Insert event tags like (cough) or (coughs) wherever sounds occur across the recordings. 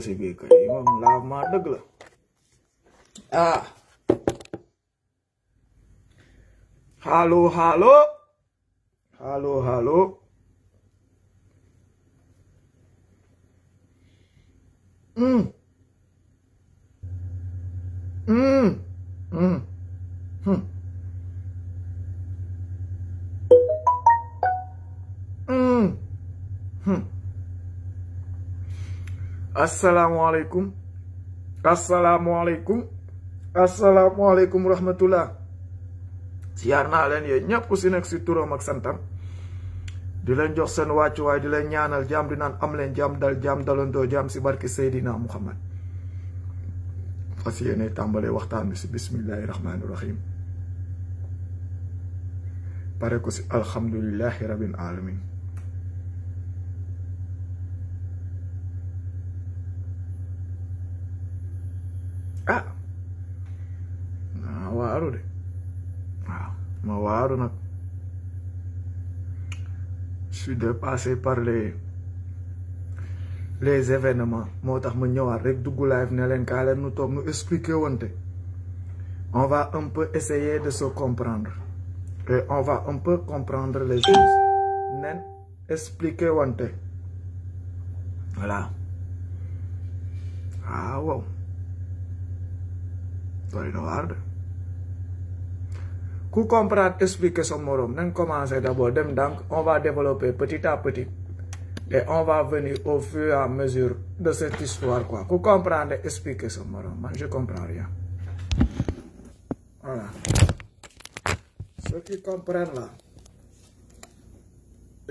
si biir kay moom lavement dëgg la ah xaalo xaalo Assalamualaikum Assalamualaikum Assalamualaikum warahmatullah. siyaar naa leen nyap ñëpp ku si nekk si santam Dilan leen jox seen wàccuwaay di leen ñaanal jam di am jam dal jam dalondo jam si barki Seydina Muhammad fas yéene tambale waktan bi bismillahirrahmanirrahim bismillahi alhamdulillahi rabbil alamin de passer par les les événements moo tax ma ñëwaat rek dugg live nous leen kaa leen on va un peu essayer de se comprendre et on va un peu comprendre les choses nen expliquer wante voilà Ah wow Toi, na pour comprendre expliquer son morum. commencer d'abord donc on va développer petit à petit et on va venir au fur et à mesure de cette histoire quoi comprendre expliquer ce morum. Moi, je comprends rien voilà ceux qui comprennent là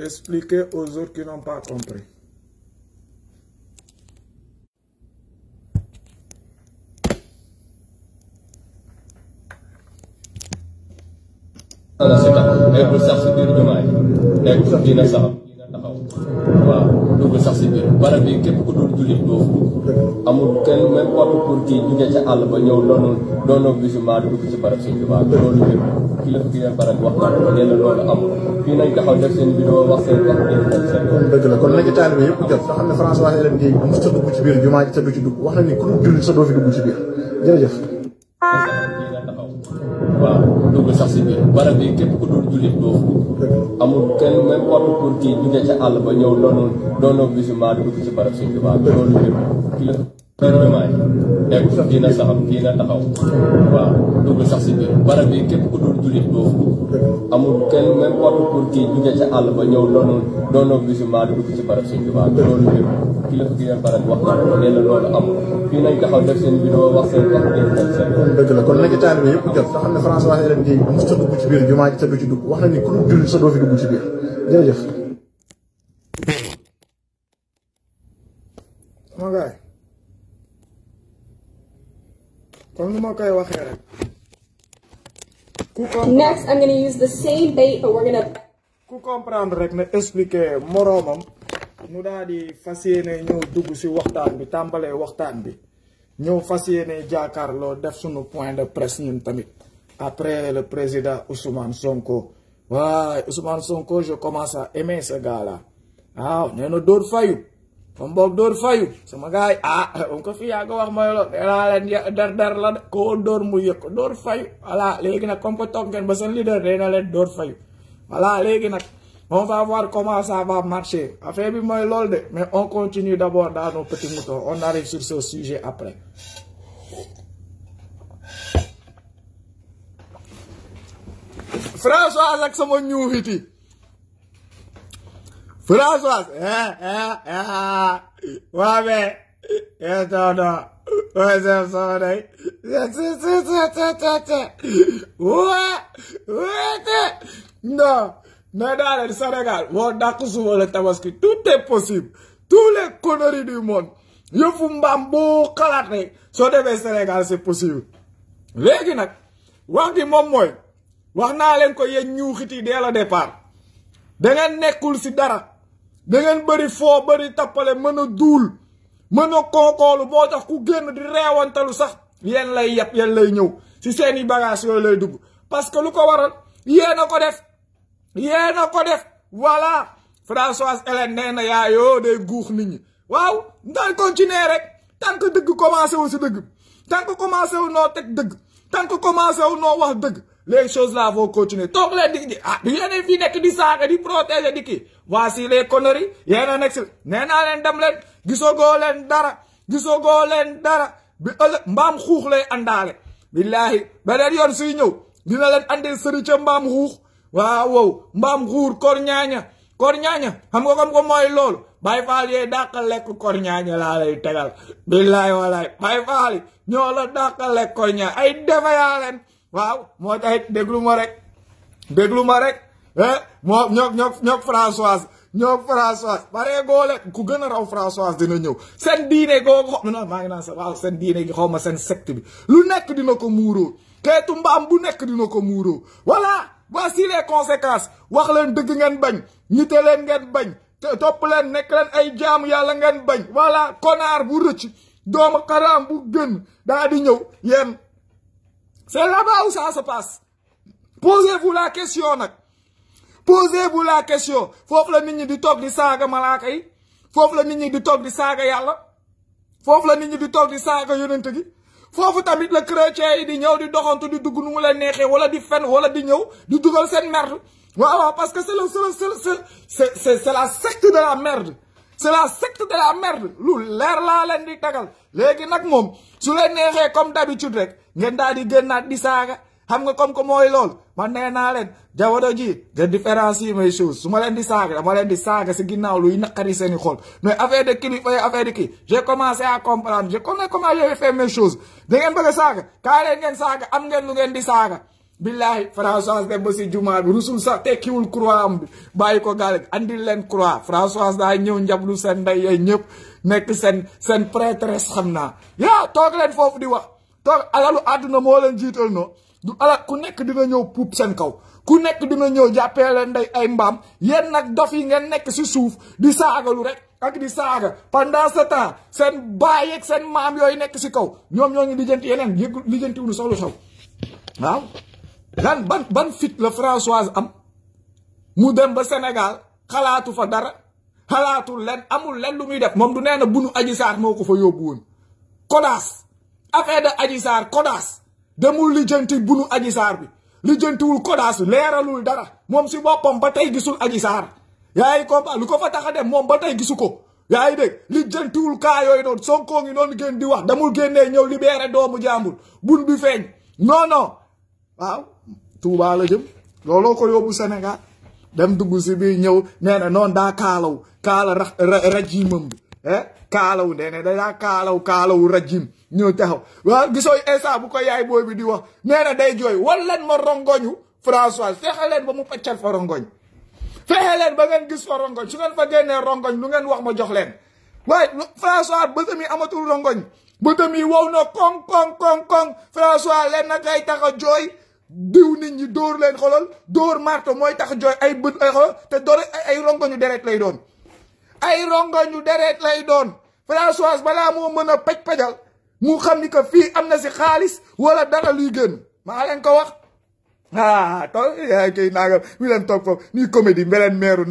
expliquer aux autres qui n'ont pas compris la si taxaw nekkul sax si biir barab bi ba ñëw doonul doonoo musulmaan dugg ci barab seen jumaa bi loolu na loolu amul fii nañ taxaw def seen vidéo wax seen wax def seen dëgg la kon nañu taalibe yëpp jot nga xam ne François Hélène Guèye mos sa dugg ci biir jumaa ji sa du wax na ni ku jullit sa doo fi dugg ci biir waaw dugg sax si biir barab bi képp ku dul jullit doo amul kenn même porte pour kii jugee ca àll ba ñëw doonul doonoo musulman dugg ci barab Sëñ Tuubaa loolu yëpp Diomaye nekkul kii na saxam kii na taxaw waaw dugg sax si biir barab bi képp ku dul jullit doo amul kenn même porte pour kii jugee ca àll ba ñëw doonu doonoo musulman di dugg ci barab seen jumaa loolu na ko nee na loolu amul fii nañ taxaw def seen vidéo wax seen wax def seen seen dugg ci biir jumaa ji te dugg wax na ni ku dul jullit sa doo fi dugg ci biir comme ni ma koy waxee rek. ku comprendre rek na expliquer moroomam mu daal di fas yéene ñëw dugg ci waxtaan bi tàmbalee waxtaan bi ñëw fas yéene jàkkaarloo def suñu point de presse ñun tamit après le président Ousmane Sonko waaye Ousmane Sonko je commence à aimer ce gars waaw ah, nee na dóor Om dor fayu samagay Ah, on ko fiya go wax moy lo la len dar dar la ko dor mu yek dor fayu voilà lagi nak comme ko tok ba leader dina len dor fayu voilà légui nak on va voir comment ça va marcher affaire bi moy lol de mais on continue d'abord dans nos petits moutons on arrive sur ce sujet après François ak sama ñuuxiti François, eh, eh, eh, ouais, mais, ouais, ouais, ouais, ouais, ouais, ouais, non, mais Sénégal, tabaski, tout est possible, tous les conneries du monde, ouais, Sénégal c'est possible ouais, ouais, ouais, ouais, ouais, ouais, ouais, ouais, ouais, ko ouais, dès le départ da ngeen bëri foo bëri tappale mën a duul mën a kookoolu boo tax ku génn di reewantalu sax yeen lay yeb yenn lay ñëw si seen i bagage yooyu lay dugg parce que lu ko waral yéen a ko def yéen a ko def voilà Françoise Hélène nee na yaayoo day guux nit ñi waaw ci continuer rek tant dëgg commencé wu si dëgg tant que wu noo teg dëgg tant que commencé wu noo wax dëgg les choses là vont continuer toog leen di di ah yeneen fii nekk di saaga di protéger di kii voici les conneries yéen a nekk si nee naa leen dem leen gisagoo leen dara gisagoo leen dara bi ëllëg mbaam xuux lay àndaale billaahi beneen yoon suy ñëw dina leen andee sëri ca mbaam xuux waaw wow mbaam xuur kor ñaaña kor ñaaña xam nga comme ko mooy loolu bay faal yee dàqa lekk kor ñaaña laa lay tegal billaahi walaay bay faal ñoo la dàqa lekk kor ñaaña ay defe leen waaw moo taxit déglu ma rek déglu ma rek eh, moo ñoog ñoog ñoog Françoise ñoog Françoise bare goole ku gën a raw Françoise dina ñëw seen diine googu xaw ma maa ngi naan sa waaw seen diine gi xaw ma seen secte bi lu nekk dina ko muuroo xeetu mbaam bu nekk dina ko muuroo voilà voici les conséquences wax leen dëgg ngeen bañ ñite leen ngeen bañ topp leen nekk leen ay jaamu yàlla ngeen bañ voilà konaar bu rëcc doomu xaraam bu gën daa di ñëw yéen C'est là-bas où ça se passe. Posez-vous la question posez-vous la question Faut la le ñi di top di Saga Malakai. Faut que la nit du di du di saaga Faut que la nit du di du di saaga Faut que foofu tamit le chrétien yi di du di du di le nu mu la neexee wala di fen wala di ñëw di merde waaw parce que c'est le c'est c'est c'est la secte de la merde c'est la secte de la merde L'air là laa leen di tagal léegi nag moom su comme d'habitude rek ngeen daal di génnaat di saaga xam nga comme que mooy loolu man nee naa leen jamono ji nga différence yi may chose su ma leen di saaga dama leen di saaga si ginnaaw luy naqari seen i xool mais affaire de kilifa yi affaire de kii j' ai commencé à comprendre je connais comment j'avais fait mes choses da ngeen bëgg a saaga kaa leen ngeen saaga am ngeen lu ngeen di saaga billahi François dem ba si jumaa bi rusul sax tekkiwul croix am bi bàyyi ko gaale andil leen croix François daa ñëw njablu seen ndey yooyu ñëpp nekk seen seen prêtresse xam naa yaa toog leen foofu di wax histoire alalu àdduna moo leen jiital noo du alal ku nekk dina ñëw puub seen kaw ku nekk dina ñëw jàppee leen day ay mbaam yéen nag dof yi ngeen nekk si suuf di saagalu rek ak di saaga pendant ce temps seen baay ak seen maam yooyu nekk si kaw ñoom ñoo ngi lijjanti yeneen yëgul lijjanti wuñu soxlu xew waaw lan ban ban fit la Françoise am mu dem ba Sénégal xalaatu fa dara xalaatul leen amul leen lu muy def moom du nee bu bunu aji saar moo ko fa yóbbu woon kodaas affaire de Adji Sarr CODAS demul lijjanti bunu Adji Sarr bi lijjantiwul CODAS leeralul dara moom si boppam ba tey gisul Adji Sarr yaa ngi comprendre lu ko fa tax a dem moom ba tey gisu ko yaa ngi dégg lijjantiwul kaa yooyu noonu Sonko ngi noonu gën di wax damul génnee ñëw libéré doomu jàmbur bun bi feeñ non non waaw Touba jëm looloo ko yóbbu Sénégal dem dugg si biir ñëw nee noon noonu daa kaalaw kaala ra rajimam bi eh? kaalawu nee na danaa kaalaw kaalawu rajim ñëw taxaw waaw gisooy instant bu ko yaay booy bi di wax nee day jooy wal leen ma rongoñu François fexe leen ba mu paccal fa rongoñ fexe leen ba ngeen gis fa rongoñ su ngeen fa génnee rongoñ lu ngeen wax ma jox leen waaye François bëtam yi amatul rongoñ bëtam yi wow na koŋ koŋ koŋ koŋ François leen nag ay tax a jooy diw nit ñi dóor leen xolol dóor marto mooy tax jooy ay bët ay xolol te door ay rongoñu deret lay doon ay ñu deret lay doon françois bala mo meuna pej pejal mu xam ni que fii am na si wala dara luy gën ma leen ko wax ah to yaay kay naagam mi leen toog foofu nii comédie mbeleen meeru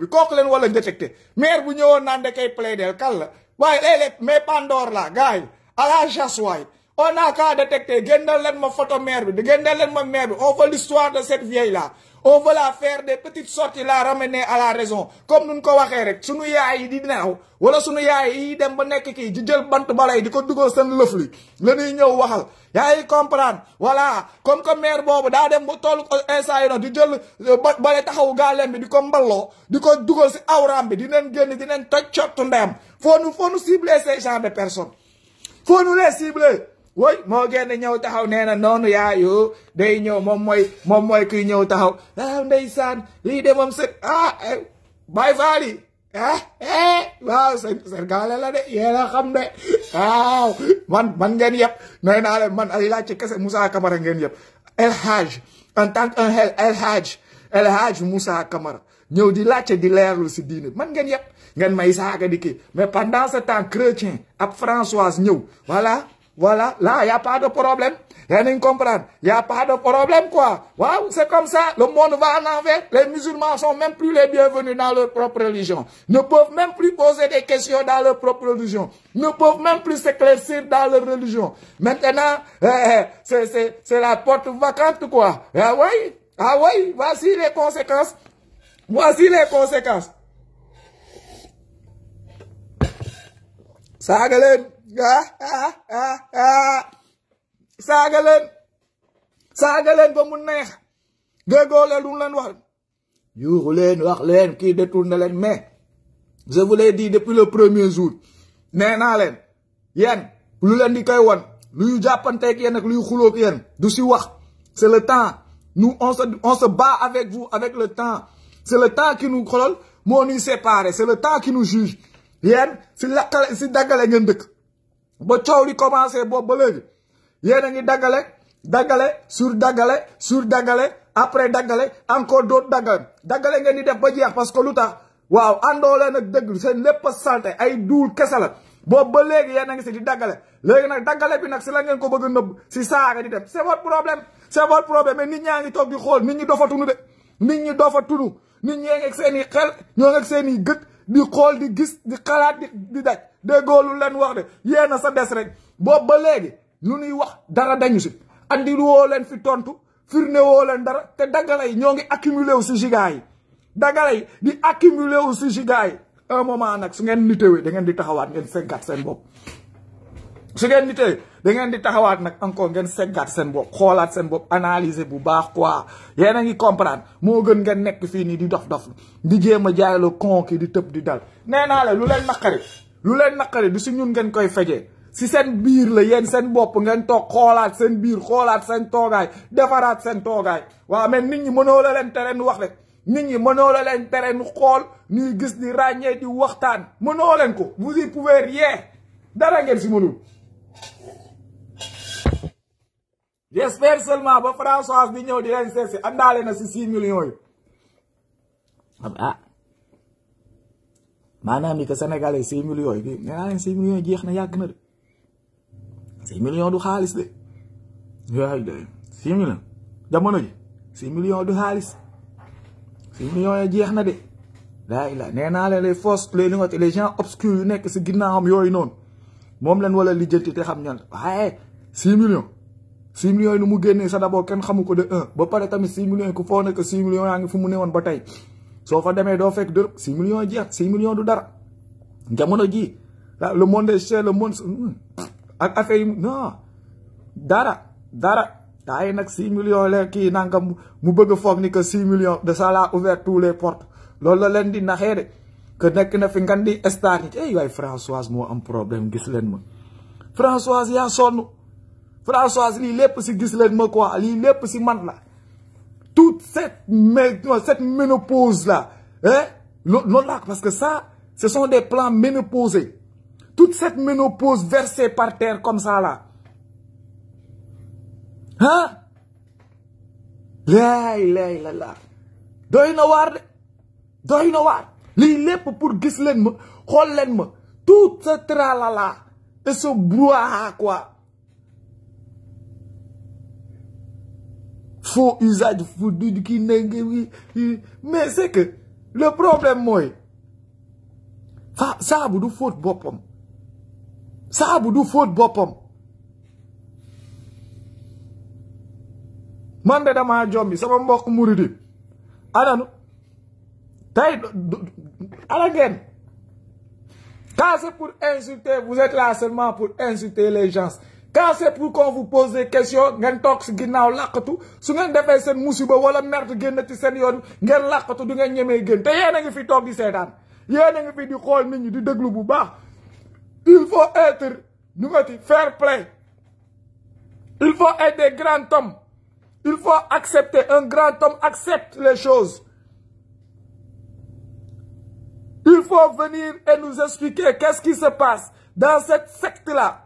bi kok leen wala detecté maire bu ñëwoon naan da play del kal la waaye léeg-léeg mais Pandore la gaay ala à on a ka detecté gëndal leen ma photo maire bi gëndal leen ma maire bi on veut l'histoire de cette vieille là on veut la faire des petites sorties la ramener à la raison comme nous ko waxee rek sunu yaay di sommes, wala sunu yaay dem ba nek ki di jël bant balay diko sen la waxal comprendre voilà comme que des bobu da dem ba toll instant yi di jël euh, balay taxaw gaalem bi diko mballo diko di ci des bi di leen genn di leen toj des faut nous faut nous cibler ces gens de personnes faut nous les cibler woy moo ne ñëw taxaw nee na noonu yaayu day ñëw moom mooy moom mooy kuy ñëw taxaw ah saan lii de moom seen ah eh, Baay Faal yi ah, eh waaw seen gaale la de yéen a xam de waaw man man ngeen yëpp nee naa leen man ay laaj kese Moussa Camara ngeen yëpp El Hadj en tant que un El Hadj El Hadj Moussa Camara di laajte di leerlu si diine man ngeen yëpp ngeen may saaga di kii mais pendant ce temps chrétien ab Françoise ñëw voilà. Voilà, là, il n'y a pas de problème. Rien comprendre. Il n'y a pas de problème, quoi. Waouh, c'est comme ça. Le monde va en envers. Les musulmans sont même plus les bienvenus dans leur propre religion. Ne peuvent même plus poser des questions dans leur propre religion. Ne peuvent même plus s'éclaircir dans leur religion. Maintenant, eh, eh, c'est la porte vacante, quoi. Eh, ah oui, ah oui, voici les conséquences. Voici les conséquences. Ça (laughs) saaga leen saaga leen ba mu neex déggoo leen lu mu wax yuuxu leen wax leen kii détourné leen mais je vous l'ai dit depuis le premier jour nee naa leen yéen lu leen di koy won luy jàppanteeg yéen ak luy ak yéen du si wax c'est le temps nous on se on se bat avec vous avec le temps c'est le temps qui nous xoolal moo ñuy séparé c'est le temps qui nous juge yéen si la, si daggale ngeen ba coow li commencé boobu ba léegi yéen a ngi daggale daggale suur daggale suur daggale après daggale encore d'autres daggale daggale ngeen di def ba jeex parce que lu tax waaw àndoo leen ak dëgg seen lépp a salte ay duul kese la boobu ba léegi yéen a ngi si di daggale léegi nag daggale bi nag si la ngeen ko bëgg a nëbb si saaga di dem c'est votre problème c'est votre problème mais nit ñaa ngi toog di xool nit ñi dofa tunu de nit ñi fa tunu nit ñee ngi ak seen i xel ñoo seen i gët di xool di gis di xalaat di di daj déggoo lu leen wax de yee na sa des rek boobu ba léegi ñu nuy wax dara dañu si andi woo leen fi tontu firnde woo leen dara te dagala yi ñoo ngi accumulé wu si giga yi dagala yi di accumulé wu si giga yi un moment nag su ngeen nitewee da ngeen di taxawaat ngeen feggat seen bopp su ngeen nitewee da ngeen di taxawat nak encore ngeen segat sen bop xolat sen bop analyser bu baax quoi yeena ya, ngi comprendre mo geun ngeen nek fi ni di dof dof di jema jaay la con ki di tëb di dal neena la lu len nakari lu len nakari du si ñun ngeen koy si sen bir, la yeen sen bop ngeen tok xolat sen bir xolat toga, toogaay sen toga, toogaay wa mais nit ñi mëno la len tere wax rek nit ñi mëno la len xol ni gis di ragne di waxtaan mëno len ko vous y pouvez rien dara ngeen si mënul j'espère seulement ba François bi ñëw di leen seesi àndaale si six millions yi ah maanaam ni que sénégalais leen six millions yi jeex na yàgg na de six millions du xaalis de yaay de six jamono ji six millions du xaalis six millions yi jeex na de daay la nee naa leen les forces les linotes les gens obscurs yu nekk si ginnaawam yooyu noonu moom leen wala lijjanti te xam ñan waaye six millions 6 millions yi nu mu génnee sa d' abord kenn ko de 1 ba paré tamit 6 millions yi ku foo nekk 6 millions yaa ngi fu mu newoon ba tay so fa démé do fek 6 millions yi jeex 6 millions du dar jamono ji le monde est cher le monde ak affaire non dara dara tay nak 6 millions la ki nangam mu bëgg a ni que 6 millions de ça l'a ouvert tous les portes lolou la leen di naxé dé que nek na fi ngandi di star ni ay way Françoise mo am problème gis leen ma Françoise ya sonu Françoise est pour si gis me ma quoi lii pour si man la toute cette cette ménopause là hein non là parce que ça ce sont des plans ménopausés toute cette ménopause versée par terre comme ça là Hein? Lay, lay, la la doy na waar de doy na pour gis me, ma me, tout ce tralala et ce brouhaha quoi faux usage foutu qui mais c'est que le problème ça a saabu faute fóot Ça saabu beaucoup faute bopom. man da ma jombi sama mbokk muridi ananu tey ala ngeen quand c'est pour insulter vous êtes là seulement pour insulter les gens quand c'est pour qu'on vous pose des questions, ngeen toog si ginnaaw làqatu su ngeen defee seen musiba wala merde génn ci seen yoon ngeen làqatu du ngeen ñemee génn te yéen a ngi fi toog di seetaan yéen a ngi fi di xool nit ñi di déglu bu baax il faut être nu nga fair play il faut être des grands hommes il faut accepter un grand homme accepte les choses il faut venir et nous expliquer qu'est-ce qui se passe dans cette secte là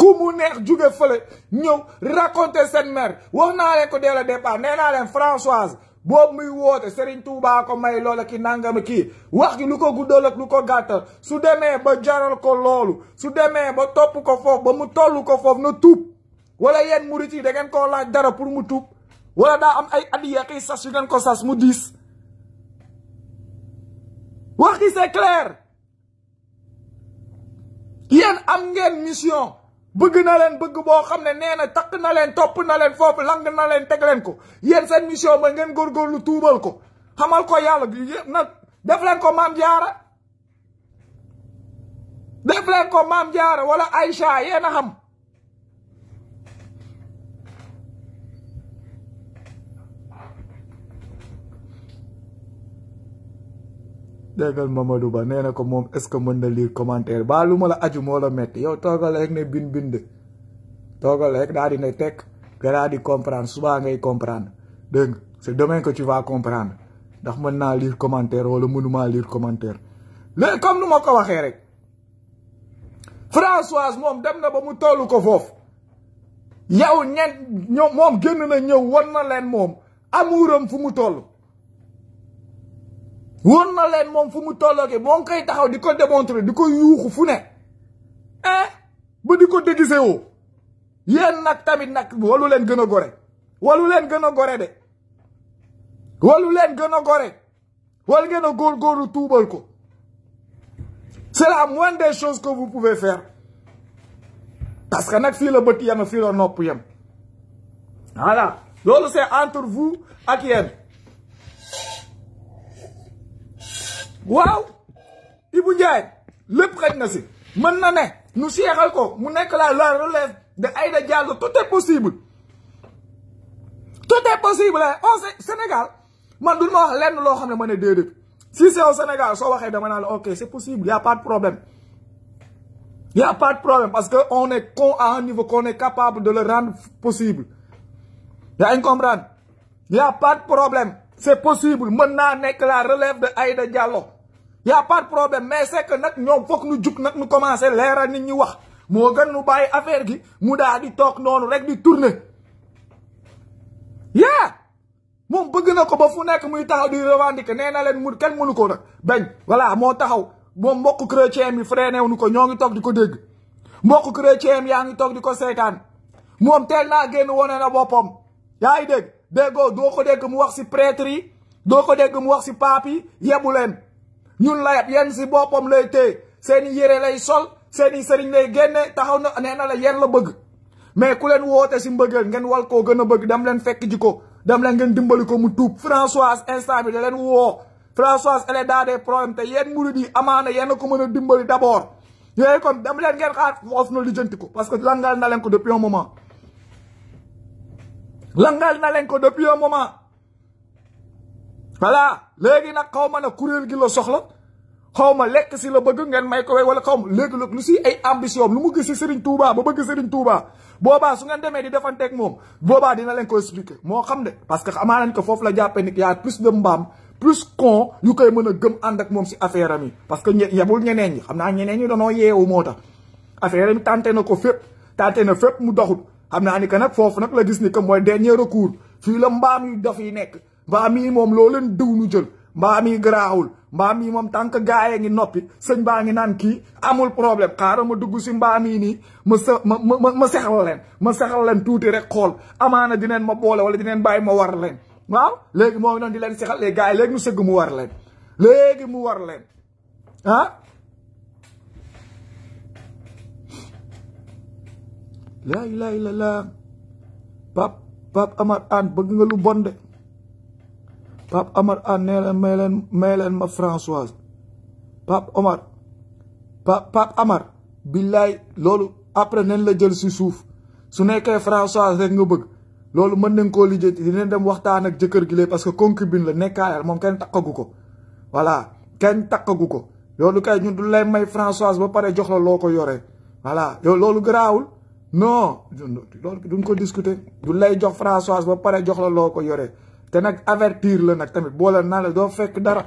ku mu neex jóge fële ñëw raconter seen mère wax naa leen ko dès le départ nee naa leen Françoise boobu muy woote Serigne Touba ko may loola ki nangam kii wax gi lu ko guddal ak lu ko gàttal su demee ba jaral ko loolu su demee ba topp ko foofu ba mu tollu ko foofu na tuub wala yéen mu yi dangeen ngeen koo laaj dara pour mu tuub wala daa am ay adiya yi sas yu ngeen ko sas mu diis wax gi c'est clair yéen am ngeen mission bëgg na leen bëgg boo xam ne nee na takk na leen topp na leen foofu lang na leen teg leen ko yéen seen mission ba ngeen góor góorgóorlu tuubal ko xamal ko yàlla nag def leen ko maam jaara def leen ko maam jaara wala Aïcha yeen a xam déggal Mamadou Ba nee na ko moom est-ce que mën na liir commentaire ba lu ma la aju moo la metti yow toogal rek ne bind bind toogal rek daa di ne tekk nga di comprendre suba ngay comprendre dégg nga c'est demain que tu vas comprendre ndax mën naa lire commentaire wala mënumaa liir commentaire léegi comme nu ma ko waxee rek Françoise moom dem na ba mu tollu ko foofu yow ñen ñoom moom génn na ñëw war na leen moom amuuram fu mu toll Vous na leen moom fu mu tollooke moo ngi koy taxaw di démontrer di ko yuuxu eh ba di ko déguisé woo yéen nag tamit nak, walu len gën gore walu leen gën gore de walu leen gën gore wal ngeen gore góorgóorlu tuubal ko c'est la moindre des choses que vous pouvez faire parce que nag fil la bët yem fii la nopp yam. voilà loolu c'est entre vous ak yéen waaw Ibou Ndiaye lépp xaj na si mën na ne nu seexal ko mu nekk la la relève de Aïda Diallo tout est possible tout est possible au Sénégal man du ma wax lenn loo xam ne ma si c'est au senegal so waxee dama naa la ok c'est possible y a pas de problème y a pas de problème parce que on est con à un niveau qu'on est capable de le rendre possible yaa ngi comprendre y a pas de problème c'est possible mën naa que la relève de Aïda Diallo Ya, a pas de problème mais c'est que nag ñoom foog nu jug nag nu commencé leeral nit ñi wax moo gën affaire gi mu di tok noonu rek di tourner Ya, moom bëgg na ko ba fu nekk muy taxaw di revendiquer nee na leen mu kenn mënu ko nag bañ voilà moo taxaw mbokk chrétien mi freiné wu ko ñoo ngi toog di ko dégg mbokk chrétien yaa ngi toog di ko seetaan moom teel na bopom. yaa ngi dégg déggoo doo ko dégg mu wax si prêtre yi doo ko dégg mu wax si pape yi yebu ñun layat yenn si boppam lay téye seeni yére lay sol seeni sëriñ lay génne taxaw na nee na la yéen la bëgg mais ku leen woote si mbëggeel ngeen wal koo gën a bëgg dem leen fekk ji ko dem leen ngeen dimbali ko mu tuub Françoise instant bi da leen woo Françoise elle est dans des problèmes te yéen murid yi amaana yéen a ko mën a dimbali d' abord yooyu comme dem leen ngeen xaar foofu na lijjanti ko parce que langal na leen ko depuis un moment langal na leen ko depuis un moment voilà léegi nak xawma na kurel gi la soxla xawma lek si la bëgg ngeen may ko way wala xaw ma léegi lu si ay ambition lu mu gëss ci Serigne Touba ba bëgg Serigne Touba boba su ngeen démé di ak mom boba dina leen ko expliquer mo xam de parce que xamaa ko fofu la jappé nek ya plus de mbam plus con yu koy mëna gëm and ak mom si affaire ami parce que yabul ñeneen ñi xamna ñeneen ñi dañoo yéewu moo affaire ami tanté na ko fépp tànte na fep mu doxut xamna naa ni que nag foofu nag la gis ni que moy dernier recours fi la mbam yu dof yi nek mbaam yi moom loo leen dëw nu jël mbaam yi garaawul mbaam yi moom tant que gaayee ngi noppi sëñ baa ngi naan ki amul problème xaaral ma dugg si mbaam yi nii ma sa ma ma ma sexal leen ma sexal leen tuuti rek xool amaana dineen ma boole wala dineen bàyyi ma war leen waaw léegi moom ngi doon di leen sexal les gars yi léegi mu sëgg mu war leen léegi mu war leen ah laa ilaaha illallaah pap amar an bëgg nga lu bon de Pape Amar Anne ah, nee leen may leen may leen ma Françoise Pape Omar Pape Pape Amar billaay loolu après nañ la jël si suuf su nekkee Françoise rek nga bëgg loolu mën nañ koo di dinañ dem waxtaan ak jëkkër gi lee parce que concubine la nekkaayal moom kenn takkagu ko voilà kenn takkagu ko loolu kay ñun du lay may Françoise ba pare jox la loo ko yoree voilà yow loolu garaawul non loolu duñ ko discuter du lay jox Françoise ba pare jox la loo ko yore te nag avertir la nag tamit boole naa la doo fekk dara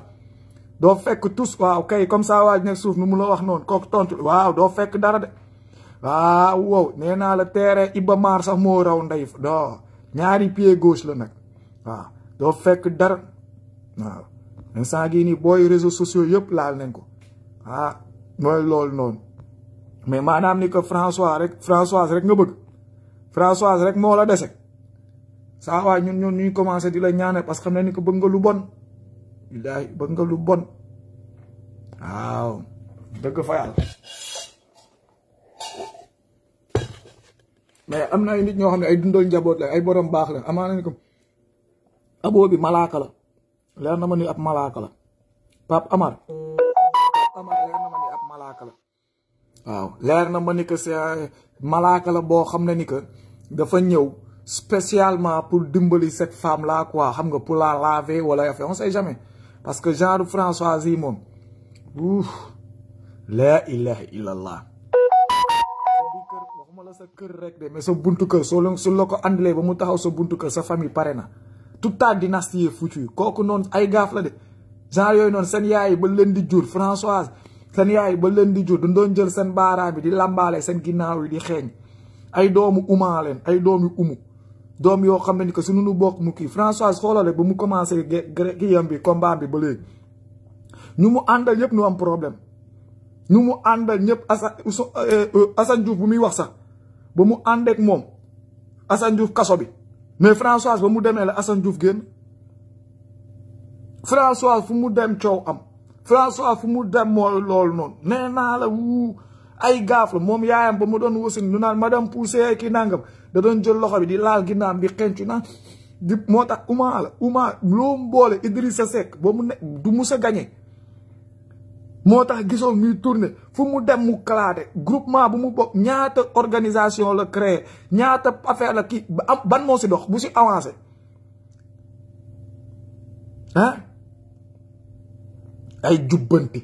doo fekk tous waaw kay comme ça waaj nekk suuf nu mu la wax noonu kooku tontu waaw doo fekk dara naa la teere Iba Mar sax doo ñaari pied gauche la nag waaw fekk dara waaw instant gii nii booy réseaux sociaux yëpp laal nañ ko ah mooy loolu noonu mais maanaam ni ko François rek Françoise rek nga bëgg Françoise rek moo la dese saa waay ñun ñun ñuy commencé di la ñaané parce que xam ne ni ko bëng nga lu bon billahi bëng nga lu bon waaw dëgg fa yàlla mais amna ay nit ñoo xamné ay dundol njabot la ay borom baax la amana ni ko abo bi malaka la leer na ma ni ab malaka la pap Amar Amar leer na ma ni ab malaka la waaw leer na ma ni que malaka la bo xamné ni que dafa ñew spécialement pour dimbali cette femme là quoi xam nga pour la laver wala affaire on sait jamais parce que genre Françoise yi moom ouf la ilaha illallah la sa keur rek de mais sa buntu keur so long su la ko ba mu taxaw sa buntu keur sa famille paréna toute ta dynastie foutue kooku non, ay gaaf la de genre yoy non sen yaay ba leen di jour Françoise sen yaay ba leen di jour du ndon jël sen baaraam bi di lambalé sen ginaaw yi di xéñ ay doomu ouma len ay doomu umu doom yoo xam ne ni ko suñu nu bokk mu kii Françoise xoolal rek ba mu commencé kiyam bi combat bi ba léegi ñu mu àndal ñëpp ñu am problème nu mu àndal ñëpp euh, euh, Assane Assane bu muy wax sax ba mu àndeek moom Assane Diouf kaso bi mais Françoise ba mu demee la Assane Diouf génn Françoise fu mu dem coow am Françoise fu mu dem mooy loolu noonu nee naa la wuu ay gaaf la moom yaayam ba mu doon wasin ñu naan madame Poussé ki nangam da jël loxo bi di laal ginnaaw bi xencu na di moo tax Ouma la Ouma loo mboole Idrissa Seck ba mu ne du mus a gañe moo tax gisoo muy tourné fu mu dem mu kalaate groupement bu mu bokk ñaata organisation la créé ñaata affaire la kii ban moo si dox bu si avancé ay jubbanti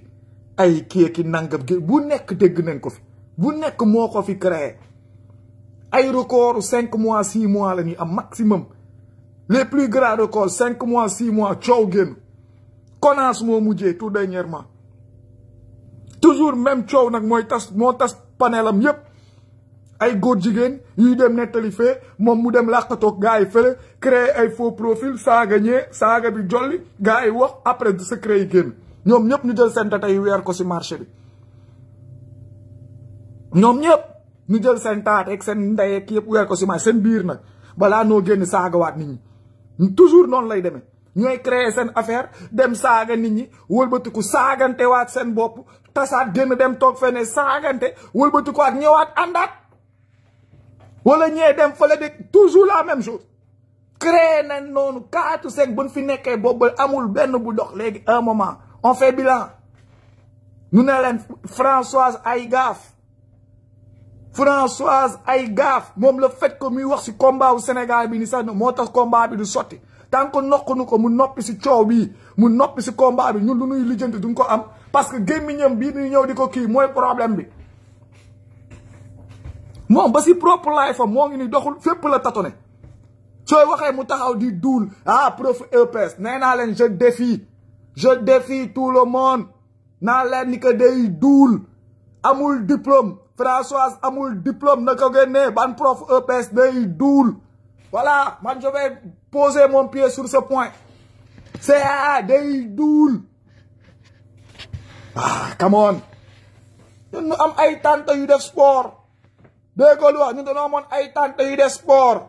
ay kii ki nangam gi bu nekk dégg nañ ko fi bu nekk moo ko fi créé ay record cinq mois ci mois la ñuy am maximum les plus grands records cinq mois six mois coow génn connasse moo mujjee tout dernièrement toujours même coow nag mooy tas moo tas panelam yépp ay góor jigéen yuy dem nettali fee moom mu dem làqatoog gars yi fële créer ay faux profile saaga ñee saaga bi jolli gars yi wax après de secret yi génn ñoom ñëpp ñu jël seen data weer ko ci marché bi ñoom ñëpp ñu jël seen taat ak seen ndey ak yëpp weer ko si man seen biir nag balaa noo génn saagawaat nit ñi toujours noonu lay demee ñooy créer seen affaire dem saaga nit ñi wëlbatiku saagante waat seen bopp tasaat génn dem toog fene saagante wëlbatiku ak ñëwaat àndaat wala ñee dem fële de toujours la même chose créer nañ noonu kaatu seeg buñ fi nekkee ba amul benn bu dox léegi un moment on fait bilan ñu ne leen Françoise ay gaaf Françoise ay gaaf moom la fait ko muy wax si combat Sénégal bi ni sax moo tax combat bi du sotti tant que noqunu ko mu noppi si coow bi mu noppi si combat bi ñun lu nuy lijjanti duñ ko am parce que gémmiñam bii di ñëw di ko kii mooy problème bi. moom ba si propre life fa moo ngi ni doxul fépp la tatone sooy waxee mu taxaw di duul ah prof EPS nee naa leen je défie je défie tout le monde naa leen ni que day duul amul diplôme. Françoise amul diplôme na ko génnee ban prof EPS day duul voilà man je vais poser mon pied sur ce point CAA day duul ah come on ñun ñu am ay tante yu def sport déggoo lu wax ñun dañoo amoon ay tante yu def sport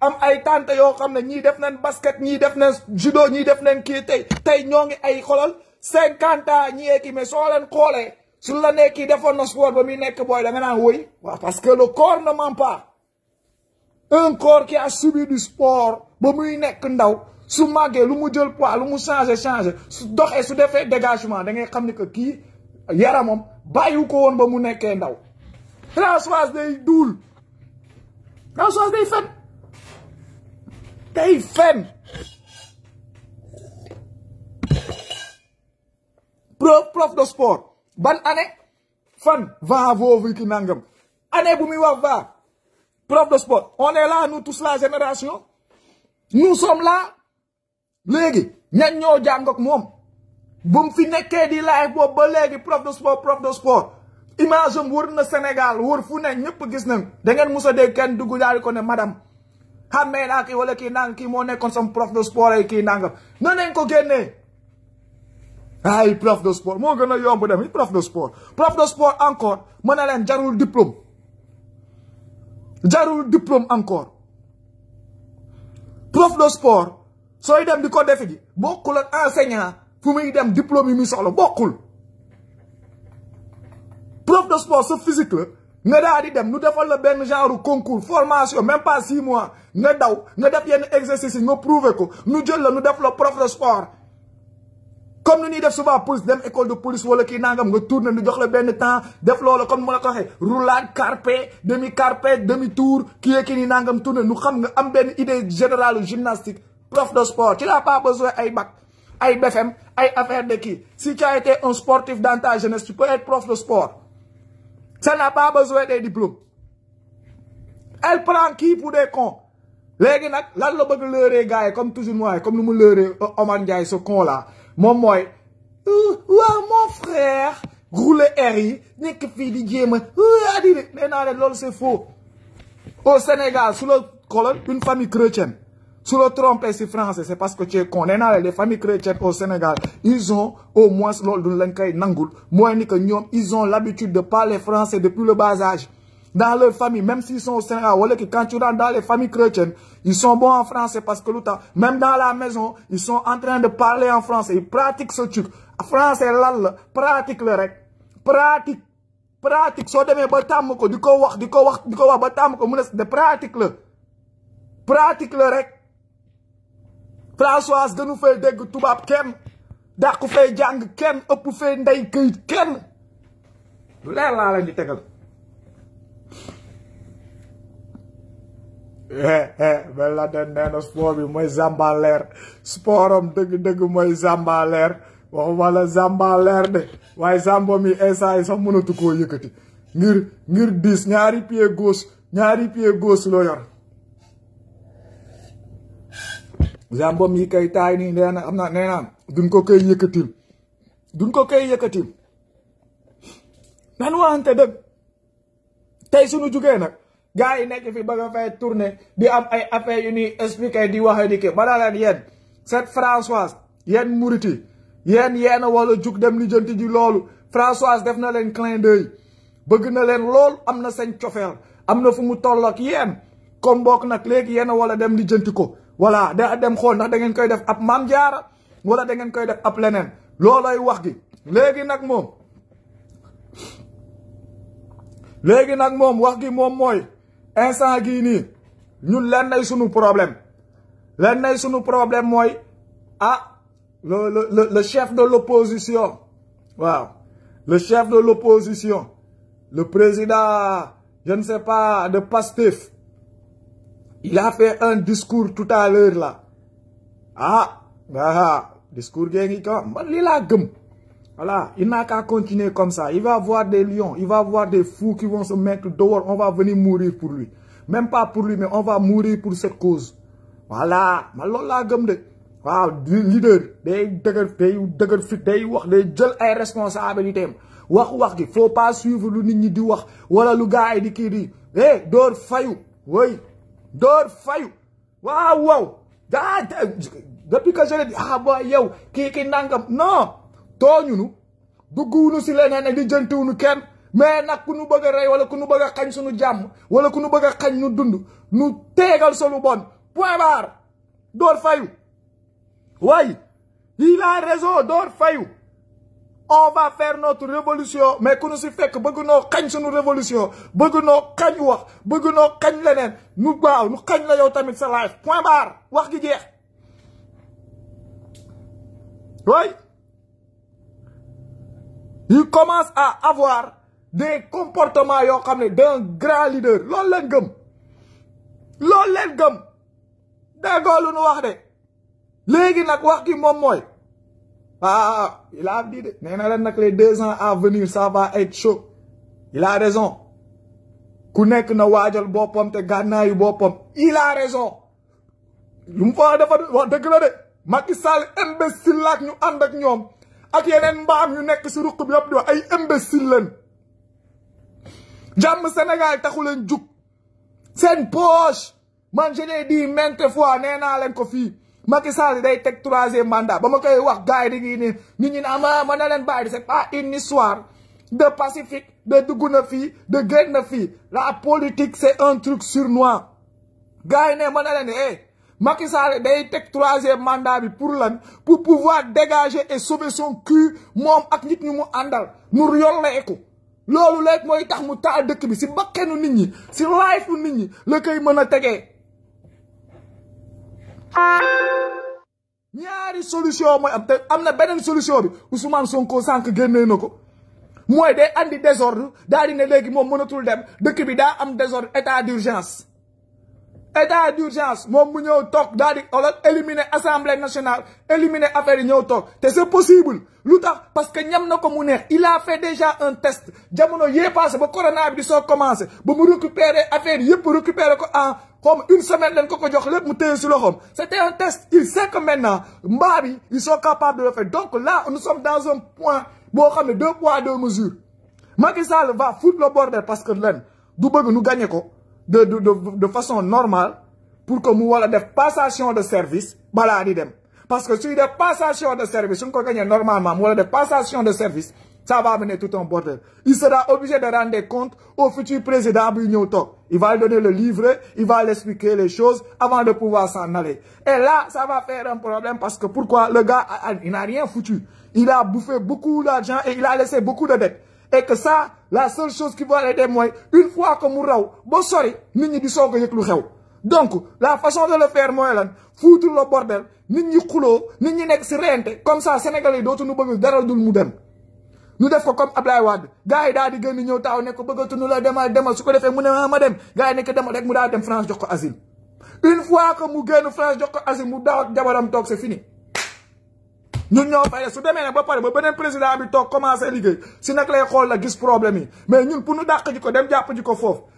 am ay tante yoo xam ne ñii def nañ basket ñii def nañ judo ñii def nañ kii tey tey ñoo ngi ay xolal cinquante ans ñi mais soo leen xoolee su la nekk kii defoon na sport ba muy nekk booy da nga woy waa parce que le corps ne ment pas un corps qui a subi du sport ba muy nekk ndaw su màggee lu mu jël poids lu mu changé changé su doxee su defee dégagement da ngay xam ni que kii yaramam bàyyiwu ko woon ba mu nekkee ndaw Françoise day duul Françoise day fen day fen prof de sport ban année fan va voovu ki nangam année bu muy wax va prof de sport on est là nous la génération nous sommes là léegi ñan ñoo jàng moom bu mu fi nekkee di live boobu ba léegi prof de sport prof de sport image wër na Sénégal wër fu ne ñëpp gis nañ da ngeen mus a dégg kenn dugg daal ko ne madame xàmmee naa kii wala kii nang kii moo nekkoon sama prof de sport ay kii nangam na nañ ko génnee ay prof de sport moo gën a yomb dem prof de sport prof de sport encore mën na leen jarul diplôme jarul diplôme encore prof de sport sooy dem di ko defi ji bokkul ak enseignant fu muy dem diplôme yi muy soxla bokkul prof de sport sa physique la nga daa di dem nu defal la benn genre concours formation même pas six mois nga daw nga def yenn exercice yi nga prouver ko nu jël la nu def la prof de sport comme nous ñuy souvent police dem école de police wala qui nangam nga tourner nous jox la des temps def lolo comme mu ko roulade carpe, demi carpe demi tour qui est qui nangam tourner nous xam nga am idée générale gymnastique prof de sport tu n'as pas besoin ay bac ay BFM ay affaire si tu as été un sportif dans ta jeunesse tu peux être prof de sport Tu n'as pas besoin de diplôme. elle prend qui pour des cons Les gars, lan la bëgg comme toujours moi comme nous le lëree ce con là mon moi, euh, mon frère roule air nek fi di mais euh, c'est faux au Sénégal sous le colonne une famille chrétienne Sous le trompé c'est français c'est parce que tu es con les familles chrétiennes au Sénégal ils ont au moins lol nangul ni que ils ont l'habitude de parler français depuis le bas âge dans leur famille, même s'ils sont au Sénégal. quand tu rentres dans les familles chrétiennes, ils sont bons en français parce que même dans la maison, ils sont en train de parler en français. Ils pratiquent ce truc. Français, là, pratique le rec. Pratique. Pratique. So du ko pratique le pratique le rek. Françoise nous nous des fait Jang Ken. ëpp là Belle Latène nee na sport bi mooy Zambaleer sportam dëgg-dëgg mooy Zambaleer waxuma la Zambaleer de waaye Zamba mi instant yi sax mënatu koo yëkkati ngir ngir diis ñaari pied gauche ñaari pied gauche la yor Zamba yi kay taay nii nee na am na nee duñ ko koy yëkkatil duñ ko koy yëkkatil nan waxante dëgg tey suñu jugee nag. gars yi nekk fi ba nga fay tourner di am ay affaire yu ñuy expliquer di waxee di kii ba na leen yéen cette Françoise yéen muriti yéen yéen wala jug dem li ji loolu Françoise def na leen clin d'œil bëgg na leen lool am na seen cofeel am na fu mu toll ak yéen kon bokk nag léegi yéen wala dem li ko voilà da dem xool ndax da ngeen koy def ab maam jaara wala da ngeen koy def ab leneen loolooy wax gi léegi nag moom léegi nag moom wax gi moom mooy instant nous ñun lan problème lan nay problème ah le le le chef de l'opposition Wow. le chef de l'opposition le président je ne sais pas de Pastif, il a fait un discours tout à l'heure là ah, ah, ah discours gee man voilà, il n'a qu'à continuer comme ça. Il va avoir des lions, il va avoir des fous qui vont se mettre dehors. On va venir mourir pour lui. Même pas pour lui, mais on va mourir pour cette cause. Voilà, ma loolu laa gëm de waaw leader Il dëgër des dëgër fit day wax jël ay responsabilités wax wax gi faut pas suivre le nit ñi di wax wala gars yi dit... di eh door fayu oui dor fayu Waouh... waaw depuis que je l'ai dit ah boy yow kii ki nangam non. tooñunu dugguwunu si leneen ak di jëntiwunu kenn mais nag ku nu bëgg a ku nu bëgg a xañ suñu wala ku nu bëgg xañ nu dund nu teegal solu bon point barre door fayu waaye il a raison door fayu on va faire révolution mais ku nu si fekk bëgg noo xañ suñu révolution bëgg noo xañ wax bëgg noo xañ leneen nu waaw nu xañ la yow tamit sa life point barre wax gi jeex waaye il commence à avoir des comportements yoo xam d'un grand leader loolu leen gëm loolu leen gëm déggoo lu nu wax de léegi nag wax ki moom ah il a dit de nee les deux ans à venir ça va être chaud il a raison ku nekk na wajal bopom te gànnaayu bopom. il a raison lu fa dafa deug la de Macky Sall imbécile la ñu and ak ñom. ak yeneen mbaam yu nekk si ruq bi yëpp di wax ay imbécile lañ jàmm Sénégal taxu leen jug seen poche man je l'ai dit maintes fois nee naa leen ko fii maki Sall day teg troisième mandat ba ma koy wax gars yi dañuy ne nit ñi ne ma ah, ma ne leen bàyyi c'est pas ah, une histoire de pacifique de dugg na fii de génn na fii la politique c'est un truc sournois gars yi ne ma ne leen eh, Macky Sall day teg troisième mandat bi pour lan pour pouvoir dégager et sauver son cul moom ak nit ñi mu àndal mu yollee ko loolu lépp mooy tax mu taal dëkk bi si bakkenu nit ñi si life nit ñi la kay mën a tegee ñaari solution mooy am te am na beneen solution bi ko Sonko sànq génnee na ko mooy day andi désordre daal di ne léegi moom mënatul dem dëkk bi daa am désordre état d'urgence état d'urgence mon mu ñëw toog d'aller éliminer assemblée nationale éliminer affaire yi ñëw c'est possible lu parce que ñam na il a fait déjà un test jamono yee passé ba corona bi di commencé ba mu récupérer affaire yëpp récupérer ko en comme une semaine dañ ko ko jox lépp mu c'était un test il sait que maintenant mbari ils sont capables de le faire donc là nous sommes dans un point boo xam deux poids deux mesures Macky va foutre le bordel parce que nous du bëgg nu gagné ko de de de de façon normale pour que Mouala voilà def passation de service balaa dem parce que si des passation de service si on ko normalement mu war passation de service ça va amener tout un bordel il sera obligé de rendre compte au futur président bi il va lui donner le livre il va lui expliquer les choses avant de pouvoir s'en aller et là ça va faire un problème parce que pourquoi le gars il n'a rien foutu il a bouffé beaucoup d'argent et il a laissé beaucoup de dettes et que ça la seule chose qui va aider moi, une fois que mouraou, raw sori nit donc la façon de le faire moi, lan foutre le bordel nit ni xuloo nit ni comme ça sénégalais d'autres nous peuvent dul Nous comme Ablaye Wad. gars yi di ne la su ko le mu ne ma dem gars yi que dem France jox asile une fois que mu France jox asile mu c'est fini. Nous n'avons pas su demee nag ba président bi commencé à liggéey si nag lay xool la gis problème yi mais ñun pour nous d'accord, ji ko dem jàpp ji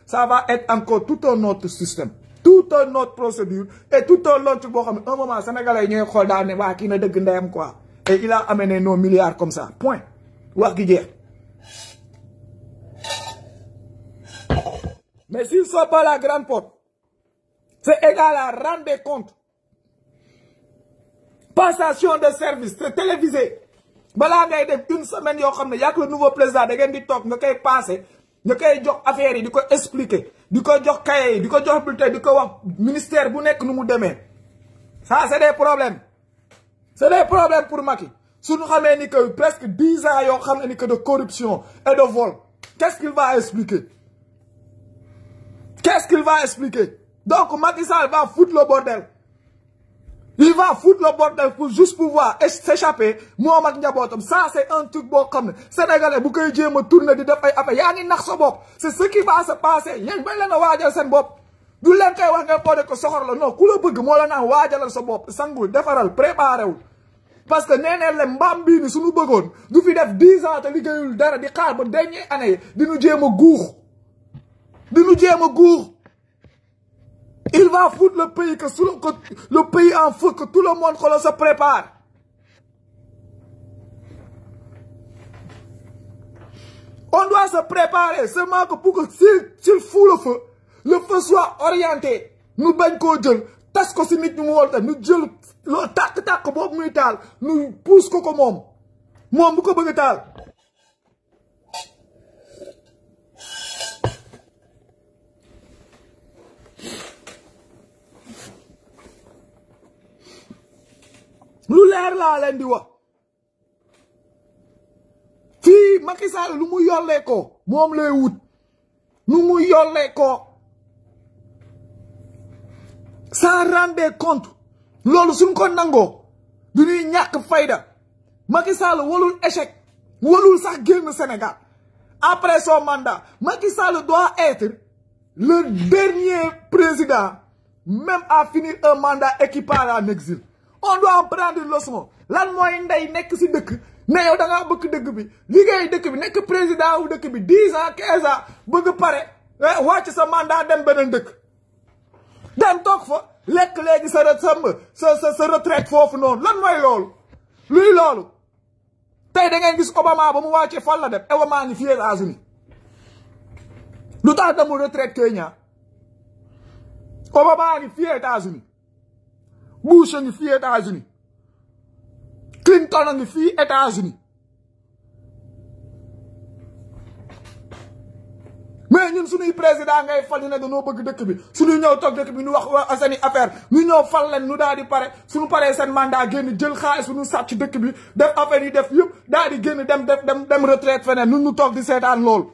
ça va être encore tout un autre système tout un autre procédure et tout un autre un moment sénégalais yi ñooy xool daal et il a amené nos milliards comme ça point wax gi jeex mais s'ils sont pas la grande porte c'est égal à rendre compte passation de service très télévisé une semaine il y a le nouveau président da ngeen di toog nga koy passé jox affaire yi diko expliquer diko jox cahier yi jox bulletin diko ministère bu nek nu mu ça c'est des problèmes c'est des problèmes pour Macky Si nous avons que presque 10 ans de corruption et de vol qu'est-ce qu'il va expliquer qu'est-ce qu'il va expliquer donc Macky Sall va foutre le bordel Il va foutre le bordel pour juste pouvoir s'échapper. Mohamed Ndiabotom, ça c'est un truc bon comme Sénégalais, vous pouvez dire, me tourne de deux après. Yanni Naxobop, c'est ce qui va se passer. Yanni Bélana Wadjal Senbop. Du lente wax nga ko de ko soxor la non ku la bëgg mo la nan wajalal sa bop sangul defaral préparer wu parce que néné le mbam bi ni suñu bëggoon du fi def 10 ans te liggéeyul dara di xaar ba dernier année di nu jéema guux di nu jéema guux Il va foutre le pays, que, le, le, pays en feu, que tout le monde se prépare. On doit se préparer seulement pour que s'il fout le feu, le feu soit orienté. Nous bañ Nous tas ko Nous nit mu Nous Nous nous Nous lu leer laa leen di wax fii Macky Sall lu mu yollee moom lay wut nu mu yollee ko sans rendre compte loolu suñ ko nangoo du ñuy ñàkk fayda Macky Sall walul échec walul sax génn Sénégal après son mandat Macky Sall doit le dernier président même à finir un mandat équiparé en exil on doit prendre leçon lan mooy ndey nekk si dëkk ne yow da ngaa dëkk bi liggéey dëkk bi nekk président wu dëkk bi dix ans quinze ans bëgg pare eh, wàcc sa mandat dem beneen dëkk dem toog fa lekk léegi sa sa sa sa retraite foofu noonu lan mooy loolu luy loolu tey da ngeen gis Obama ba mu wàccee fan la dem eh, Obama ngi fii états lu tax demul retraite Kenya Obama ngi fii états Bush a ngi fii États-Unis Clinton a ngi fii États-Unis mais ñun suñuy président ngay fal ñu ne dañoo bëgg dëkk bi suñuy ñëw toog dëkk bi ñu wax wax seeni affaire ñu ñëw fal leen ñu daal di pare suñu paree seen mandat génn jël xaalis suñu sàcc ci dëkk bi def affaire yi def yëpp daal di génn dem def dem dem retraite feneen ñun ñu toog di seetaan lool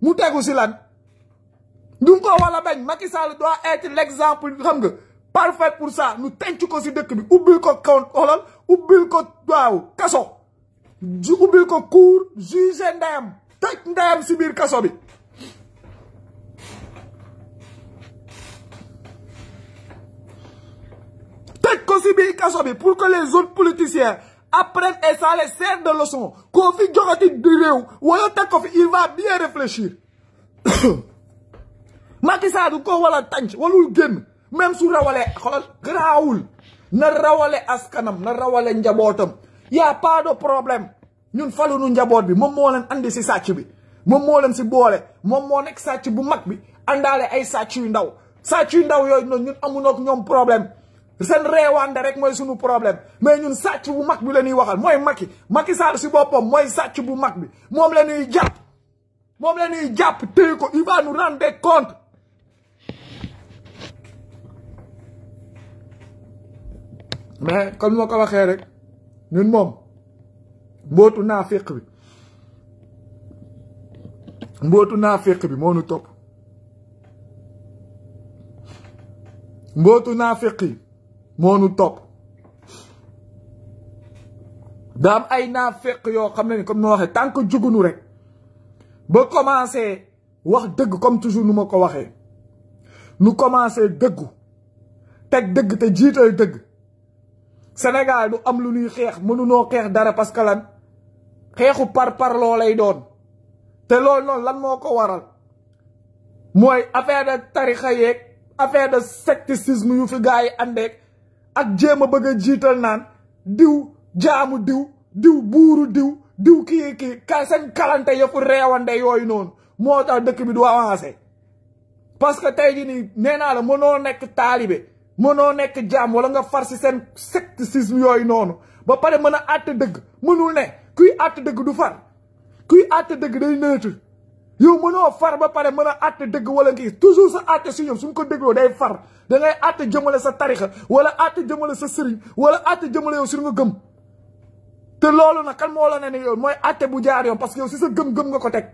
mu tegu si lan. du ko wala bañ Macky Sall doit être xam nga. parfait pour ça ñu tenc ko si dëkk bi ubbil ko kaw xolal ubbil ko waaw kaso ubbil ko cour juge ndeyam tëj ndeyam si biir kaso bi tëj ko si biir kaso bi pour que les autres politiciens apprennent et ça les sert de leçon koo fi joxati di réew wala teg ko fi il va bien réfléchir (coughs) Macky Sall wala tànc walul génn même su rawalee xoolal garaawul na rawale askanam na rawale njabootam y a pas de problème ñun falunu njaboot bi moom moo leen andi si sàcc bi moom moo leen si boole moom moo nekk sàcc bu mag bi àndaale ay sàcc yu ndaw sàcc yu ndaw yooyu noonu ñun amuñoo ak ñoom problème seen reewaande rek mooy sunu problème mais ñun sàcc bu mag bi la ñuy waxal mooy Macky Macky Sall si boppam mooy sàcc bu mag bi moom leen ñuy jàpp moom la ñuy jàpp téye ko il va nous rendre compte mais comme ma ko waxee rek ñun moom mbootu naa féq bi mbootu naa féq bi moo nu topp mbootu naa féq yi moo nu topp daam ay naa féq yoo xam ne ni comme noo waxee tant que jugunu rek ba commencé wax dëgg comme toujours nu ma ko waxee nu commencé dëggu teg dëgg te jiital dëgg Sénégal du am lu ñuy xeex mënunoo xeex dara parce que lan xeexu par par loo lay doon te loolu noon lan moo ko waral mooy affaire de tarixa yeeg affaire de secticisme yu fi gars yi àndeeg ak jéem a bëgg a jiital naan diw jaamu diw diw buuru diw diw kii kii ka seen kalante yëpp reewande yooyu noonu moo tax dëkk bi du avancé parce que tey ji nii nee naa la mënoo nekk taalibe mëno nek jam wala nga farsi sen scepticisme yoy nonu ba paré mëna att deug mënul né kuy att deug du far kuy att deug day neutre yow mëno far ba paré mëna att deug wala ngi toujours sa att si ñoom suñ ko dégloo day far da ngay att jëmele sa tarixa wala att jëmele sa sëriñ wala att jëmele yow suñu gëm té loolu nak kan mo la né yow moy bu jaar yow parce que yow si sa gëm-gëm nga ko tek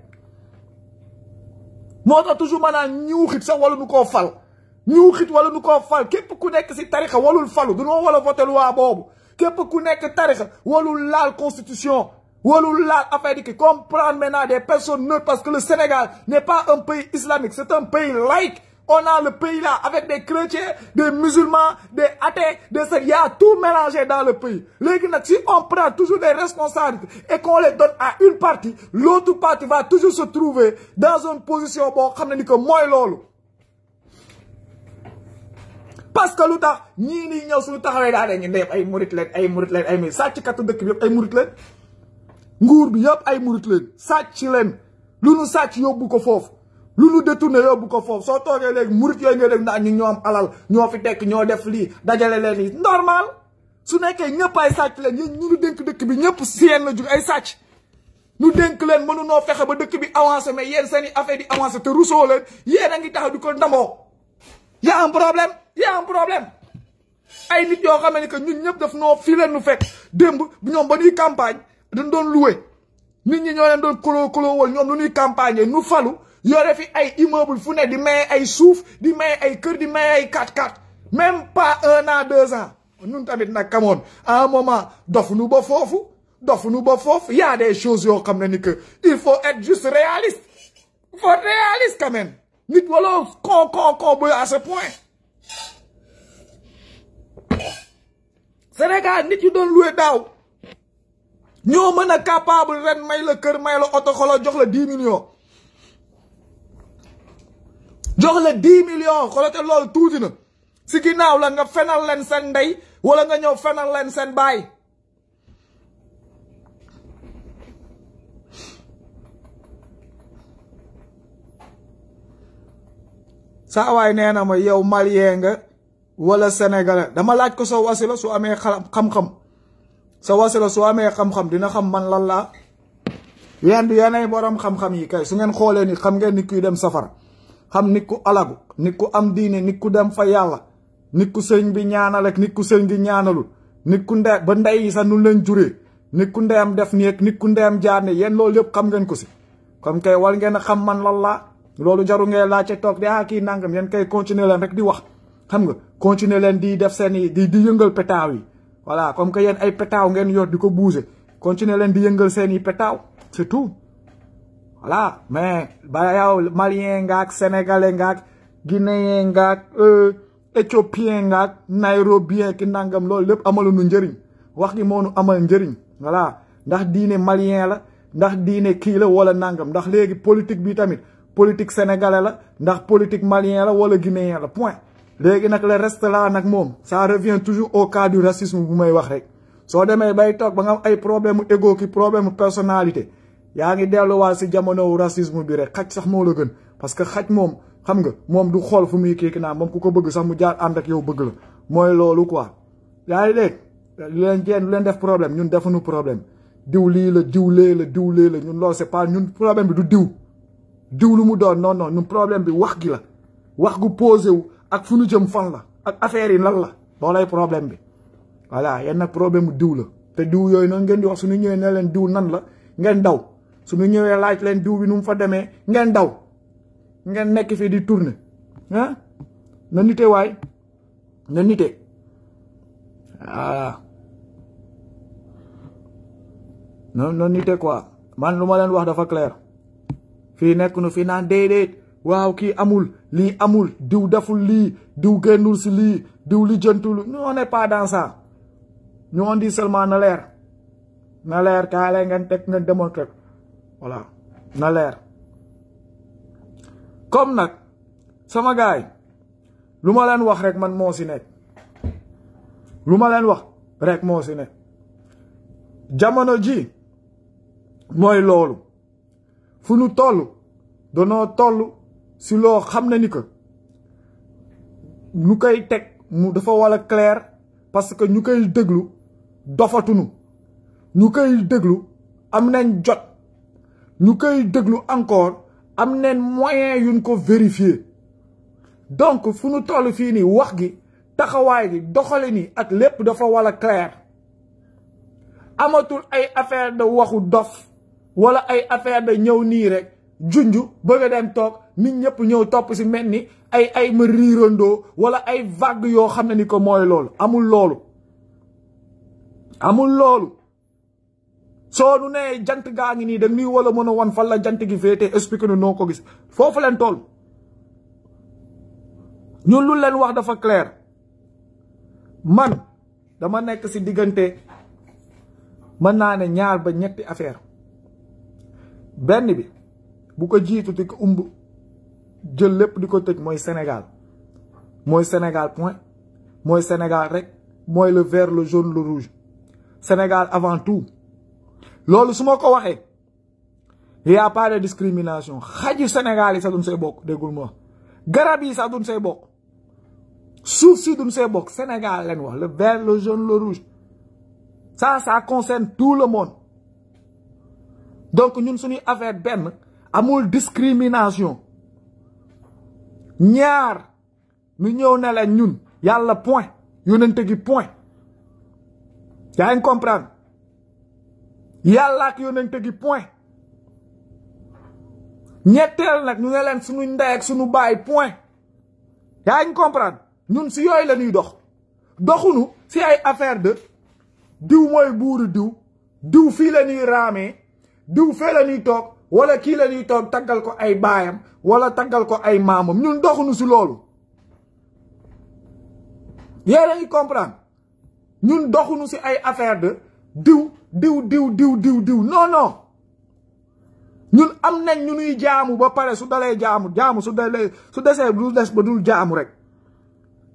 mo tax toujours mëna ñu xit wala walu fal ñu xit wala nu ko fal képp ku nekk si tarixa walul falu Nous wala voté loi boobu képp ku nekk tarixa walul la constitution walul la affaire di que comprendre maintenant des personnes neutres parce que le Sénégal n'est pas un pays islamique c'est un pays laïque on a le pays là avec des chrétiens des musulmans des athées des il tout mélangé dans le pays léegi nag si on prend toujours des responsabilités et qu'on les donne à une partie l'autre partie va toujours se trouver dans une position bon comme ne ni que et parce que lu tax ñii nii ñëw suñu taxawé daa ne ñu ay mourid leen ay mourid leen ay mi sacc katu dëkk bi yëpp ay mourid leen nguur bi yop ay murit leen sacc leen lu nu sàcc ko fofu lu nu détourné ko fofu so toogee léegi mourid yo ngay dégg naa ñu ñoo am alal ñoo fi tek ñoo def li dajalé leen normal su nekké ñëpp ay sacc leen ñi ñu nu dénk dëkk bi ñëpp si la jug ay sacc nu dénk leen mënu no fexé ba dëkk bi avancé mais yeen seen affaire di avancé te rousseau leen yéen a ngi taxaw ko ndamoo y problème y a un problème ay nit yo xamné que ñun ñëpp daf no fii leen nu fekk démb ñoom ba ñuy campagne dañ doon loué nit ñi ñoo leen doon koloo koloo wal ñom lu ñuy campagne nu falu yoré fi ay immeuble fu né di maye ay souf di maye ay kër di maye ay 4 4 même pas un an deux ans ñun tamit nak kamone à un moment dof nu ba foofu dof nu ba foofu y a des choses yo xamné ni que il faut être juste réaliste faut réaliste quand même nit wala kon kon kon ba à ce point Sénégal nit yu doon loué daaw ñoo mën a capable ren may la kër may la oto xolo jox la dix millions jox la dix millions xolo te loolu tuuti na si ginnaaw la nga fenal leen seen ndey wala nga ñëw fenal leen seen baay saa waay nee na ma yow malien nga wala sénégalais dama laaj ko sa wasila su amee xam-xam sa wasila su amee xam-xam dina xam man lan laa yéen yéenay borom xam-xam yi kay su ngeen xoolee ni xam ngeen nit kuy dem safara xam nit ku alagu nit ku am diine nit ku dem fa yàlla nit ku sëñ bi ñaanal ak nit ku sëñ bi ñaanalul nit ku ndey ba ndey yi sax nu leen juree nit ku ndeyam def nii nit ku ndeyam jaarne yéen loolu yëpp xam ngeen ko si comme kay war ngeen a xam man lan laa loolu jaru ngeen laajte toog de ah kii nangam yéen kay continuer leen rek di wax. xam nga continuer leen di def seen di di yëngal pétaaw yi voilà comme que yenn ay pétaaw ngeen yor di ko bouger continuer leen di yëngal seen i pétaaw c'est tout voilà mais ba yow malien ngaak sénégalais ngaak guinéen ngaak euh, éthiopien ngaak nairobien ki nangam loolu lépp amalu nu njëriñ wax gi moo nu amal njëriñ voilà ndax diine malien la ndax diine kii la wala nangam ndax léegi politique bi tamit politique sénégalais la ndax politique malien la wala guinéen la point léegi nag la reste nag moom ça revient toujours au cas du racisme bu may wax rek soo demee bay toog ba nga am ay problème mu égo ki problème personnalité yaa ngi delluwaat si jamonowu racisme bi rek xaj sax moo la gën parce que xaj moom xam nga moom du xool fu muy kii naa moom ku ko bëgg sax mu jaar ànd ak yow bëgg la mooy loolu quoi. yaa ngi dégg lu leen jéem lu leen def problème ñun defuñu problème diw lii la diw lee la diw lee la ñun loolu c'est pas ñun problème bi du diw diw lu mu doon non non problème bi wax gi la wax gu posé wu. ak fu nu jëm fan la ak affaire yi lan la loolay problème bi voilà yéen nag problème diw la te diw yooyu noonu ngeen di wax su suñu ñëwee ne leen diw nan la ngeen daw su suñu ñëwee laaj leen diw bi nu mu fa demee ngeen daw ngeen nekk fii di tourner ah na nite waay na nite noonu ah. na na nite quoi man lu ma leen wax dafa clair fii nekk nu fi naan déedéet waaw kii amul li, amul diw deful li, diw gennul si lii diw li jëntul nous on n'est pas dans ça ñu on dit seulement na leer na leer kaa lay ngeen teg ngeen démontré voilà na leer comme nag sama gaay lu ma leen wax rek man moo si nekk lu ma wax rek moo si nekk jamono ji mooy loolu fu nu toll danoo toll si loo xam na ni ko ñu koy teg mu dafa wala clair parce que ñu koy déglu dofatunu ñu koy déglu am nañ jot ñu koy déglu encore am nañ moyen yuñ ko vérifier donc fu ñu toll fii nii wax gi taxawaay gi doxale ni ak lépp dafa wala clair amatul ay affaire de waxu dof wala ay affaire de ñëw nii rek junj bëgg dem toog nit ñëpp ñëw topp si mel ni ay ay ma riirandoo wala ay vague yoo xam ne ni ko mooy loolu amul loolu amul loolu soo nu nee jant gaa ngi nii da nuy wala mën a wan fan la jant gi féete expliqué nu noo ko gis foofu leen toll ñun lu leen wax dafa clair man dama nekk si diggante mën naa ne ñaar ba ñetti affaire benn bi bu ko jiitu te ko umb Je lépp moi, côté tëj Sénégal moi Sénégal point moi Sénégal rek moi le vert le jaune le rouge Sénégal avant tout lolou su au ko Il y a pas de discrimination xadi Sénégal yi sax duñ say bok Garabi, ma garab yi sous duñ say bok Sénégal len wax le vert le jaune le rouge ça ça concerne tout le monde donc ñun avec affaire à amul discrimination ñaar nu ñëw ne la ñun yàlla point yónnante gi point yaa ngi comprendre yàlla ak yónnante gi point ñetteel nag ñu ne leen suñu ndey ak suñu baay point yaa ngi comprendre ñun si yooyu la ñuy dox doxunu si ay affaire de diw mooy buuru diw diw fii la ñuy raamee diw fee la ñuy toog wala ki lañuy ñuy tagal ko ay bayam wala tagal ko ay mamam ñun doxunu si lolu yéen lañuy comprendre ñun doxunu ci ay affaire de diw diw diw diw diw diw non non ñun am nañ ñu ñuy jaamu ba paré su dalee jaamu jaamu su dalee su déssé du dess ba dul jaamu rek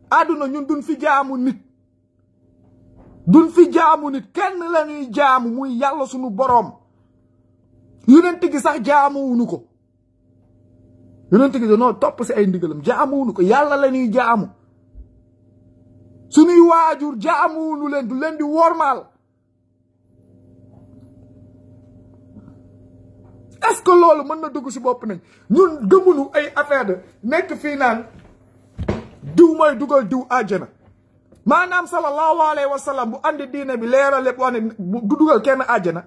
aduna ñun duñ fi jaamu nit duñ fi jaamu nit kenn lañuy jaamu muy yalla sunu borom yonent gi sax jaamuwuñu ko yonent gi no top ci ay ndigalam jaamuwuñu ko yalla la ñuy jaamu wajur jaamu jaamuwuñu len du len di wormal est ce lolu meuna mën na dugg si bopp nañ ñun gëmuñu ay affaire de nek fi nan diw mooy dugal diw aljana manam sallallahu alaihi wasallam bu andi diine bi leralep wone du dugal kenn aljana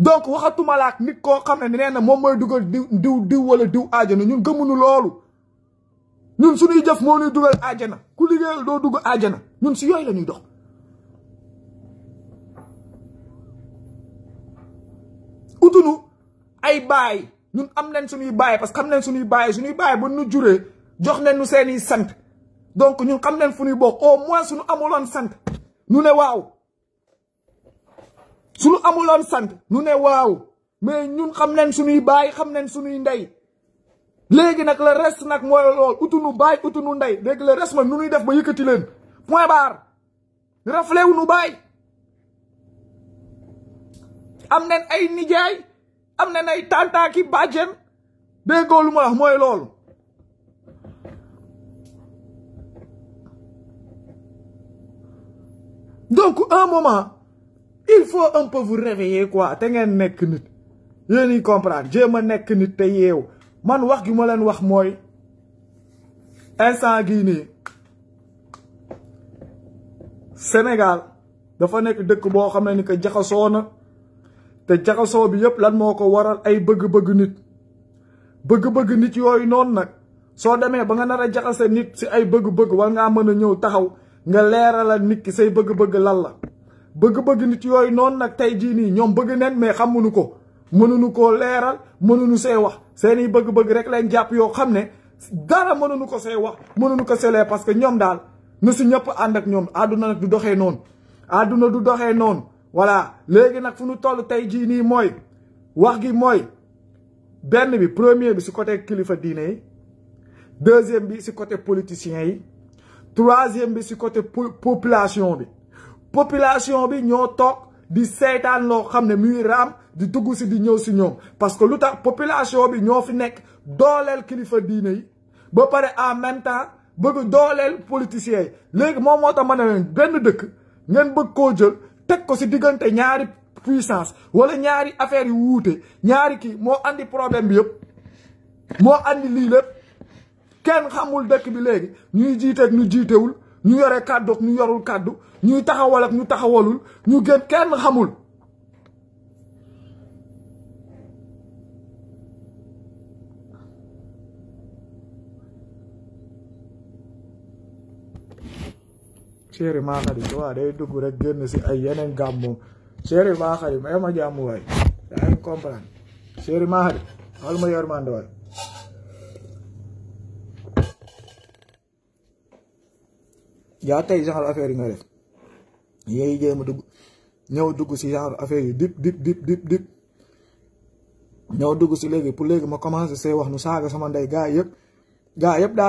donc waxatuma la ak nit koo xam ne nee moom mooy dugal diw diw diw wala diw aajana ñun gëmuñu loolu ñun suñuy jëf moo ñuy dugal aajana ku liggéeyal doo dugg aajana ñun si yooyu la ñuy dox utunu ay baay ñun am nañ suñuy baay parce que xam nañ suñuy baay suñuy baay ba nu juree jox nañ nu seeni sant donc ñun xam nañ fu nuy bokk au moins suñu amuloon sant ñu ne waaw suñu amuloon sant nu ne waaw mais ñun xam nañ suñuy baay xam nañ suñuy ndey léegi nag le reste nag mooy lool utunu baay utunu ndey léegi le reste ma nu ñuy def ba yëkkati leen point barre raflé wu nu baay am nañ ay nijaay am nañ ay tàntaaki bàjjen déggoo lu ma mooy loolu donc un il faut un peu vous réveiller quoi te ngeen nekk nit yéen ñi comprendre jéem a nekk nit te yeew man wax gi ma leen wax mooy instant gi nii Sénégal dafa nekk dëkk boo xam ne ni ko jaxasoo na te jaxasoo bi yëpp lan moo ko waral ay bëgg-bëgg nit bëgg-bëgg nit yooyu noonu nag soo demee ba nga nar a jaxase nit si ay bëgg-bëgg war ngaa mën a ñëw taxaw nga leeralal nit ki say bëgg-bëgg lan la bëgg-bëgg nit yooyu noonu nag tey jii nii ñoom bëgg neen mais xamuñu ko mënuñu koo leeral mënuñu see wax seeni bëgg-bëgg rek leen jàpp yoo xam ne dara mënuñu ko see wax mënuñu ko selee parce que ñoom daal na si ñëpp ànd ak ñoom àdduna nag du doxee noonu àdduna du doxee noonu voilà léegi nag fu ñu toll tey jii nii mooy wax gi mooy benn bi premier bi si côté kilifa diine yi deuxième bi si côté politicien yi troisième bi si côté population bi population bi ñoo toog di seetaan loo xam ne muy raam di dugg si di ñëw si ñoom parce que lu tax population bi ñoo fi nekk dooleel kilifa diine yi ba pare en même temps bëgg dooleel politiciens yi léegi moo moo tax ma ne leen benn dëkk ngeen bëgg koo jël teg ko si diggante ñaari puissance wala ñaari affaires yu wuute ñaari kii moo andi problème bi yëpp moo andi lii lépp kenn xamul dëkk bi léegi ñuy jiiteeg ñu jiitewul ñu yore kàddu ñu yorul kàddu ñuy taxawal ak ñu taxawalul ñu gën kenn xamul chéri maa xarit waa day dugg rek gën ci ay yeneen gàmm moom chéri maa xarit may ma jàmm way da ngay comprendre chéri ma xali wal ma yor man waay ya tay genre affaire yi nga def Il y a ci affaire dip dip dip dip dip ma commencé say wax nu saga sama nday gaay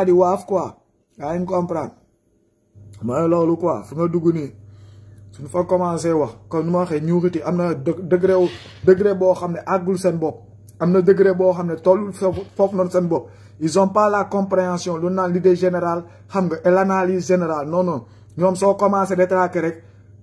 di waaf quoi ñu comprendre lolu quoi fa commencé wax comme nu ma degré degré ils ont pas la compréhension lu l'idée générale xam nga et l'analyse générale non non ñom à commencer détraqué rek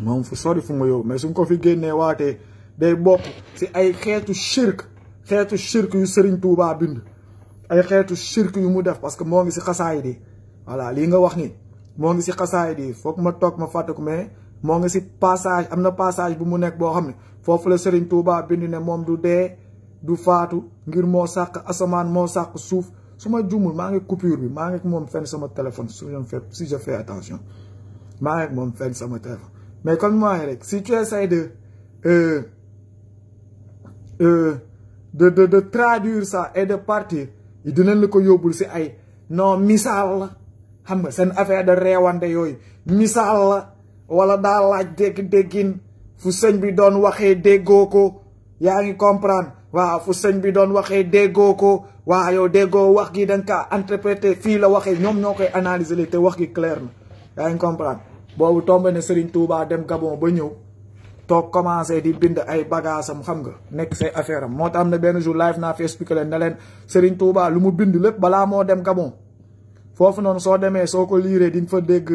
moom fu sori fu ma yóbbu mais suñ ko fi génnee waatee day bokk si ay xeetu shirk xeetu shirk yu Serigne Touba bind ay xeetu shirk yu mu def parce que moo ngi si xasaay di voilà lii nga wax ni moo ngi si xasaay di foog ma toog ma ko mais moo ngi si passage am na passage bu mu nekk boo xam ne foofu la Serigne Touba bind ne moom du dee du faatu ngir moo sàq asamaan moo sàq suuf su ma jumul maa ngi coupure bi maa ngi moom fenn sama téléphone su je si je fais attention maa ngi moom fenn sama téléphone. mais comme ni rek si tu essaies de euh, euh, de de de traduire ça et de partir dinañ la ko yóbbul si ay non misaal la xam nga seen affaire de réewante yooyu misaal la wala daa laaj dégg-déggin fu sëñ bi doon waxee déggoo ko yaa ngi comprendre waaw fu sëñ bi doon waxee déggoo ko waa yow déggoo wax gi da nga kaa fii la waxee ñoom ñoo koy analyser te wax gi clair na yaa ngi comprendre. boobu tombé ne Serigne Touba dem Gabon ba ñëw toog commencé di bind ay bagaasam xam nga nekk say affaire am moo tax am na benn jour live naa fi expliqué leen ne leen Serigne Touba lu mu bind lépp balaa moo dem Gabon foofu noonu soo demee soo ko liiree di fa dégg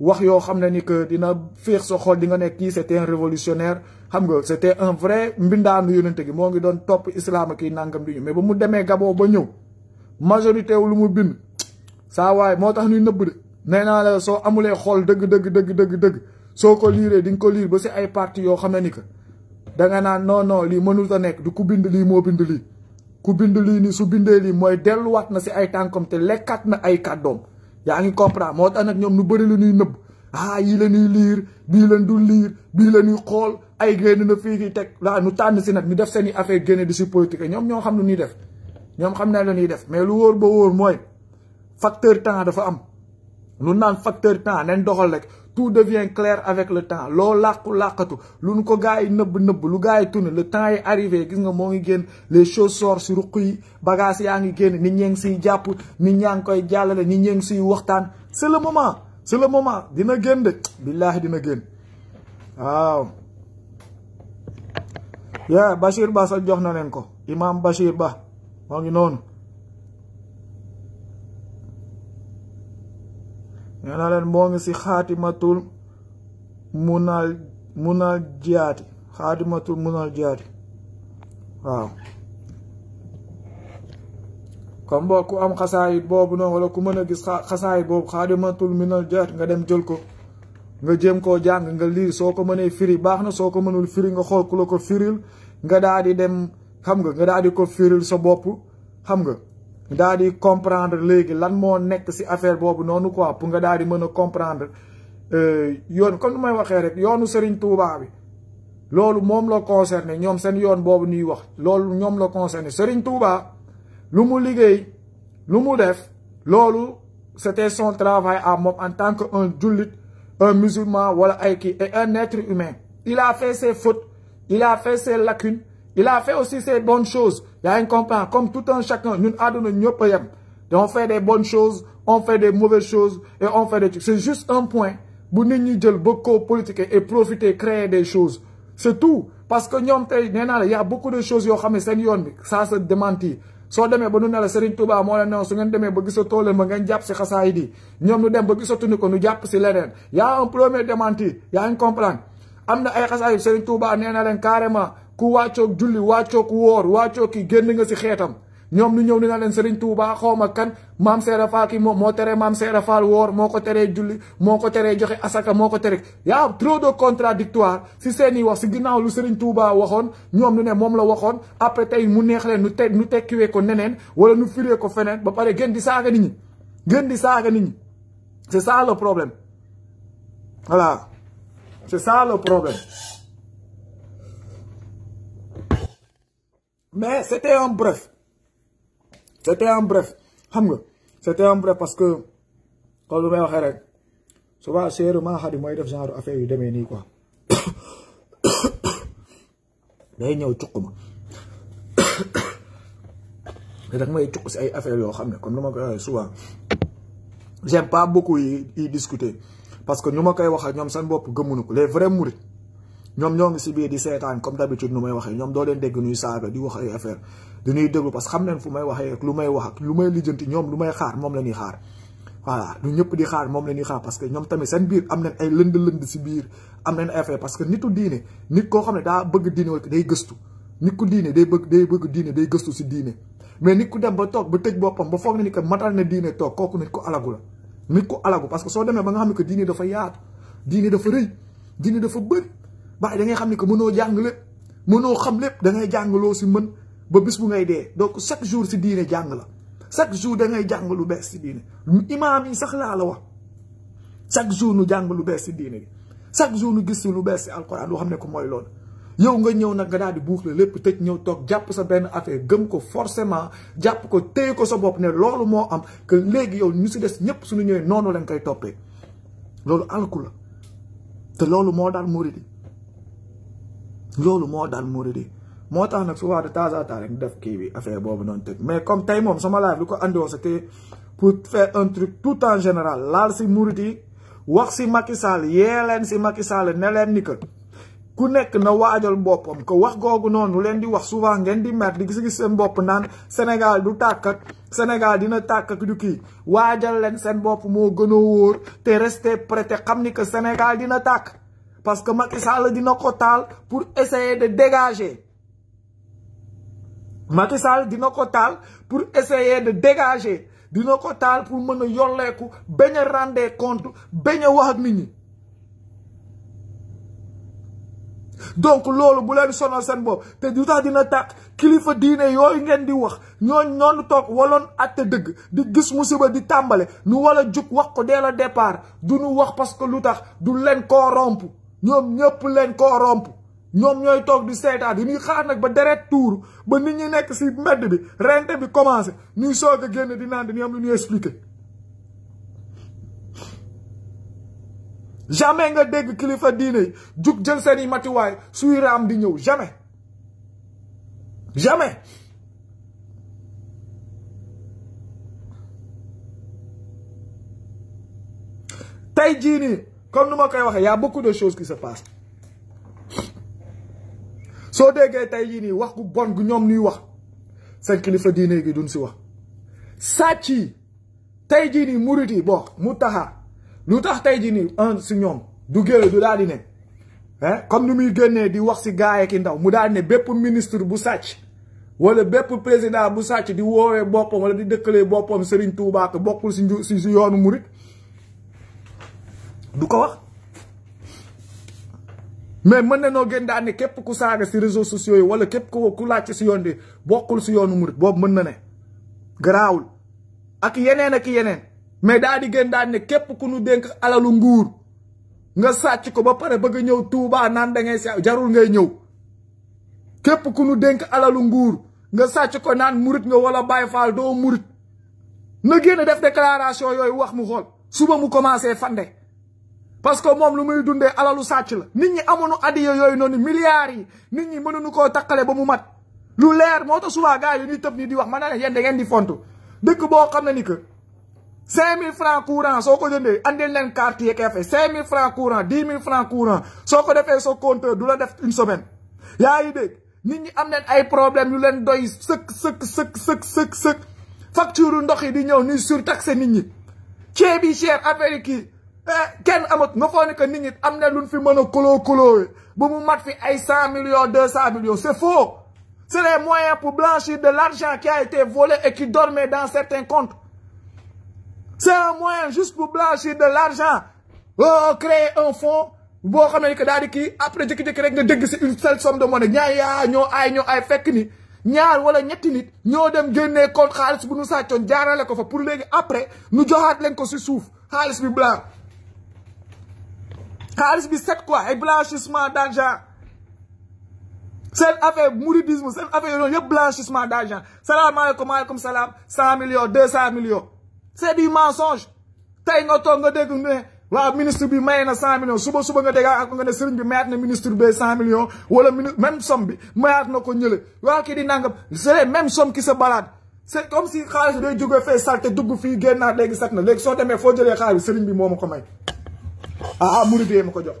wax yoo xam ne ni que dina féex sa xol di nga nekk kii c'était un révolutionnaire xam nga c'était un vrai mbindaanu yonente gi moo ngi doon topp islam ak nangam di ñu mais ba mu demee Gabon ba ñëw majorité lu mu bind saa waay moo tax ñuy nëbb nee naa la soo amulee xool dëgg dëgg dëgg dëgg dëgg soo ko liiree di nga ko liir ba si ay parti yoo xam ne ni que danga nga naan non non lii mënul ta nekk di ku bind lii moo bind lii ku bind lii nii su bindee lii mooy delluwaat na si ay tànkam te lekkat na ay kàddoom yaa ngi comprendre moo tax nag ñoom nu bëri la nuy nëbb ah yii la ñuy liir bii la du liir bii la ñuy xool ay génn na fii kii teg waaw nu tànn si nag ñu def seen i affaire génne di si politique ñoom ñoo xam lu ñuy def ñoom xam na lu ñuy def mais lu wóor ba wóor mooy facteur temps dafa am. lu naan facteur temps nañ doxal rek tout devient clair avec le temps loo làqu làqatu lu nu ko gars nëbb nëbb lu gars yi tunu le temps yi arrivé gis nga moo ngi génn les choses sort si ruq yi bagage yaa ngi génn nit ñee siy jàpp nit ñaa ngi koy jàllale ni ñee ngi siy waxtaan c'est la moment c'est le moment dina génn de billaahi dina génn waaw yaa Bachir Ba sa jox na leen ko imam Bachir Ba moo ngi noonu nee na leen moo ngi si xaatimatul munal munal jiyaati xaatimatul munal jiyaati waaw kon boo ku am xasaayit boobu noonu wala ku mën a gis xasaayit boobu xaadimatul minal jiyaati nga dem jël ko nga jëm koo jàng nga lii soo ko mënee firi baax na soo ko mënul firi nga xool ku la ko firil nga daa di dem xam nga nga daal di ko firil sa bopp xam nga dadi comprendre comprendre qui lan mo nek ci affaire non noonu quoi pour nga dadi meuna a comprendre euh, yon comme ni waxe rek yone Serigne Touba bi loolu mom la concerné ñom sen yone bobu ni wax ñom la concerné Serigne Touba lu mu liggéey lu mu def c'était son travail à mom en tant que un un musulman wala ay qui et un être humain il a fait ses fautes il a fait ses lacunes il a fait aussi ses bonnes choses. Il y a un compas, comme tout un chacun. Nous On fait des bonnes choses, on fait des mauvaises choses et on fait des trucs. C'est juste un point. Bounini pas beaucoup politique et profiter, créer des choses. C'est tout. Parce que nous, il y a beaucoup de choses ça se démenti. So demee ba ñu ne la Serigne Touba mo la ne su ngeen démé ba gisatoo leen ma ngeen ci si yi di ñom nu dem ba gisatuñu ko nu jàpp si leneen y' a un premier démenti yaa ngi comprendre am na ay yi Serigne Touba nee na leen carrément. ku wàccoog julli wàccoog woor wàccoog ki génn nga si xeetam ñoom ñu ñëw ni naa leen Serigne Touba xaw ma kan maam Seera Fall ki moom moo teree maam Seera Fall woor moo ko teree julli moo ko teree joxe asaka moo ko tere yaa trop de contradictoire si seen i wax si ginnaaw lu Serigne Touba waxoon ñoom ñu ne moom la waxoon après tey mu neex leen nu te nu tekkiwee ko neneen wala nu firee ko feneen ba pare gën di saaga nit ñi gën di saaga nit ñi c'est ça problème voilà c'est ça mais c'était en bref c'était en bref c'était en bref parce que quand je me souvent genre affaire yu (coughs) (coughs) comme ça. koy j'aime pas beaucoup y discuter parce que nous, ma koy wax dit les vrais dit ñoom ñoo ngi si biir di seetaan comme d'habitude nu may waxee ñoom doo leen dégg ñuy saaga di wax ay affaire di ñuy déglu parce que xam nañ fu may waxee lu may wax ak lu may lijjanti ñoom lu may xaar moom la ñuy xaar voilà lu ñëpp di xaar moom la ñuy xaar parce que ñoom tamit seen biir am nañ ay lënd parce que nitu diine nit koo xam ne daa bëgg diine wala day gëstu nit ku diine day bëgg day bëgg diine day gëstu si diine mais nit ku dem ba toog ba tëj boppam ba foog na ni que matal na diine toog kooku nit ko alagu la nit ko alagu parce que soo demee ba nga xam ne que diine dafa yaatu diine dafa rëy diine dafa bëri bàyyi da ngay xamni ko mëno jang lepp mëno xam lepp da ngay jang lo si mën ba bis bu ngay dé donc chaque jour si diine jang la chaque jour da ngay jang lu bees si diine imam yi sax la la wax chaque jour nu jang lu bees si diine chaque jour nu gis lu si alquran loo xamné ko moy lool yow nga ñëw nak nga daal di buux lepp tecc tëj ñëw toog jàpp sa ben affaire gëm ko forcément japp ko téy ko sa bop ne loolu mo am que légui yow ñu ci dess ñëpp suñu ñëwee nonu lañ koy topé loolu alku la loolu mo daal muridi loolu moo daan Mouride moo tax nag souvent de temps en temps rek def kii bi affaire boobu noonu tëj mais comme tey moom sama live lu ko andi woon pour faire tout en général laal si Mouride yi wax si Macky Sall yee leen si Macky Sall ne leen ni que ku nekk na waajal boppam ko wax googu noonu leen di wax souvent ngeen di mer di gis-gis seen bopp naan Sénégal du tàkk ak Sénégal dina tàkk ak du kii waajal leen seen bopp moo gën wóor te rester prêt te xam ni que Sénégal dina tàkk. parce que Macky Sall dina pour essayer de dégager Macky Sall dina pour essayer de dégager Dino Kotal pour mën a yolleeku bañ rendre compte bañ wax ak donc loolu bu leen sonal te du tax dina tàq kilifa diine yooyu ngeen di wax ñooñ noonu tok, walon atte dëgg di gis musiba di tàmbale nu wala jug wax ko dès le départ du nu wax parce que lu tax du leen ñoom ñëpp leen koo romp ñoom ñooy toog di seetaan yi ñuy xaar nag ba deret tuur ba nit ñi nekk si mbedd bi rente bi commencé ñuy soog a génn di naan dañuy am lu ñuy expliqué. jamais nga dégg kilifa diine yi jug jël seeni i matuwaay suy raam di ñëw jamais jamais. tey jii nii. comme nu ma koy waxee y a beaucoup de choses qui se passent soo déggee tey jii nii wax gu bon gu ñoom ñuy wax seen kilifa diine gi duñ si wax sàcc yi tey jii nii murit yi bon mu taxa lu tax tey jii nii un si ñoom du génn du daal ne hein comme ni muy génnee di wax si gaay ki ndaw mu daal ne bépp ministre bu sàcc wala bépp président bu sàcc di woowee boppam wala di dëkkalee boppam Serigne Touba bokkul si si yoonu murit du ko wax mais mën na noo gën daan ne képp ku saaga si réseau sociaux yi wala képp ku ku laajte si yoon bi bokkul si yoonu murit boobu mën na ne garaawul ak yeneen ak yeneen mais daa di gën daan ne képp ku nu dénk alalu nguur nga sàcc ko ba pare bëgg ñëw Tuubaa naan da ngay jarul ngay ñëw képp ku nu dénk alalu nguur nga sàcc ko naan murit nga wala Baay Faal doo murit na génn def déclaration yooyu wax mu xool suba mu commencé fande parce que moom lu muy dundee alalu sàcc la nit ñi amoonu addiya yooyu noonu milliards yi nit ñi mënuñu koo takkale ba mu mat lu leer moo ta souvent gars yi ñuy tëb nii di wax ma na ne yéen da ngeen di fontu dëkk boo xam ne ni que cinq mille francs courant soo ko jëndee andil leen carte yeeg cinq mille francs courant dix mille francs courant soo ko defee sa compteur du la def une semaine yaa ngi dégg nit ñi am leen ay problème yu leen doy sëkk sëkk sëkk sëkk sëkk sëkk facture ndox yi di ñëw ni surtaxé nit ñi ceeb yi cher affaire yi kii Eh, Ken Amot, nga foog ne que nit ñi luñ fi meuna a koloo bu mu mat fi ay 100 millions 200 millions c'est faux c'est les moyens pour blanchir de l'argent qui a été volé et qui dormait dans certains comptes c'est un moyen juste pour blanchir de l'argent oh créer un fonds bo xam ne dal di après jékki-jékki rek nga deug ci une seule somme de monnaie ñaar yaa ñoo ay ño ay fekk ni ñaar wala ñetti nit ño dem génnee compte xaalis bu nu sàccoon jaarale ko fa pour légui après nu joxaat len ko ci souf xaalis bi blanc xaalis bi set quoi ay blanchissement d' argent seen affaire mouridisme seen affaire yooyu yëpp blanchissement d' argent salaamaaleykum maaleykum salaam cent millions deux cent millions c' est du mensonge tey nga toog nga dégg ne waaw ministre bi may na cent millions suba suba nga dégg ak nga ne sëriñ bi mayaat na ministre bi cent millions wala ministre même somme bi mayaat na ko ñële waa kii di nangam c' est même somme qui se balade c' est comme si xaalis bi day jógee fee salte dugg fii génnaat léegi set na léegi soo demee foo jëlee xaalis sëriñ bi moo ma ko may. ah, ah muridee ma ko jox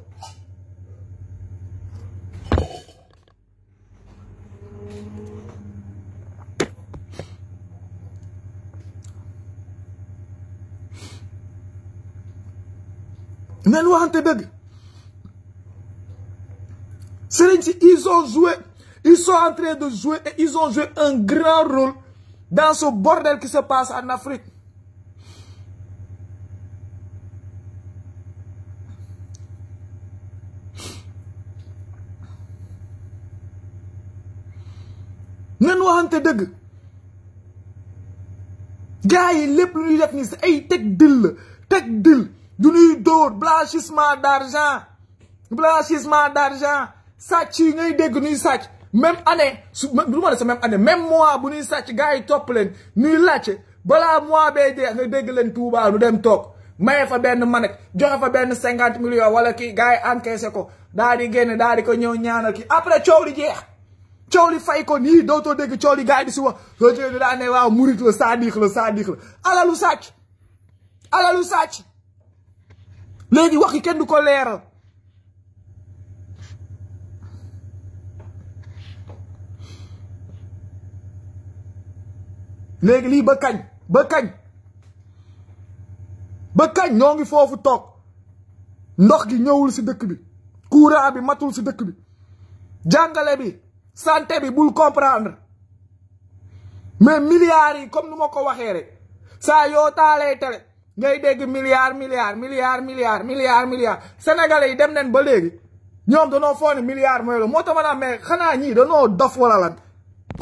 neen waxante C'est-à-dire, ils ont joué ils sont en train de jouer et ils ont joué un grand rôle dans ce bordel qui se passe en Afrique waxante dëgg gars yi lépp lu ñuy def ni si ay teg dil la teg dil du ñuy dóor blanchissement d'argent blanchissement d'argent sàcc yi ngay dégg ñuy sàcc même année su du ma ne sa même année même mois bu nuy sàcc gars yi topp leen ñuy laajte balaa mois bee jeex nga dégg leen Touba nu dem toog maye fa benn manek joxe fa benn cinquante millions wala kii gars yi encaissé ko daal di génn daal di ko ñëw ñaanal kii après coow li jeex. coow li fay ko nii dootoo dégg coow li gars yi di si wax soo jëlee di daa ne waaw murit la saadix la saadix la alalu sàcc alalu sàcc léegi kenn du ko leeral léegi lii ba kañ ba kañ ba kañ noo ngi foofu toog ndox gi ñëwul si dëkk bi courant bi matul si dëkk bi jàngale bi santé bi bul comprendre mais milliards yi comme nu ma ko waxee rek saa yoo taalee télé ngay dégg milliards milliards milliards milliards milliards yi dem nañ ba léegi ñoom danoo foo ne milliards mooy la moo tax mais xanaa ñii danoo dof wala lan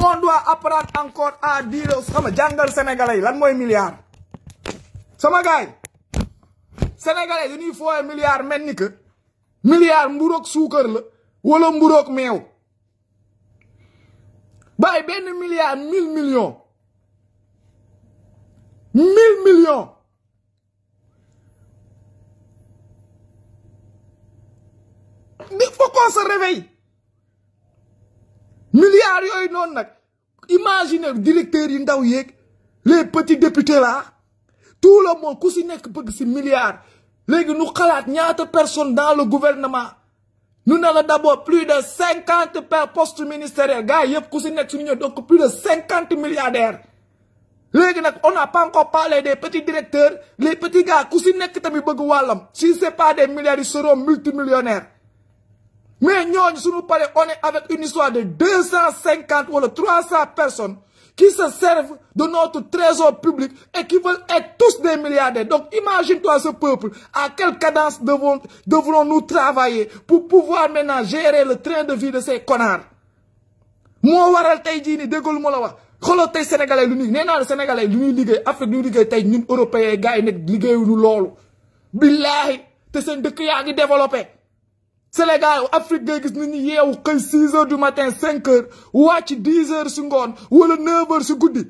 on doit apprendre encore à dire sama jàngal sénégalais yi lan mooy milliards sama gaay sénégalais yi dañuy fooye milliards mel ni que milliards mburoog suukar la wala mburoog meew bàyyi ben milliard mille millions 1000 millions il faut qu'on se réveille milliards yoy y imaginez le directeur, les petits députés là tout le monde peut si nekk bëgg milliards léegi nous, nous, personnes dans le gouvernement nous n'avons d'abord plus de 50 pères postes ministériels. Gars, donc plus de 50 milliardaires. On n'a pas encore parlé des petits directeurs, les petits gars. Si ce n'est pas des milliardaires, ils seront multimillionnaires. Mais nous, si nous parlons, on est avec une histoire de 250 ou 300 personnes qui se servent de notre trésor public et qui veulent être tous des milliardaires. Donc imagine-toi ce peuple, à quelle cadence devons, devrons-nous travailler pour pouvoir maintenant gérer le train de vie de ces connards moo waral tey jii ni déggoolu moo la wax xoolal tey sénégalais lu ñuy nee naa la sénégalais lu ñuy liggéey Afrique lu ñuy liggéey tey ñun européens gars yi nekk liggéeyuñu loolu billaahi te seen dëkk yaa ngi développé Sénégal Afrique ngay gis nit ñi yeewu xëy 6 heures du matin 5 heures wàcc si ngoon wala 9 heures si guddi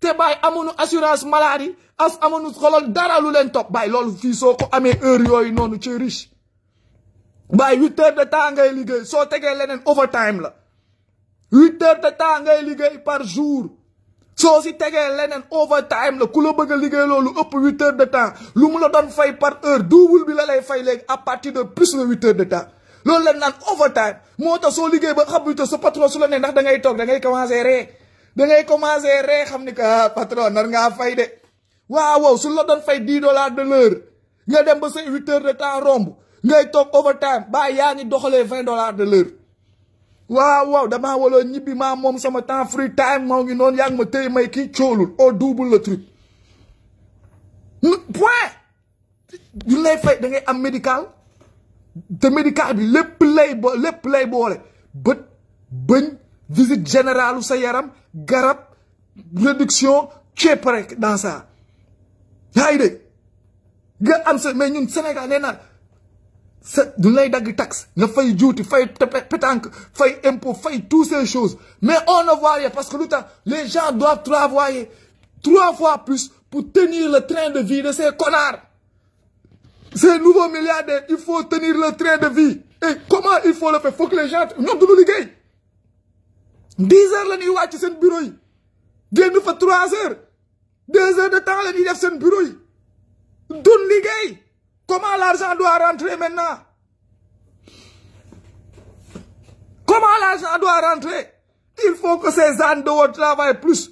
te bàyyi amuñu assurance maladie as amuñu xolal dara lu leen topp bàyyi loolu fii soo ko amee heure yooyu noonu ci riche bàyyi huit heures de temps ngay liggéey soo tegee leneen overtime la huit heures de temps ngay liggéey par jour soo si tegee leneen overtime la ku la bëgg liggéey loolu ëpp huit heures de temps lu la doon fay par heure double bi la lay fay léegi à partir de plus de huit heures de temps loolu la naan overtime moo tax soo liggéey ba xam te sa patron su la ne ndax da ngay toog dangay ngay commencé ree da ngay commencé ree xam ni que ah, patron nar ngaa fay de waaw waaw la doon fay 10 dollars de nga dem ba sa huit heures de temps romb ngay toog overtime ba yaa ngi doxalee 20 dollars de l'heure waaw waaw damaa waloo ñibbi maa moom sama temps free time moo ngi noonu yaa ma tey may kii coolul au double le truc du lay fay da ngay am médical de médical bi lepp lay bo lépp lay bolé bët visite générale sa yaram garab réduction cheap dans ça hay dé ga am sa mais ñun Sénégal nee naa sa du lay dag tax nga fay juuti fay pétanque fay impôt fay toutes ces choses mais on ne voit rien parce que l'outa les gens doivent travailler trois fois plus pour tenir le train de vie de ces connards ces nouveaux milliardaires, il faut tenir le train de vie. Et comment il faut le faire Il faut que les gens... Nous, nous liguez. 10 heures, là, nous c'est son bureau. Dieu nous fait 3 heures. 2 heures de temps, ils nous fait le bureau. Nous liguez. Comment l'argent doit rentrer maintenant Comment l'argent doit rentrer Il faut que ces gens de travaillent plus.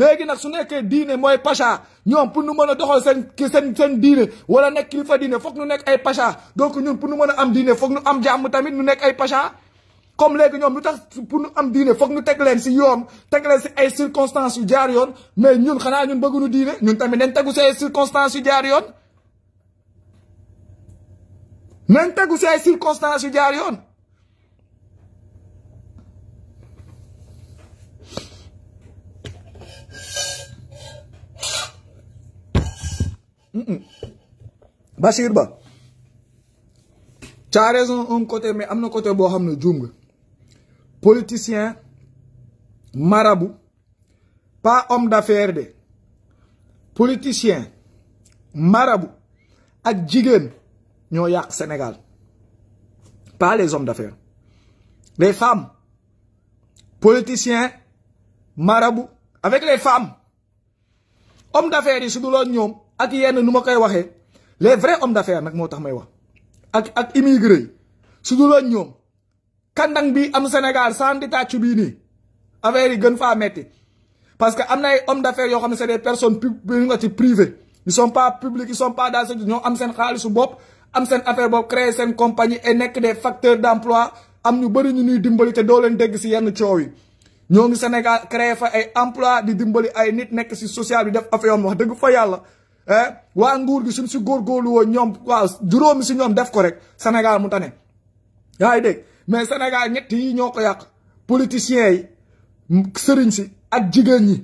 léegi nag su nekkee diine mooy pacha ñoom pour nu mën a doxal seen seen seen diine wala nekk kilifa diine foog nu nekk ay pacha donc ñun pour nu mën a am diine foog nu am jàmm tamit nu nekk ay pacha. comme léegi ñoom lu tax pour nu am diine foog ñu tegleen si yoon teg si ay circonstances yu jaar yoon mais ñun xanaa ñun bëgguñu diine ñun tamit nañ tegu si ay circonstances yu jaar yoon. nañ tegu si ay circonstances yu jaar yoon. basirba tu as raison un côté mais à côté politicien marabout pas homme d'affaires des politicien marabout ak Sénégal pas les hommes d'affaires les femmes politiciens marabouts avec les femmes hommes d'affaires yi su ak yenn nu ma koy waxee les vrais hommes d'affaires nak motax may wax ak ak immigré su su duloon ñom kandang bi am Sénégal sans détache bi ni affaire yi gën fa metti parce que amna ay hommes d'affaires yo xamné c'est des personnes publiques nga ils sont pas publics ils sont pas dans ce ñom am seen xaalisu bop am sen affaire bop créer sen compagnie et nek des facteurs d'emploi am ñu bari ñu ñuy dimbali té do leen dégg ci yenn ciow yi ñoo ngi Sénégal créer fa ay emploi di dimbali ay nit nek ci social bi def affaire wax dëgg fa yalla Eh, waa nguur gi suñ si góorgóorlu woo ñoom waaw juróomi si ñoom def ko rek Sénégal mu tane yaa ngi dégg mais Sénégal ñett yi ñoo ko yàq politiciens yi sëriñ si ak jigéen ñi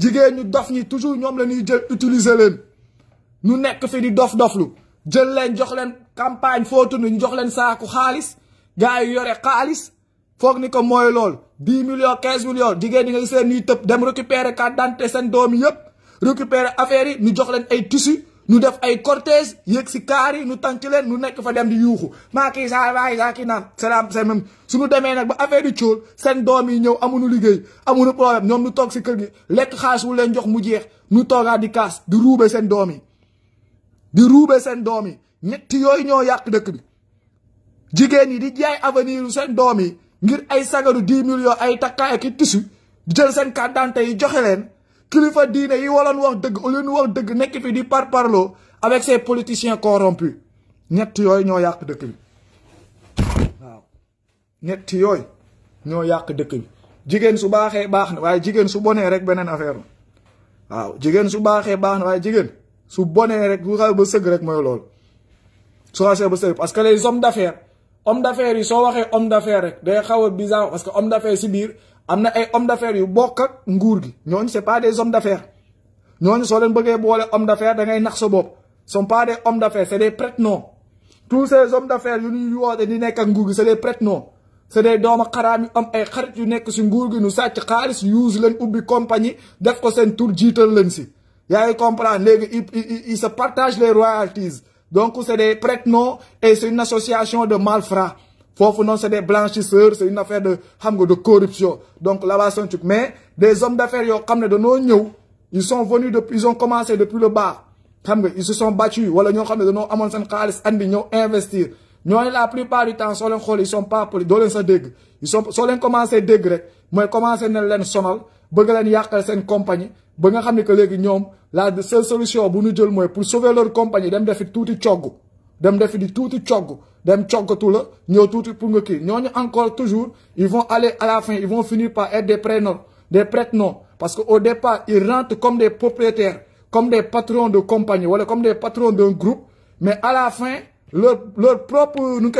jigéen ñu dof ñi toujours ñoom la ñuy jël utilisé leen ñu nekk fi di dof lu jël leen jox leen campagne footu ñu jox leen saaku xaalis gars yi yore xaalis foog ni ko mooy lool 10 millions 15 millions jigéen ñi nga seen ñuy tëb dem récupérer carte d'identité seen doom yëpp récupérer affaire yi ñu jox leen ay tissu ñu def ay cortège yéeg si kaar yi ñu ci leen ñu nekk fa dem di yuuxu maa kii saa maa saa kii naan salaam c'est su suñu demee nag ba affaire yi cóol seen doom yi ñëw amuñu liggéey amuñu problème ñoom ñu toog si kër gi lekk xaalis wu leen jox mu jeex ñu toogaat di kaas di ruube seen doom yi di ruube seen doom yi ñetti yooyu ñoo yàq dëkk bi jigéen yi di jaay avenir yu seen doom yi ngir ay sagaru 10 millions ay takkaay ak jël seen carte joxe leen kilifa dîner yi waroon wax dëgg lu ñu wax dëgg nekk fi di par parloo avec ces politiciens corrompus Net yooyu ñoo yàq dëkk bi waaw Net yooyu ñoo yàq dëkk bi jigéen su baaxee baax na jigen su bonee rek benen affaire la waaw jigéen su baaxee baax na waaye su bonee rek bu xaw ba sëgg rek mooy loolu su xasee parce que les hommes d'affaires hommes d'affaires yi sont waxee homme d'affaires rek day xaw bizarre parce que homme d'affaires c'est biir amna ay homme d'affaires yu bokk ak nguur gi ñooñu c'est pas des hommes d'affaires ñooñu so leen bëggee bolé hommes d'affaires da ngay nax sa bop sont pas des hommes d'affaires c'est des prête tous ces hommes d'affaires yu ñuy woote di nek ak nguur gi c'est des prête-noms c'est des doomu xaraam yu am ay xarit yu nek ci nguur gi nu sàcc xaalis use leen ubbi compagnie def ko sen tour jiital leen si yaay ngi comprendre léegi il se partage les royalties donc c'est des prête et c'est une association de malfrats foofu non, c'est des blanchisseurs c'est une affaire de de corruption donc là-bas c'est un truc mais des hommes d'affaires comme nous, ils sont venus depuis ils ont commencé depuis le bas ils se sont battus wala ñoo investi. ne danoo amoon seen xaalis andi investir la plupart du temps ils ne ils sont pas poli doo sa dég. ils sont commencé leen commencé Ils ont commencé na leen sonal bëgg leen yàqal seen compagnie ba nga xam que la seule solution bu ñu pour sauver leur compagnie dem tout tuuti cogg dem defi di le choc pour encore toujours ils vont aller à la fin ils vont finir par être des prénoms des prêtres, parce qu'au départ ils rentrent comme des propriétaires comme des patrons de compagnie comme des patrons d'un groupe mais à la fin leur leur propre nu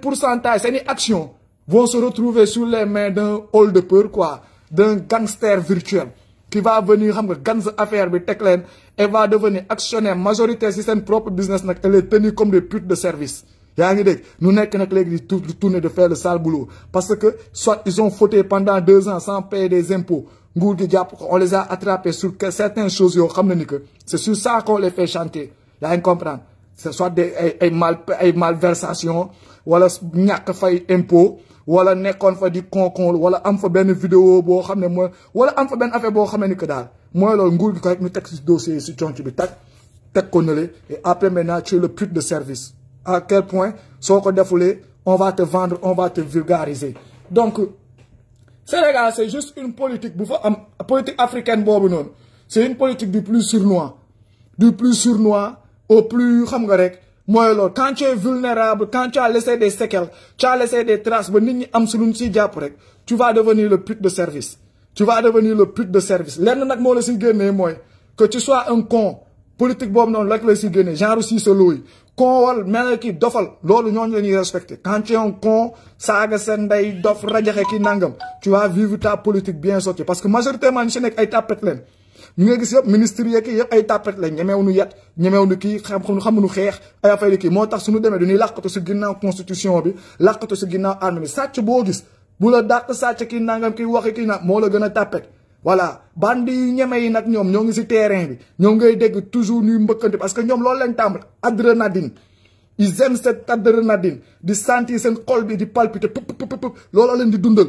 pourcentage actions vont se retrouver sous les mains d'un hall de peur quoi d'un gangster virtuel qui va venir xam nga affaires affaire bi Teklen, len et va devenir actionnaire majoritaire si un propre business tu elle est tenue comme des putes de service Nous ngi nous ñu nekk nag tourner de faire le sale boulot parce que soit ils ont fauté pendant deux ans sans payer des impôts on les a attrapés sur certaines choses yo xamna ni sur ça qu'on les fait chanter Y'a rien comprendre ce soit des malversations, ou alors ay malversation wala des impôts wala nekkoon fa di konkon wala am fa ben vidéo bo xamné ne wala am fa ben affaire bo xamné ni que daal moy lol nguur gi ko rek ñu teg si dossier ci conc bi tag teg et après maintenant tu es le pute de service à quel point soko ko on va te vendre on va te vulgariser donc Sénégal c'est juste une politique bu fa am politique africaine bobu non c'est une politique du plus surnois du plus surnois au plus xam nga rek moi alors, quand tu es vulnérable quand tu as laissé des séquelles tu as laissé des traces ben ni am su ci siy rek tu vas devenir le pute de service tu vas devenir le pute de service lenn nak mo la siy guenné moy que tu sois un con politique bob non rek la siy guenné genre aussi sa looy con wal mel ki dofal lolou ñoo ñu ñuy quand tu es un con ça seen ndey dof rajaxe ki nangam tu vas vivre ta politique bien sorti parce que majoritairement ñu si ay tapet lenn ñu nga gis yëpp ministre yeeg yëpp ay tàppet la ñemew nu yet ñemew nu kii xam xamuñu xeex ay affaire kii moo tax suñu demee du ñuy làqatu si ginnaaw constitution bi làqatu si ginnaaw armée bi sàcc boo gis bu la dàq sàcc kii nangam kii waxi kii na moo la gën a tàppet voilà bandi yu ñeme yi nag ñoom ñoo ngi si terrain bi ñoom ngay dégg toujours ñuy mbëkkante parce que ñoom loolu lañ tàmbal adrénaline ils aiment cette adrénaline di sentir seen xol bi di palpiter pëpp pëpp loolu leen di dundal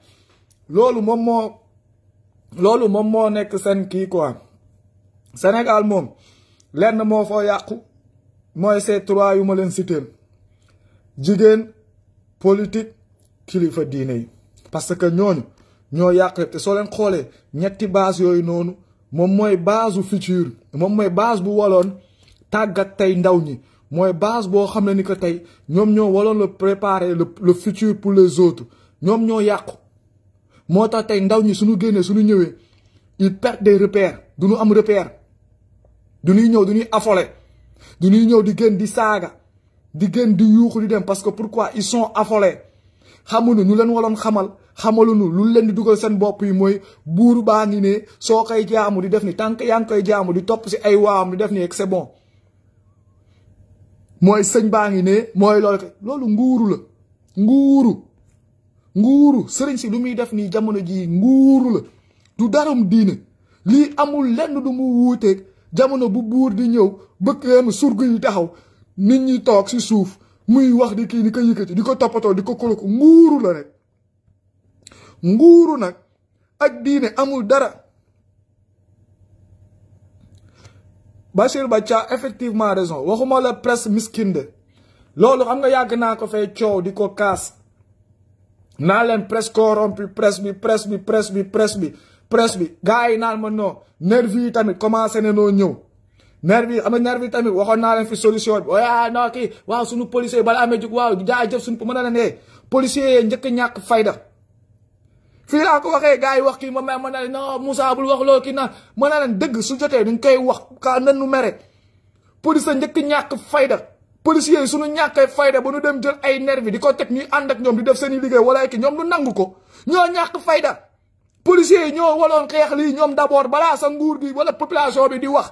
loolu moom moo loolu moom moo nekk seen kii quoi Sénégal moom lenn moo foo yàqu mooy ces trois yu ma leen cité jigéen politique kilifa diine yi parce que ñooñu ñoo yàq te soo leen xoolee ñetti base yooyu noonu moom mooy base bu futur moom mooy base bu waloon tàggat tey ndaw ñi mooy base boo xam ne ni que tey ñoom ñoo waloon la préparer le futur pour les autres ñoom ñoo yàqu moo tax tey ndaw ñi suñu génnee suñu ñëwee ils perdent des repères du ñu am repère du ñuy ñëw du ñuy affolé du ñuy ñëw di gën di saaga di gën di yuuxu di dem parce que pourquoi ils sont affolés xamuñu ñu leen waroon xamal xamaluñu lu leen di dugal seen bopp yi mooy buur baa ngi ne soo jaamu di def ni tànk yaa koy jaamu di top, si ay waam di def ni c'est bon mooy sëñ baa ngi ne nguuru la nguuru nguuru sëriñ si lu muy def nii jamono jii nguuru la du daram diine lii amul lenn du mu wuuteeg jamono bu buur di ñëw bëgg yenn surgu yi taxaw nit ñi toog si suuf muy wax di kii di ko yëkkati di ko toppatoo di ko koloko nguuru la rek nguuru nag ak diine amul dara Bachir Ba Thia effectivement raison waxuma la presse miskinde loolu xam nga yàgg naa ko fee coow di ko kaas naa leen presse corrompu presse bi presse bi presse bi presse bi presse bi gars yi naan ma non nervi yi tamit commencé na noo ñëw nervi yi am na nervi yi tamit waxoon naa leen fi solution bi waa non kii waaw suñu policier yi balaa amee jug waaw jaajëf suñu mën na leen ee eh, policier yee njëkk ñàkk fayda fii laa ko waxee gars yi wax kii ma may mën na leen non bul wax loo kii naan ma na leen dëgg su jotee dañ koy wax ka nanu mere police njëkk ñàkk fayda policiers yi suñu ñàkkee fayda ba ñu dem jël ay nervi di ko teg ñuy ànd ak ñoom di def seen i liggéey wala ki ñoom lu nangu ko ñoo ñàkk fayda policiers yi ñoo waloon xeex lii ñoom d'abord balaa sa nguur gi wala population bi di wax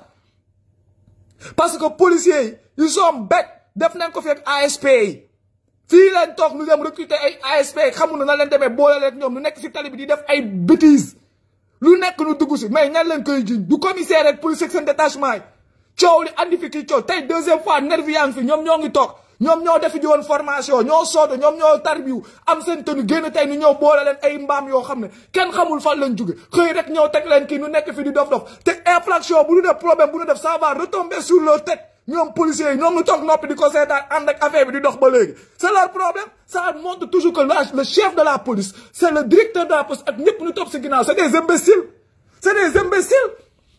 parce que policiers yi ils sont bêtes def nañ ko fi ak ASP yi fii leen toog ñu dem recruter ay ASP xamu na na leen demee boole leen ñoom lu nekk si tali bi di def ay bêtises lu nekk nu dugg si mais ñan leen koy jiñ du commissaire ak police ak seen coow li andi fi kii coow tey deuxième fois nervi fi ñoom ñoo ngi toog ñoom ñoo defi ji woon formation ñoo soodo ñoom ñoo tarbiw am seen tenu génn tey nu ñoo boole leen ay mbaam yoo xam ne kenn xamul fan lañ jóge xëy rek ñoo teg leen kii nu nekk fi di dof-dof te infraction bu ñu def problème bu ñu def ça va retomber sur leur tête ñoom policiers yi ñoom ñu toog noppi di ko seetaan ànd ak affaire bi di dox ba léegi c'est leur problème ça montre toujours que la police c'est le directeur de la police ak ñëpp ñu topp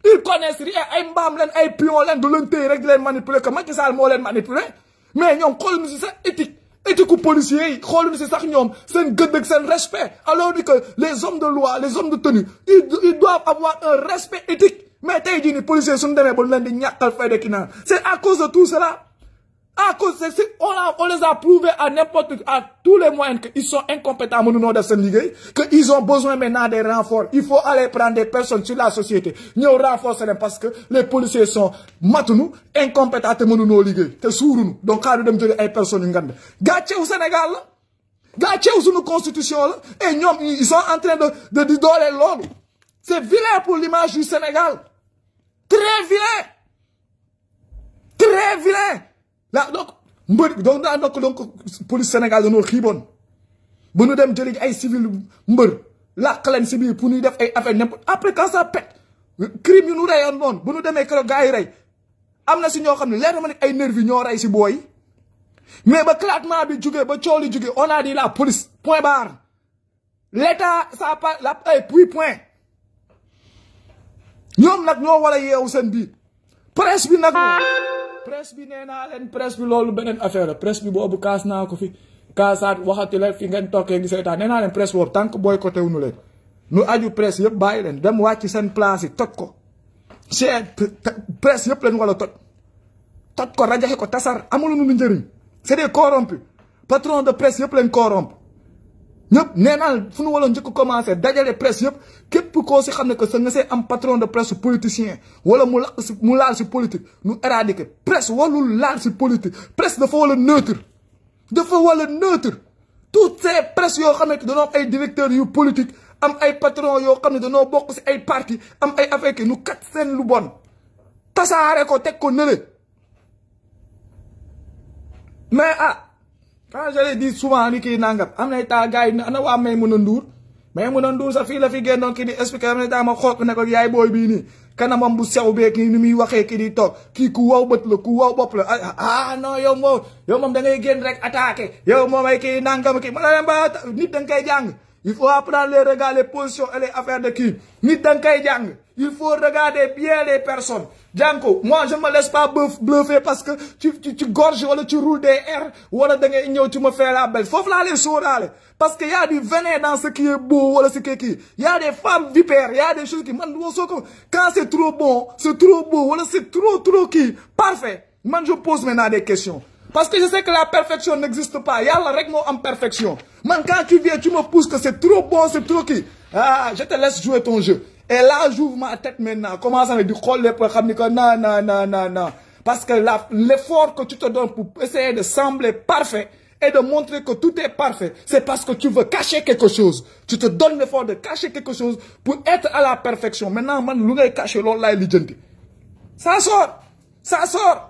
ils connaissent rien Ils mbaam leen ay pion leen du leen téye rek di leen manipuler que Macky Sall moo manipuler mais nous, xooluñu si sax éthique éthique u policiers yi xooluñu si sax ñoom seen gëdd ak respect alors que les hommes de loi les hommes de tenue ils doivent avoir un respect éthique mais tey jii ni policiers suñu demee ba leen di ñàkkal fay de ki c'est à cause de tout cela cause on, les a prouvés à n'importe, à tous les moyens qu'ils sont incompétents de ce qu'ils ont besoin maintenant des renforts. Il faut aller prendre des personnes sur la société. Nous renforcer parce que les policiers sont maintenant incompétents au nom de C'est Donc, quand nous des personnes, gâché au Sénégal, gâché au nos constitution, et nous, ils sont en train de, de, de donner C'est vilain pour l'image du Sénégal. Très vilain. Très vilain. la donc mbër donc daa donc donc police Sénégal dañoo xiiboon ba nu dem jëli ay civil mbër làq leen si biir pour ñuy def ay affaire ñëpp après quand ça pète crime yu ñu reyoon noonu bu nu demee keroog gars rey am na si ñoo xam ne leer na ma ne ay nervi ñoo rey si booy mais ba clatement bi jugee ba coow li jugee on a dit la police point barre l' sa ça la ay eh, puis point ñoom nag ñoo war a yeewu seen bii presse bi nag. presse bi nee naa leen presse bi loolu beneen affaire la presse bi boobu kaas naa ko fi kaasaat waxati la fi ngeen tokkee ngi seetaan nee naa leen presse boobu tant que boycotté wu ñu leen. nu aju presse yëpp bàyyi leen dem wàcc seen place yi toj ko seen presse yëpp leen wala toj toj ko rajaxe ko tasar amul nu njëriñ c'est des corrompus patron de presse yëpp leen corrompu. ñëpp nee naa fu ñu waroon njëkk commencé dajale presse yëpp képp koo si xam ne que sa nga am patron de presse politicien wala mu laq si mu laal politique ñu éradiquer presse warul laal si politique presse dafa wala neutre dafa wala neutre toutes ces presse yoo xam ne que dañoo ay directeurs yu politique am ay patron yoo xam ne dañoo bokk ay parti am ay affaire ki ñu kat seen lu bon tasaare ko teg ko nële mais ah, quand je le dis souvent kii nangam am na temps gars yi ana waa may mën a nduur may mën a nduur sax fii la fi génnoon kii di expliqué am nay temps ma xool ne ko yaay booy bii nii kanamam bu sew bee kii ni muy waxee kii di toog kii ku wow bët la ku wow bopp la ah, ah, ah non yow moom yow moom da ngay génn rek attaqué yow moom ay kii nangam kii ma ne leen ba nit da nga koy jàng. Il faut apprendre les regards, les positions et les affaires de qui. Il faut regarder bien les personnes. Django, moi je ne me laisse pas bluffer parce que tu, tu, tu gorges ou tu roules des airs ou tu me fais la belle. Faut les sur Parce qu'il y a du venin dans ce qui est beau ou ce qui est qui. Il y a des femmes vipères, il y a des choses qui... Quand c'est trop bon, c'est trop beau ou c'est trop trop qui. Parfait. Moi je pose maintenant des questions. Parce que je sais que la perfection n'existe pas. Il y a la règle en perfection. Man, quand tu viens, tu me pousses que c'est trop bon, c'est trop qui. Ah, je te laisse jouer ton jeu. Et là, j'ouvre ma tête maintenant. Comment à me dire, non, non, non, non, non. Parce que l'effort que tu te donnes pour essayer de sembler parfait et de montrer que tout est parfait, c'est parce que tu veux cacher quelque chose. Tu te donnes l'effort de cacher quelque chose pour être à la perfection. Maintenant, man, caché, l'on l'a Ça sort. Ça sort.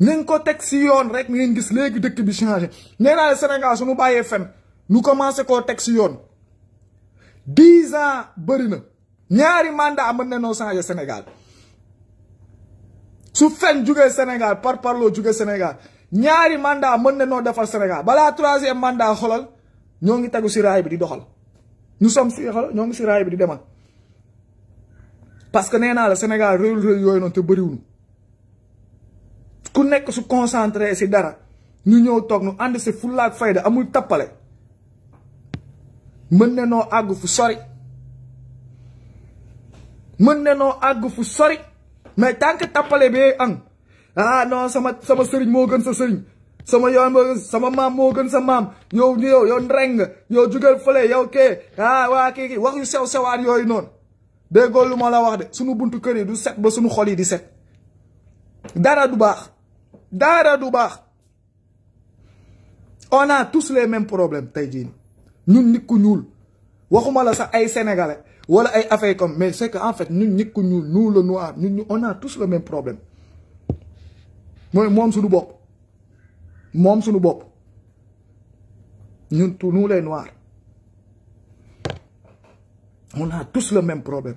nañ ko teg si yoon rek ngeen gis léegi dëkk bi changé nee naa la Sénégal suñu bàyyee fen ñu commencé koo teg si yoon dix ans bëri na ñaari mandat mën na noo changé Sénégal su fen jógee Sénégal par parloo jugee Sénégal ñaari mandat mën na noo defal Sénégal balaa troisième mandat xolal ñoo ngi tegu si raay bi di doxal nous sommes si xolal ñoo ngi si raay bi di demal parce que nee naa la Sénégal réewul réew yooyu noonu te bëriwul ku nek su concentré ci dara ñu ñew tok ñu and ci fulla ak fayda amul tapalé mën né no ag fu sori mën né no ag fu sori mais tant que tapalé bi am ah non sama sama sëriñ mo gën sa sëriñ sama yoon mo sama mam. mo gën sa yo yow yow yow ndreng yow jugal fele yow ké ah wa ki ki wax yu sew sewaan yoy non lu mo la wax de sunu buntu kër yi du set ba suñu xol yi di set dara du bax on a tous les mêmes problèmes Nous Nous ñun nit ku problèmes. sénégalais wala ay affaire mais c'est que en fait nous nous le noir Nous, on a tous le même problème Nous, nous Nous tous nous les noirs on a tous le même problème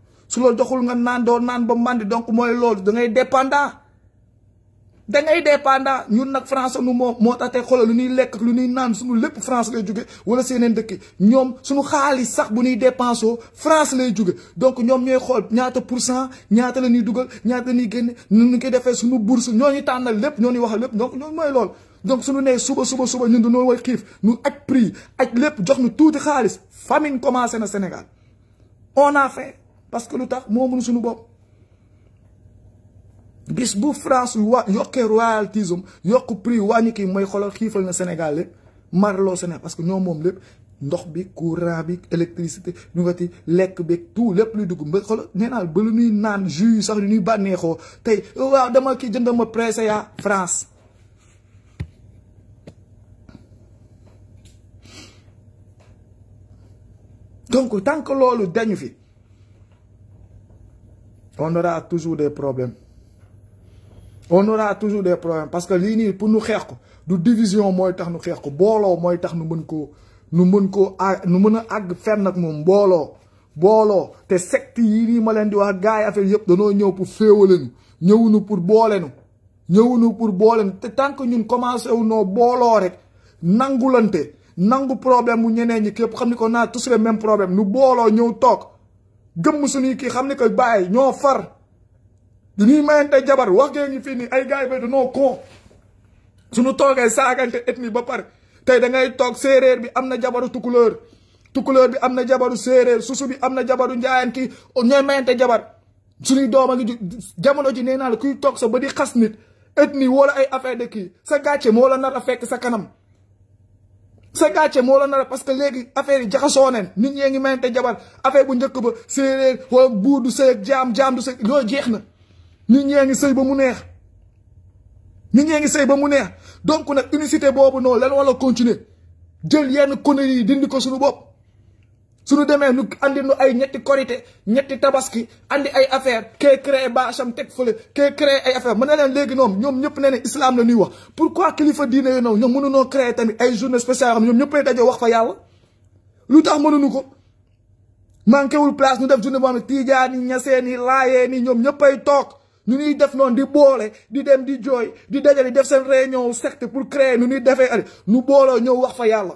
su loolu doxul nga naan doo naan ba mandi donc mooy loolu da ngay dépendant da ngay dépendant ñun nag France nu moo moo tax tey xoolal lu ñuy lekk lu ñuy naan suñu lépp France lay jóge wala seeneen dëkk ñoom suñu xaalis sax bu ñuy dépensé France lay jóge donc ñoom ñooy xool ñaata pour cent ñaata la ñuy dugal ñaata la ñuy génne ñu koy defee suñu bourse ñoo ñu tànnal lépp ñoo ñu waxal lépp donc ñoom mooy loolu. donc suñu nee suba suba suba ñun dañoo way xiif ñu aj prix ak lépp jox ñu tuuti xaalis famine commencé na Sénégal on a parce que lu tax France wa yokkee royaltisme prix wàññi kii mooy xoolal na Sénégal marlo Sénégal parce que nous sommes Le ndox bi courant bi électricité ñu tout lepp luy dugg ba nous ba lu sax France. donc tant que nous dañu fi. on aura toujours des problèmes on aura toujours des problèmes parce que lii pour nous faire ko du division mooy tax nu xeex ko booloo mooy tax nu mën koo nu mën koo nu mën a àgg fenn bolo, moom booloo booloo te secte yii a ma leen di wax gars faire affaire nyou nous ñëw pour féewalenu nous, pour nous ñëwunu pour boolenu te tant que ñun commencé wu noo bolo rek nangulante nangu problème mu ñeneen ñi képp xam ni ko tous les mêmes problèmes nu bolo nyou toog gëm suñuy kii xam ne que bàyyi ñoo far dañuy mayante jabar wax gee ngi fii ay gaay be do no ko suñu toogee saagante ethnie ba par tay da ngay tok sereer bi jabaru tu jabaru tu couleur bi amna jabaru sereer susu bi amna jabaru njaayaan kii ñooy mayante jabar suñu doom a ngi jamono ji neena la kuy tok sa ba di xass nit wala ay affaire de ki sa gatché mo la nar fekk sa kanam sa gàcce moo la nar parce que léegi affaire yi jaxasoo neen nit ñee ngi mayante jabar affaire bu njëkk ba séeréer wala buur du sëy jaam jaam du sëy loolu jeex na nit ñee ngi sëy ba mu neex nit ñee ngi sëy ba mu neex donc nag unicité boobu noonu lan wala continuer jël yenn conneries yi dindi ko suñu bopp su nu demee nu andi nu ay ñetti korité ñetti tabaski andi ay affaire kee créé bâcham teg fële kee créé ay affaire mën na leen léegi ñoom ñoom ñëpp ne ne islaam la nuy wax pourquoi kilifa diine yi noonu ñoom mënunoo créé tamit ay journée spéciale xam ñoom ñëppay dajoo wax fa yàlla lu tax mënuñu ko manqué wul place ñu def journée boo xam ne tiijaan yi ñaseen yi laayeen yi ñoom ñëppay toog ñu ñuy def noonu di boole di dem di jooy di dajale def seen réunion secte pour créer nu ñuy defee nu booloo ñëw wax fa yàlla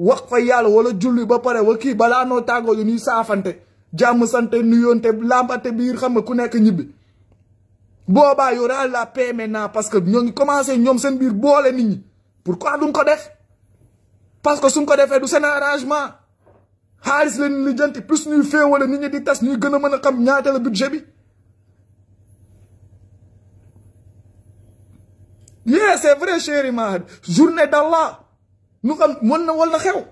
wax fa wala julli ba pare wa ki bala no tago ñuy saafante sante nuyonté lambaté biir xam la paix maintenant parce que ñoo ngi commencé ñom seen biir bolé pourquoi duñ ko def parce que suñ ko du arrangement haris les ñuy plus ñuy wala nit ñi di tas ñuy gëna mëna budget c'est vrai chéri ma journée d'Allah nu xam mën na wal na xew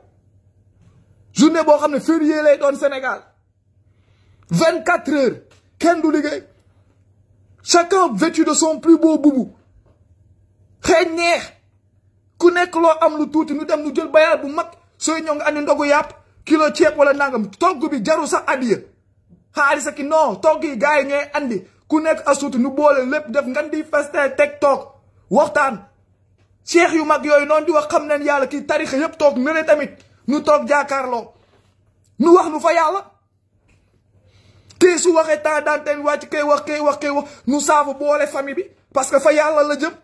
journée boo xam ne férié lay doon Sénégal vingt quatre heures kenn du liggéey chacun vêtu de son plus boo boubou xëy neex ku nekk loo am lu tuuti nu dem nu jël bayaal bu mag sooy ñëw nga andi ndogu yàpp kilo ceeb wala nangam togg bi jaru sax addiya xaalis ak non togg yi gars yi ñooy andi ku nekk a asuuti nu boole lépp def nga di feste teg toog waxtaan cheikh yu mag yooyu noonu di wax xam nañ yàlla kii tarixa yëpp toog nële tamit ñu toog jaakaarloo ñu wax nu fa yàlla kii su waxee temps d'antenne wàcc kay wax kay wax kay wax nu saafu boole famille bi parce que fa yàlla la jëm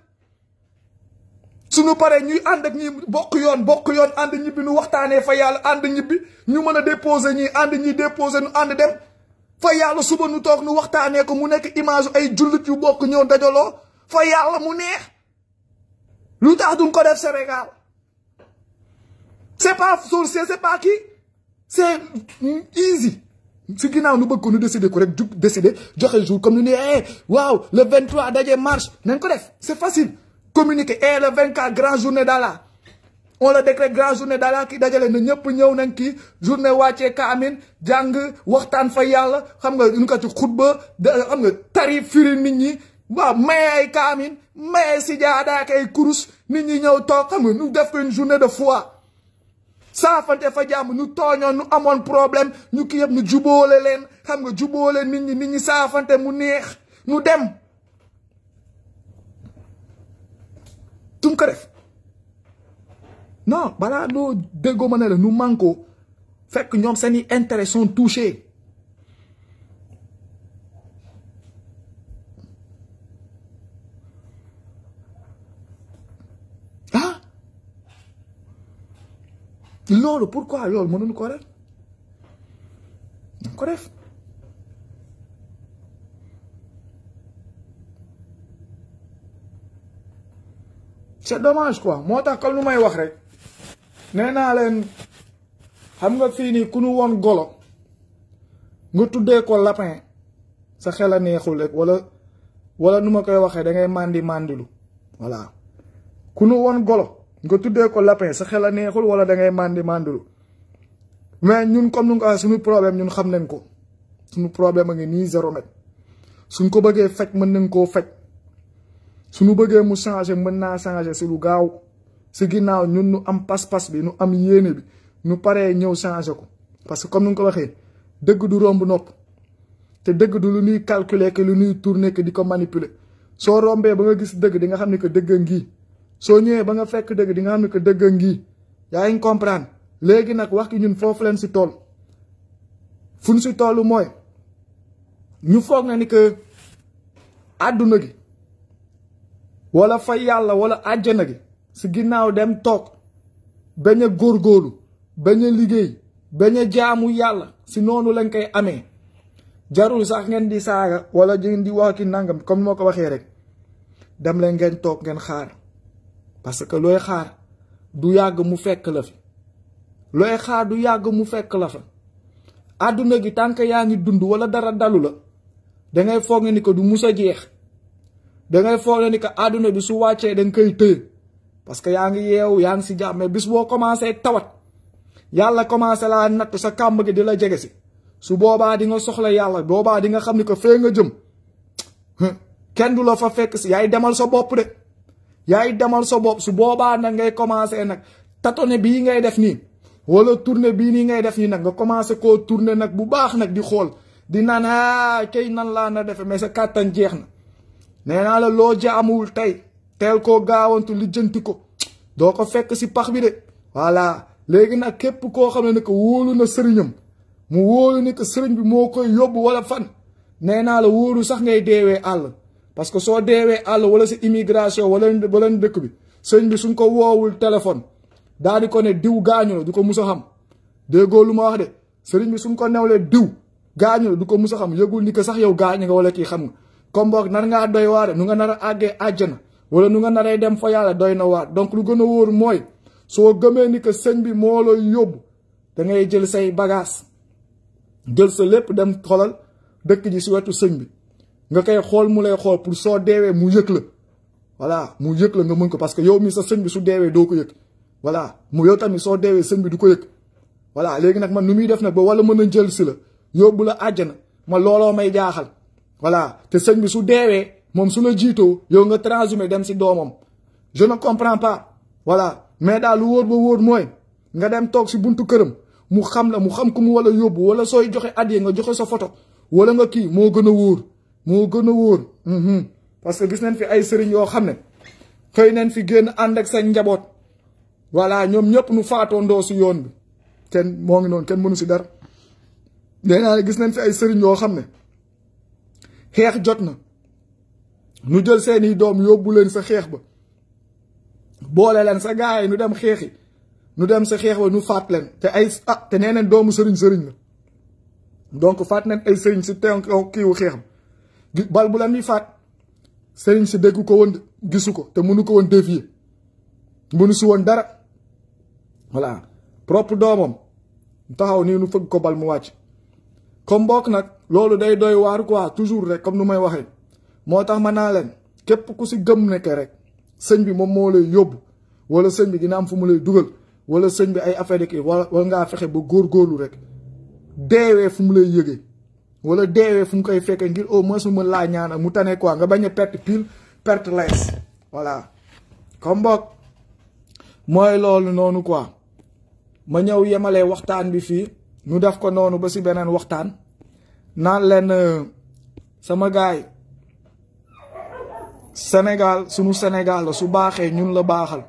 suñu paree ñuy ànd ak ñi bokk yoon bokk yoon ànd ñibbi nu waxtaanee fa yàlla ànd ñibbi ñu mën a déposé ñii ànd ñii déposé nu ànd dem fa yàlla suba nu toog nu waxtaanee ko mu nekk image ay jullit yu bokk ñëw dajaloo fa yàlla mu neex Nous Sénégal c'est pas sorcier c'est pas qui. c'est easy Ce qui nous ko décider correct, jour comme nous le 23 il marche c'est facile communiquer et le 24 grand journée d'Allah. on le déclare grand journée d'Allah. qui d'ailleurs ne est ñëw journée wàccee kaamin de waxtaan fa yàlla xam nga ñu ko ci de nous maye ay si ak ay nit ñi ñu une journée de foi Nous fa nous ñu Nous ñu amone problème nous ki yeb ñu jubóole nous xam nga nous nit ñi nit ñi mu neex nous dem tum def non voilà nous déggoo nous nous manko nous loolu pourquoi loolu mënuñu ko def ko def c'est dommage quoi moo tax comme nu may wax rek nee naa leen xam nga fii nii ku nu woon golo nga tuddee ko lapin sa xel a neexul rek wala walla nu ma koy waxee da ngay màndi màndilu voilà ku nu woon golo nga tuddee ko lapin sa xel a neexul wala da ngay màndi màndilu mais ñun comme nu nga waxee suñu problème ñun xam nañ ko suñu problème a ngi nii zéro suñ ko bëggee faj mën nañ koo faj suñu bëggee mu changer mën naa changer si lu gaaw si ginnaaw ñun nu am pas-pas bi nu am yéene bi nu paree ñëw changer ko parce que comme nu nga ko waxee dëgg du romb nopp te dëgg du lu nuy calculer ki lu nuy tour nekk di ko manipuler soo rombee ba nga gis dëgg di nga xam ne que dëgg ngi. soo ñëwee ba nga fekk dëgg di nga xam ne que dëgg ngi yaa ngi comprendre léegi nag wax ki ñun foofu leen si tool fu si toll mooy ñu foog na ni que àdduna gi wala fa yàlla wala àjjana gi si ginnaaw dem toog bañ góor góoru bañ liggéey bañ jaamu yàlla si noonu lañ koy amee jarul sax ngeen di saaga wala ngeen di wax ki nangam comme moo ko waxee rek dem leen ngeen toog ngeen xaar. parce que looy xaar du yàgg mu fekk la fi looy xaar du yàgg mu fekk la fa àdduna gi tànk yaa ngi dund wala dara dalu la dangay foog ni ko du mus a jeex dangay foog ni ko àdduna bi su wàccee danga koy tëye parce que yaa ngi yeewu yaa ngi si jàmm mais bis boo commencé tawat yàlla commencé laa natt sa kàmb gi di la jege si su boobaa di nga soxla yàlla boobaa di nga xam ni ko fee nga jëm kenn du la fa fekk si yaay demal sa bopp de yaay demal sa bopp su boobaa nag ngay commencé nag tatone bii ngay def nii wala tournée bii nii ngay def nii nag nga commencé koo tourne nag bu baax nag di xool di naan ah kay nan laa na defee mais sa kàttan jeex na nee naa la loo jaamuwul tey teel koo gaawantu lijjanti ko doo ko fekk si pax bi de voilà léegi nag képp koo xam ne ne ko wóolu na sëriñam mu wóolu ni ko sëriñ bi moo koy yóbbu wala fan nee naa la wóoru sax ngay deewee àll. parce que soo deewee àll wala si immigration wala wala dëkk bi sëñ bi suñ ko woowul téléphone daa di ko ne diw gaañu la du ko mus a xam déggoo lu ma wax de sëriñ bi suñ ko newlee diw gaañu la du ko mus a xam yëgul ni que sax yow gaañu nga wala kii xam nga comme boog nar ngaa doy waare nu nga nar àggee àggee na wala nu nga naree dem fa yàlla doy na waar donc lu gën a wóor mooy soo gëmee ni que sëñ bi moo la yóbbu da ngay jël say bagage jël sa lépp dem xolal dëkk si wetu sëñ bi nga koy xool mu lay xool pour soo deewee mu yëg la voilà mu yëg la nga mën ko parce que yow mii sa sëñ bi su deewee doo ko yëg voilà mu yow tamit soo deewee sëñ du ko yëg voilà léegi nag man nu muy def nag ba wala mën a jël si la yóbbu la àjjana ma looloo may jaaxal voilà te sëñ bi su deewee moom su la jiitoo yow nga transhumé dem si doomam je ne comprends pas voilà mais daal lu wóor ba wóor mooy nga dem toog si buntu këram mu xam la mu xam ku mu wala yóbbu wala sooy joxe addiya nga joxe sa photo wala nga kii moo gën a wóor moo gën a wóor mhm. parce que gis nañ fi ay sëriñ yoo xam ne xëy nañ fi génn ànd ak njaboot voilà ñoom ñëpp nu faatoondoo si yoon bi kenn moo ngi noonu kenn mënu si dara nee gis nañ fi ay sëriñ yoo xam ne xeex jot na nu jël seeni doom yóbbu leen sa xeex ba boole leen sa gaay nu dem xeexi nu dem sa xeex ba nu faat leen te ay ah te nee doomu sëriñ sëriñ la donc faat nañ ay sëriñ si teew kiiwu xeex ba bal bu la muy faat sëriñ si dégg ko woon gisu ko te mënu ko woon dévier mënu si woon dara voilà propre doomam taxaw nii nu fëgg ko bal mu wàcc comme mbokk nag loolu day doy waar quoi toujours rek comme nu may waxee moo tax ma naa leen képp ku si gëm nekk rek sëñ bi moom moo lay yóbbu wala sëñ bi dina am fu mu lay dugal wala sëñ bi ay affaire yi wala wala ngaa fexe ba góor góorlu rek deewee fu mu lay yëgee wala deewee fu ñu koy fekkee ngir au oh, moins mu la ñaan mu tané quoi e nga baña perte pile perte less voilà comme bok moy e loolu nonu quoi ma ñew yemalé waxtaan bi fi nu daf ko nonu ba ci benen waxtaan len eh, sama gaay Sénégal sunu Sénégal su baxé ñun la baxal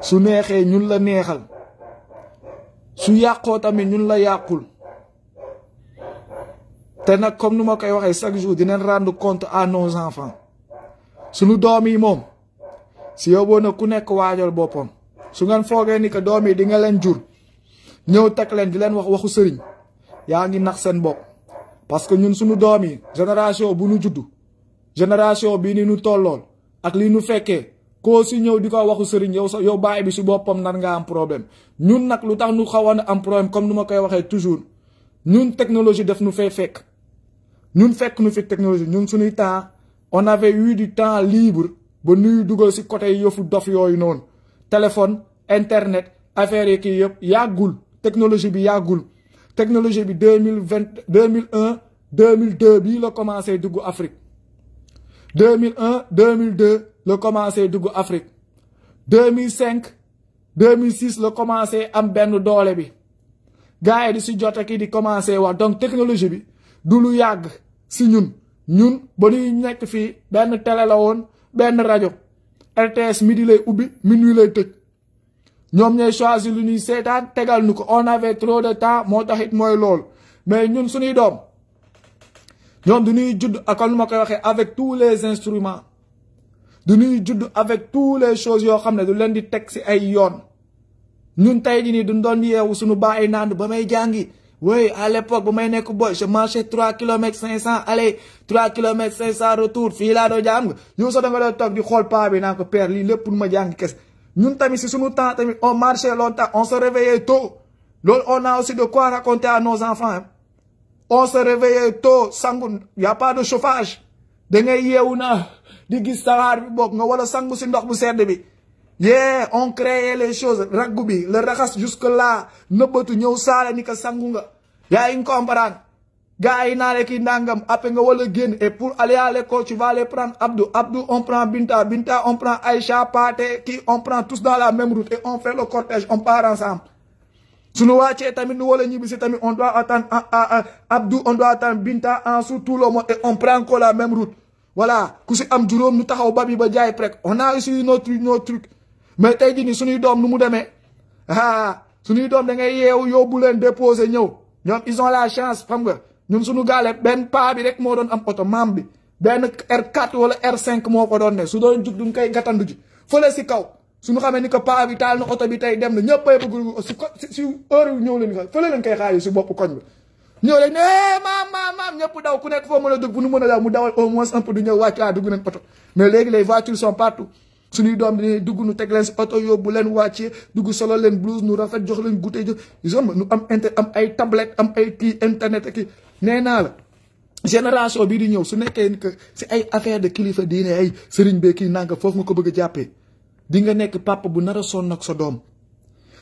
su ñun la neexal su yaqko tamit ñun la yaqul te nag comme nu ma koy waxee chaque jour dinañ rendre compte à nos enfants suñu doom yi moom si yóbboo na ku nekk waajal boppam su ngeen foogee ni que doom di nga leen jur ñëw teg leen di len wax waxu sëriñ yaa ngi nax sen bop parce que ñun suñu génération bu juddu génération ni ak li ko si ñëw di waxu sëriñ yow sa yow baay bi si bopom nan nga am problème ñun nak lu tax nu am problème comme nu ma koy toujours ñun technologie def nu fay fekk nous fait que nous fait technologie nous sommes temps on avait eu du temps libre bon nous dougal si côté yo dof yo non téléphone internet affaire qui yop technologie bi technologie bi 2001 2002 bi le commencé dougu afrique 2001 2002 le commencé dougu afrique 2005 2006 le commencé am ben doole bi gars di ci di commencé wa donc technologie bi du lu yàgg si ñun ñun ba ñuy nekk fii benn télé la woon benn rajo RTS midi lay ubbi minuit lay tëj ñoom ñooy choisir lu ñuy seetaan tegal nu ko on avait trop de temps moo taxit mooy lool mais ñun suñuy doom ñoom du ñuy judd ak lu ma koy waxee avec tous les instruments du ñuy judd avec tous les choses yoo xam ne du leen di teg si ay yoon ñun tey di nii duñ doon yeewu suñu baay naan ba may jàngi. Oui, à l'époque, bu may nekk boy je marchais 3 kilomètres 500 allez, 3 kilomètres 500 retour fila de doon Nous sommes dans da nga du toog di xool paa bi le ko père lii lépp pour ma jàng ñun tamit si temps t'amis, on marchait longtemps on se réveillait tôt L'autre, on a aussi de quoi raconter à nos enfants hein. on se réveillait tôt sangu y a pas de chauffage da ngay yeewu na di bon, saxaar bi bokk nga wala sangu si ndox bu sedd bi. Yeah, on crée les choses. Ragoubi, le ragas jusque-là. Nebatu nyou sale ni ça, Ya Gaïna nangam, le Et pour aller à l'école, tu vas aller prendre Abdou. Abdou, on prend Binta. Binta, on prend Aïcha, Pate, qui on prend tous dans la même route. Et on fait le cortège, on part ensemble. Sunu nous wole on doit attendre ah, ah, ah, Abdou on doit attendre Binta en sous tout le monde et on prend encore la même route. Voilà, nous On a reçu notre notre truc. mais tey jii nii suñuy doom nu mu demee su ah, suñuy doom da ngay yeewu yóbbu leen déposé ñëw ñoom ils ont la chance xam nga ñun suñu gaale benn paa bi rek moo doon am oto maam bi benn R4 wala R5 moo ko doon ne su doon jug duñ koy gàttandu ji fële si kaw suñu xamee ni que paa bi taal na oto bi tey dem na ñëpp a bëgg si si heure ñëw leen fële lañ koy xaar si bopp koñ bi. ñëw leen ne eh, maam maam maam ñëpp daw ku nekk foo mën a dugg fu nu mën a daw mu dawal au moins un ah, oto mais léegi les voitures sont partout. suñuy doom dinañ dugg nu teg leen si oto yóbbu leen wàccee dugg solo leen blouse nu rafet jox leen goûter jox nu am inter am ay tablette am ay kii internet ak kii nee naa la. génération bi di ñëw su nekkee ni que si ay affaire de kilifa diine ay sëriñ bee kii nanga foofu nga ko bëgg jàppee di nga nekk papa bu nar a sonn ak sa doom.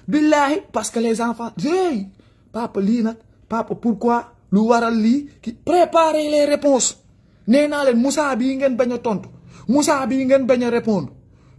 billaahi parce que les enfants hey papa lii nag papa pourquoi lu waral lii ki préparez les réponses nee naa leen Moussa bii ngeen bañ a tontu Moussa bii ngeen bañ a répondre.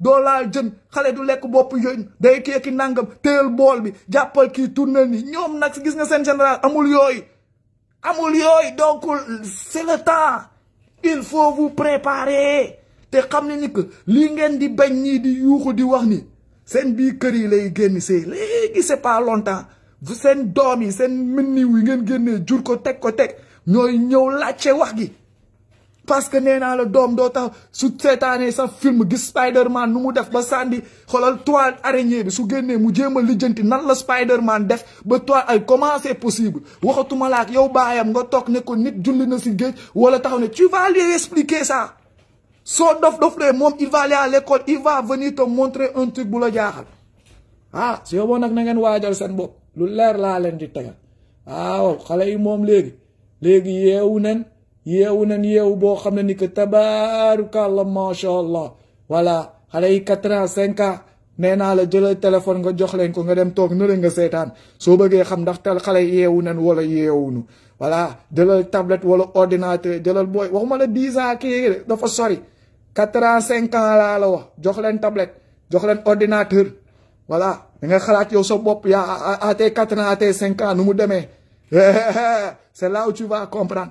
doo laal jën xale du lekk bopp yooyu day keeki nangam téyel bool bi jàppal kii tournel ni ñoom nag gis nga seen général amul yooyu amul yooyu donc c'est le temps il faut vous préparer te xam ne ni que lii ngeen di bañ ñii di yuuxu di wax ni seen bii kër yi lay génn see léegi c'est pas seen doom yi seen mën niw yi ngeen génne jur ko teg ko teg ñooy ñëw laajte wax gi parce que nous le le dom doo sous sans film Spider-Man nu def ba sànni xolal toile araignée bi su mu a nan la Spider-Man def ba toile comment c'est possible waxatuma lak yow bayam nga tok ne nit na wala ne tu vas lui expliquer ça il va aller à l'école il va venir te montrer un truc ah si yow nak na ngeen waajal lu lèr la len di tu ah un yew nan yew bo xam ni ni tabarakallah ma sha allah wala xale yi quatre ans cinq ans nee la jël téléphone nga jox len ko nga dem tok nële nga sétane so bëggee xam ndax tal xale yew nan wala yeewunu wala jël tablette wala ordinateur jël boy waxuma la 10 ans ki dafa sori quatre ans cinq ans laa la wax jox len tablette jox len ordinateur wala nga xalat yow so bop ya à 4 ans à 5 ans nu mu demee c'est là où tu vas comprendre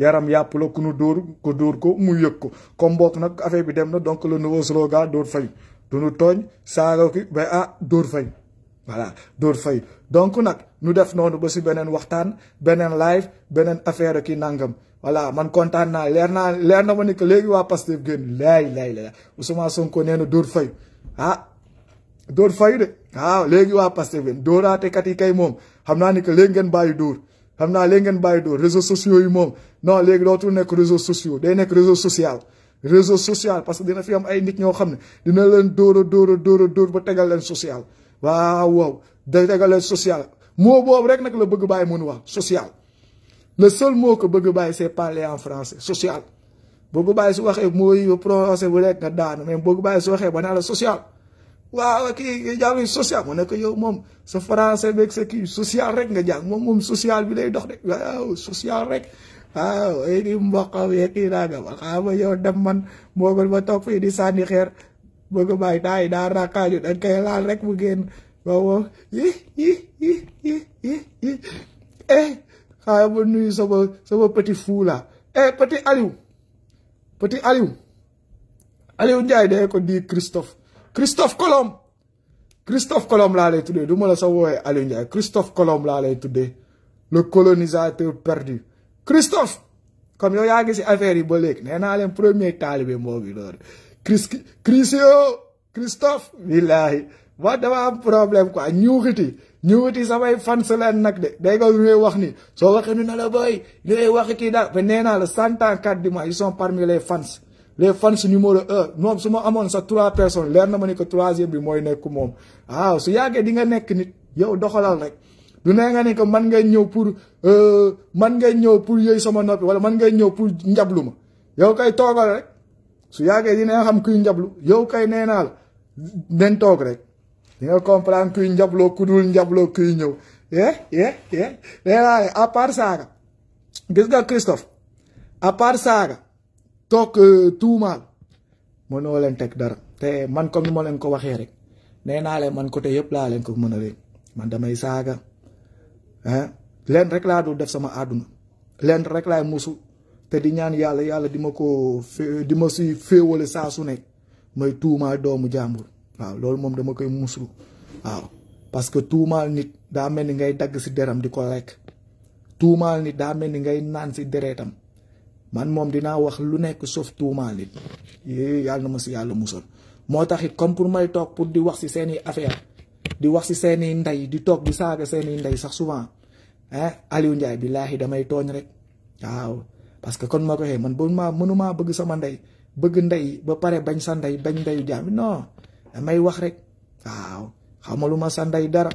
yaram yàpp la ku nu dóor ko dóor ko mu yëg ko comme bokk nag affaire bi dem na donc le nouveau slogan dóor fay du nu tooñ saaga ki ba ah dóor fay voilà dóor fay donc nag nu def noonu ba si beneen waxtaan beneen live beneen affaire ki nangam voilà man kontaan naa leer naa leer na ma ni que léegi waa Pastef génn laay laay laay Ousmane Sonko nee na dóor fay ah dóor fay de waaw léegi waa Pastef génn dóoraatekat yi kay moom xam naa ni que léegi ngeen bàyyi dóor xam naa ngeen bàyyi do réseaux sociaux yi mom non léegi dootul nek réseaux sociaux day nek réseau social réseau social parce que dina fi am ay nit ñoo xamne dina leen dóor a dóor a dóor ba tegal leen social waaw waaw da tegal leen social moo bobu rek nak la bëgg bàyyi mun wax social le seul mot que bëgg bàyyi c'est parler en français social bëgg bàyyi su waxe mooy prononcé bu rek nga daan mais bëgg bàyyi su waxe ba ne social waaw kii jàll social mu ne ko yow moom sa français beeg sa kii social rek nga jàng moom moom social bi lay dox de waaw social rek waaw ay di mboq weeg kii naa fii di sànni xeer bëgg bàyyi daay daa rakkaaju dañ koy laal rek mu génn waaw yi yi yi yi yi yi eh xaaral ma nuyu sama sama petit fou la eh petit Aliou petit Aliou Aliou Ndiaye day ko di Christophe Christophe Colomb Christophe Colomb laa lay tuddee du ma la sa woowee Aliou Ndiaye laa lay tuddee le colonisateur perdu Christophe comme yow yaa ngi si affaire yi ba léegi nee naa leen premier taalibe moo ngi loolu Chris Chrisio Christophe billahi wa dama am problème quoi ñuuxiti ñuuxiti samay fan sa leen nag de day ko ñuy wax ni soo waxee nu na la boy ñooy waxi kii daal mais nee naa la cent ans quatre du mois ils parmi les fans les fans numéro 1 non su amone sa 3 personnes leer mané ma ni que troisième bi moy nek mom waaw su yagge di nga nek nit yow doxalal rek du ne nga ni ko man nga ñew pour euh man nga ñew pour yey sama nopi wala man nga ñew pour njabluma yow kay togal rek su yagge di ne xam kuy njablu yow kay nee den tok rek di nga comprendre kuy njablo ku dul njabloo kuy ñew yeah yeah yeah nee a part saga gis nga Christophe a part saga Eh, toog tuumaal mënoo leen tek dar te man ko mo len ko waxe rek neena le man man te yep la len ko meuna rek man damay saga hein len rek la do def sama aduna len rek la musu te di ñaan yalla yalla di ko di ma si féewale saa su nekk mooy tuumaal doomu jambur waaw lol mom dama koy musu waaw parce que tuumaal nit da melni ni ngay dag ci deram di ko lekk nit da melni ngay nan ci deretam man mom dina wax lu nek sauf tuumaal nit na ma si yalla musul motax it comme pour may tok pour di wax ci seni affaire di wax ci seni nday di tok di saga seni nday sax souvent hein Aliou Ndiaye billahi damay togn rek waaw parce que kon ma he man ba maa mënumaa bëgg sama nday beug nday ba pare bagn sa nday bagn ndeyu jam non damay wax rek waaw xamaluma sa nday dara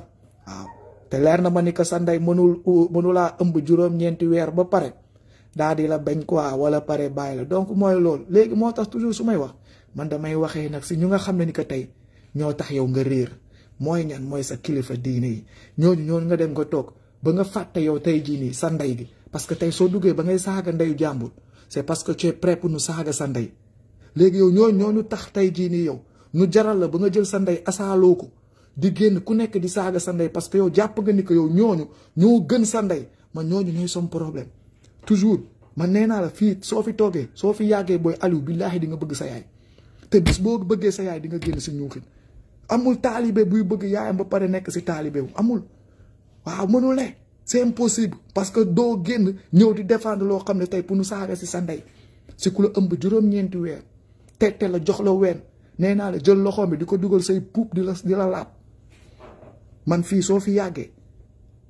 waaw te lerr na ma ni ko sa nday munul munula eum ñenti ba pare daa di la bañ quoi wala pare bàyyi la donc moy lool légui moo tax toujours sumay wax man damay waxé nak si ñu nga xamné ni ka tay ño tax yow nga rir moy ñan moy sa kilifa diiné yi ñoo nga dem ko tok ba nga faté yow tay ji ni sa nday gi parce que tay so duggé ba ngay saaga nday jambul c'est parce que tu es prêt pour nu saaga sa nday légui yow ñoo ñooñu tax tay ji ni yow nu jaral la ba nga jël sa nday asaaloo di génn ku nekk di saaga sa nday parce que yow japp nga ni que yow ñoo ñoo gën sa man ñooñu ñoy son problème toujours man nee sofi la sofi yage, fi alu soo fi yage boy alu billahi di nga bëgg sa yaay te bis bo bëggee sa yaay di nga si ñuuxin amul talibé buy bëgg yaayam ba paré nek ci talibé amul waaw mënul ne c'est impossible parce que do génn ñëw di défendre lo xamné tay pour nous saaga si sanday ci kula ku la ëmb juróom-ñeenti weer la jox la ween nee la jël loxom bi di duggal say poup di la di man fi fi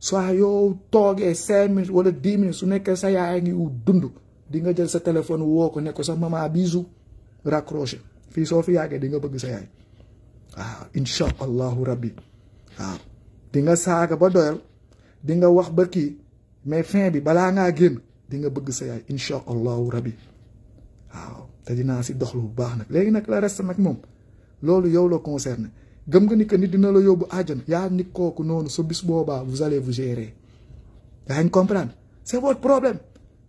soit yow toogee cinq minutes wala dix minutes su nekkee sa yaay ngi dund di nga jël sa téléphone woo ko nekk ko sa maman bisu raccroché fii soo fi yàggee di nga bëgg sa yaay waaw ah, incha allahu rabbi waaw ah, di nga saaga ba doyal di nga wax ba kii mais fin bi balaa ngaa génn di nga bëgg sa yaay incha allahu rabbi waaw ah, te dinaa si dox lu baax nag léegi nag la reste nag moom loolu yow la concerné. gëm nga ni que nit dina la yóbbu àjjana ya nit kooku noonu so bis boba vous allez vous gérer yaa ngi comprendre c'est votre problème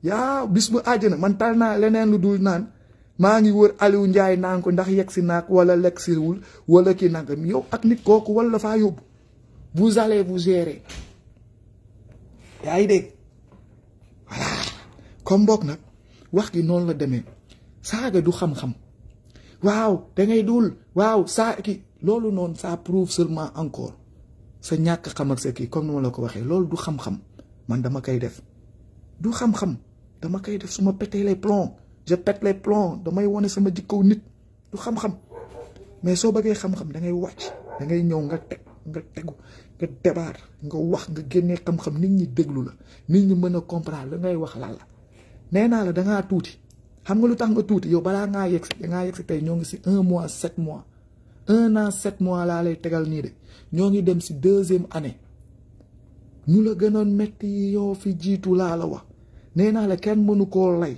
ya bis bu àjjana man talna naa leneen lu dul naan ma ngi wër Aliou ndjay nank ko ndax yegg si wala lekk wala ki nangam yow ak nit koku wala fa faa vous allez vous gérer yaa ngi voilà comme wax gi non la démé saga du xam-xam waaw da ngay dul waaw sa ki loolu noonu ça prouve seulement encore sa ñàkk xam ak sa kii comme ni ma la ko waxee loolu du xam-xam man dama koy def du xam-xam dama koy def su ma pété les plombs je pète les plombs damay wane sama jikkow nit du xam-xam mais soo bëggee xam-xam da ngay wàcc da ñëw nga teg nga tegu nga débaar nga wax nga génnee xam-xam nit ñi déglu la nit ñi mën a comprendre la ngay wax lan la nee naa la dangaa tuuti xam nga lu tax nga tuuti yow balaa ngaa yegg si dangaa tey ñoo ngi si un mois sept mois. un an sept mois laa lay tegal nii de ñoo ngi dem si deuxième année ñu la gënoon metti yi yoo fi jiitu laa la wax nee naa la kenn mënu koo lay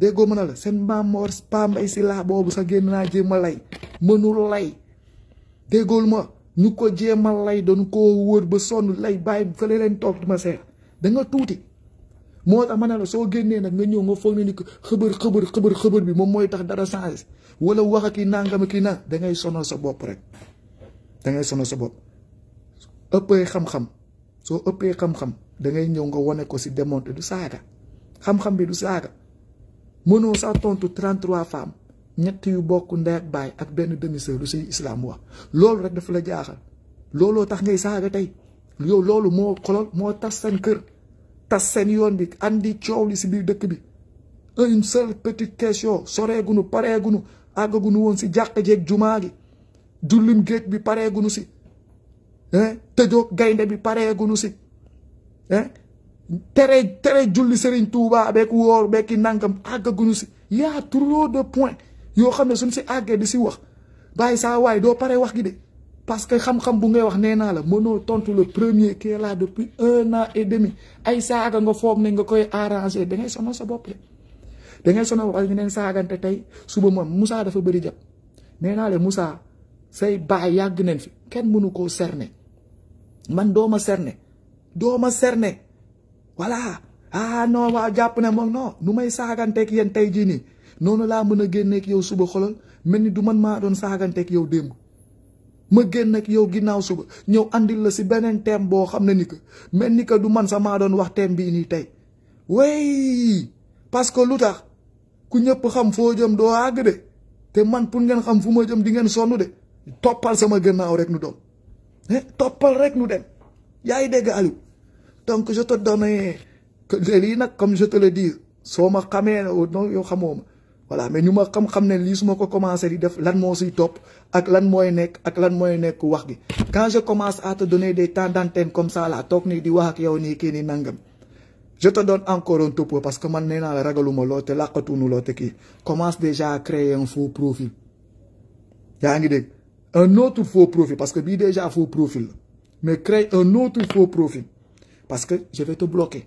déggoo ma na la seen mbaamor pambay si laa boobu sax génn naa jéem a lay mënul lay déggool ma ñu ko jéem a lay doon koo wóor ba sonn lay bàyyi fële leen toog duma seet da tuuti moo tax ma ne la soo génnee nag nga ñëw nga foog ne ni xëbër xëbër xëbër xëbër bi moom mooy tax dara changé wala wax ak kii nangam kii na da ngay sonal sa bopp rek dangay ngay sonal sa bopp ëppee xam-xam soo ëppee xam-xam da ngay ñëw nga wane ko si démonté du saaga xam-xam bi du saaga mënoo sa tontu 33 femmes ñett yu bokk ndey ak baay ak benn demi-sœur lu si islam wax loolu rek dafa la jaaxal looloo tax ngay saaga tey yow loolu moo xolol moo tas seen kër. tas seen yoon bi andi coow li si biir dëkk bi une seule petite question soreegunu pareegunu àggagunu woon si jàq jeeg jumaa gi jullim géej bi pareegunu si tëjoog gaynde bi pareegunu si tere tere julli sëriñ Tuubaa beeg wóor beeg nangam àggagunu si y a trop de points yoo xam ne suñ si àggee di si wax bàyyi saa waay doo pare wax gi de parce que xam-xam bu ngay wax nee naa la mënoo tontu le premier qui est depuis un an et demi ay saaga nga foog nañ nga koy arrangé da ngay sonal sa bopp de da ngay sonal wala ñu neen saagante tey suba moom Moussa dafa bëri jàpp nee naa la Moussa say baay yàgg nañ fi kenn mënu koo ne man doo ma cerner doo ma cerner voilà ah non waa jàpp ne moom non nu may saaganteeg yéen tey jii nii noonu laa mën a génneeg yow suba xolal mel ni du man maa doon saaganteeg yow démb. ma génn ak yow ginnaaw suba ñëw andil la si beneen thème boo xam ne ni que mel ni que du man sax maa doon wax thème bii nii tey wey parce que lu tax ku ñëpp xam foo jëm doo àgg de te man pour ngeen xam fu ma jëm di ngeen sonn de toppal sama gannaaw rek nu doon eh, toppal rek nu dem yaa ngi dégg Aliou donc je te donne que nag comme je te le soo ma xamee ne non yow xamoo ma voilà mais nous, xam-xam ne lii su ma ko commencé di def lan mo siy top ak lan moy nek ak lan moy nek wax gi quand je commence à te donner des temps d'antenne comme ça là tok ni di wax ak yow ni nangam je te donne encore un topo parce que man nee naa la ragaluma loo te làqatuunu loo te kii commence déjà à créer un faux profil yaa ngi un autre faux profil parce que bi déjà faux profil mais crée un autre faux profil parce que je vais te bloquer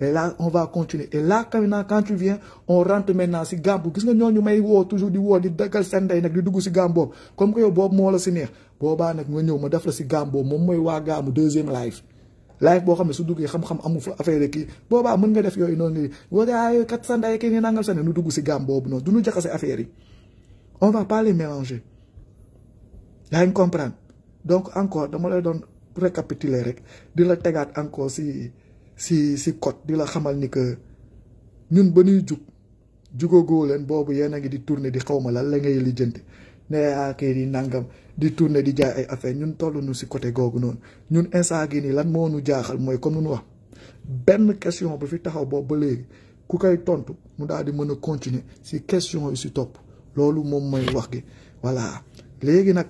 Et là, on va continuer. Et là, quand, quand tu viens, on rentre maintenant si Gambou. Qu'est-ce que nous, nous, nous, toujours du word, du dagal sandai, du dougou si Gambo. Comme que Bob Mola Sinir. Boba, nous, nous, nous, d'affaire si Gambo. Mon moi, wa Gambo, deuxième live. Life, bo, xamé sous dougou, xam xam amou, affaire qui. Boba, mon def yoy non, non, non, ah, quatre sandai, qui ni n'angal sandai, nous dougou si Gambo, non. Du nous, j'ai affaire. On va pas les mélanger. Là, comprendre. Donc, encore, dans don récapituler, rek. dila tégat encore si, si si code di la xamal ni que ñun ba ñuy jug jugagoo leen boobu yéen a ngi di tourner di xawma lan la ngay lijjanti ne akay ah, di nangam di tourner di jaay ay affaire ñun toll nu si côté googu noonu ñun instant gi nii lan moo nu jaaxal mooy comme nu wax benn question bu fi taxaw boobu ba léegi ku koy tontu mu daal di mën a continuer si question yi si topp loolu moom mooy wax gi voilà léegi nag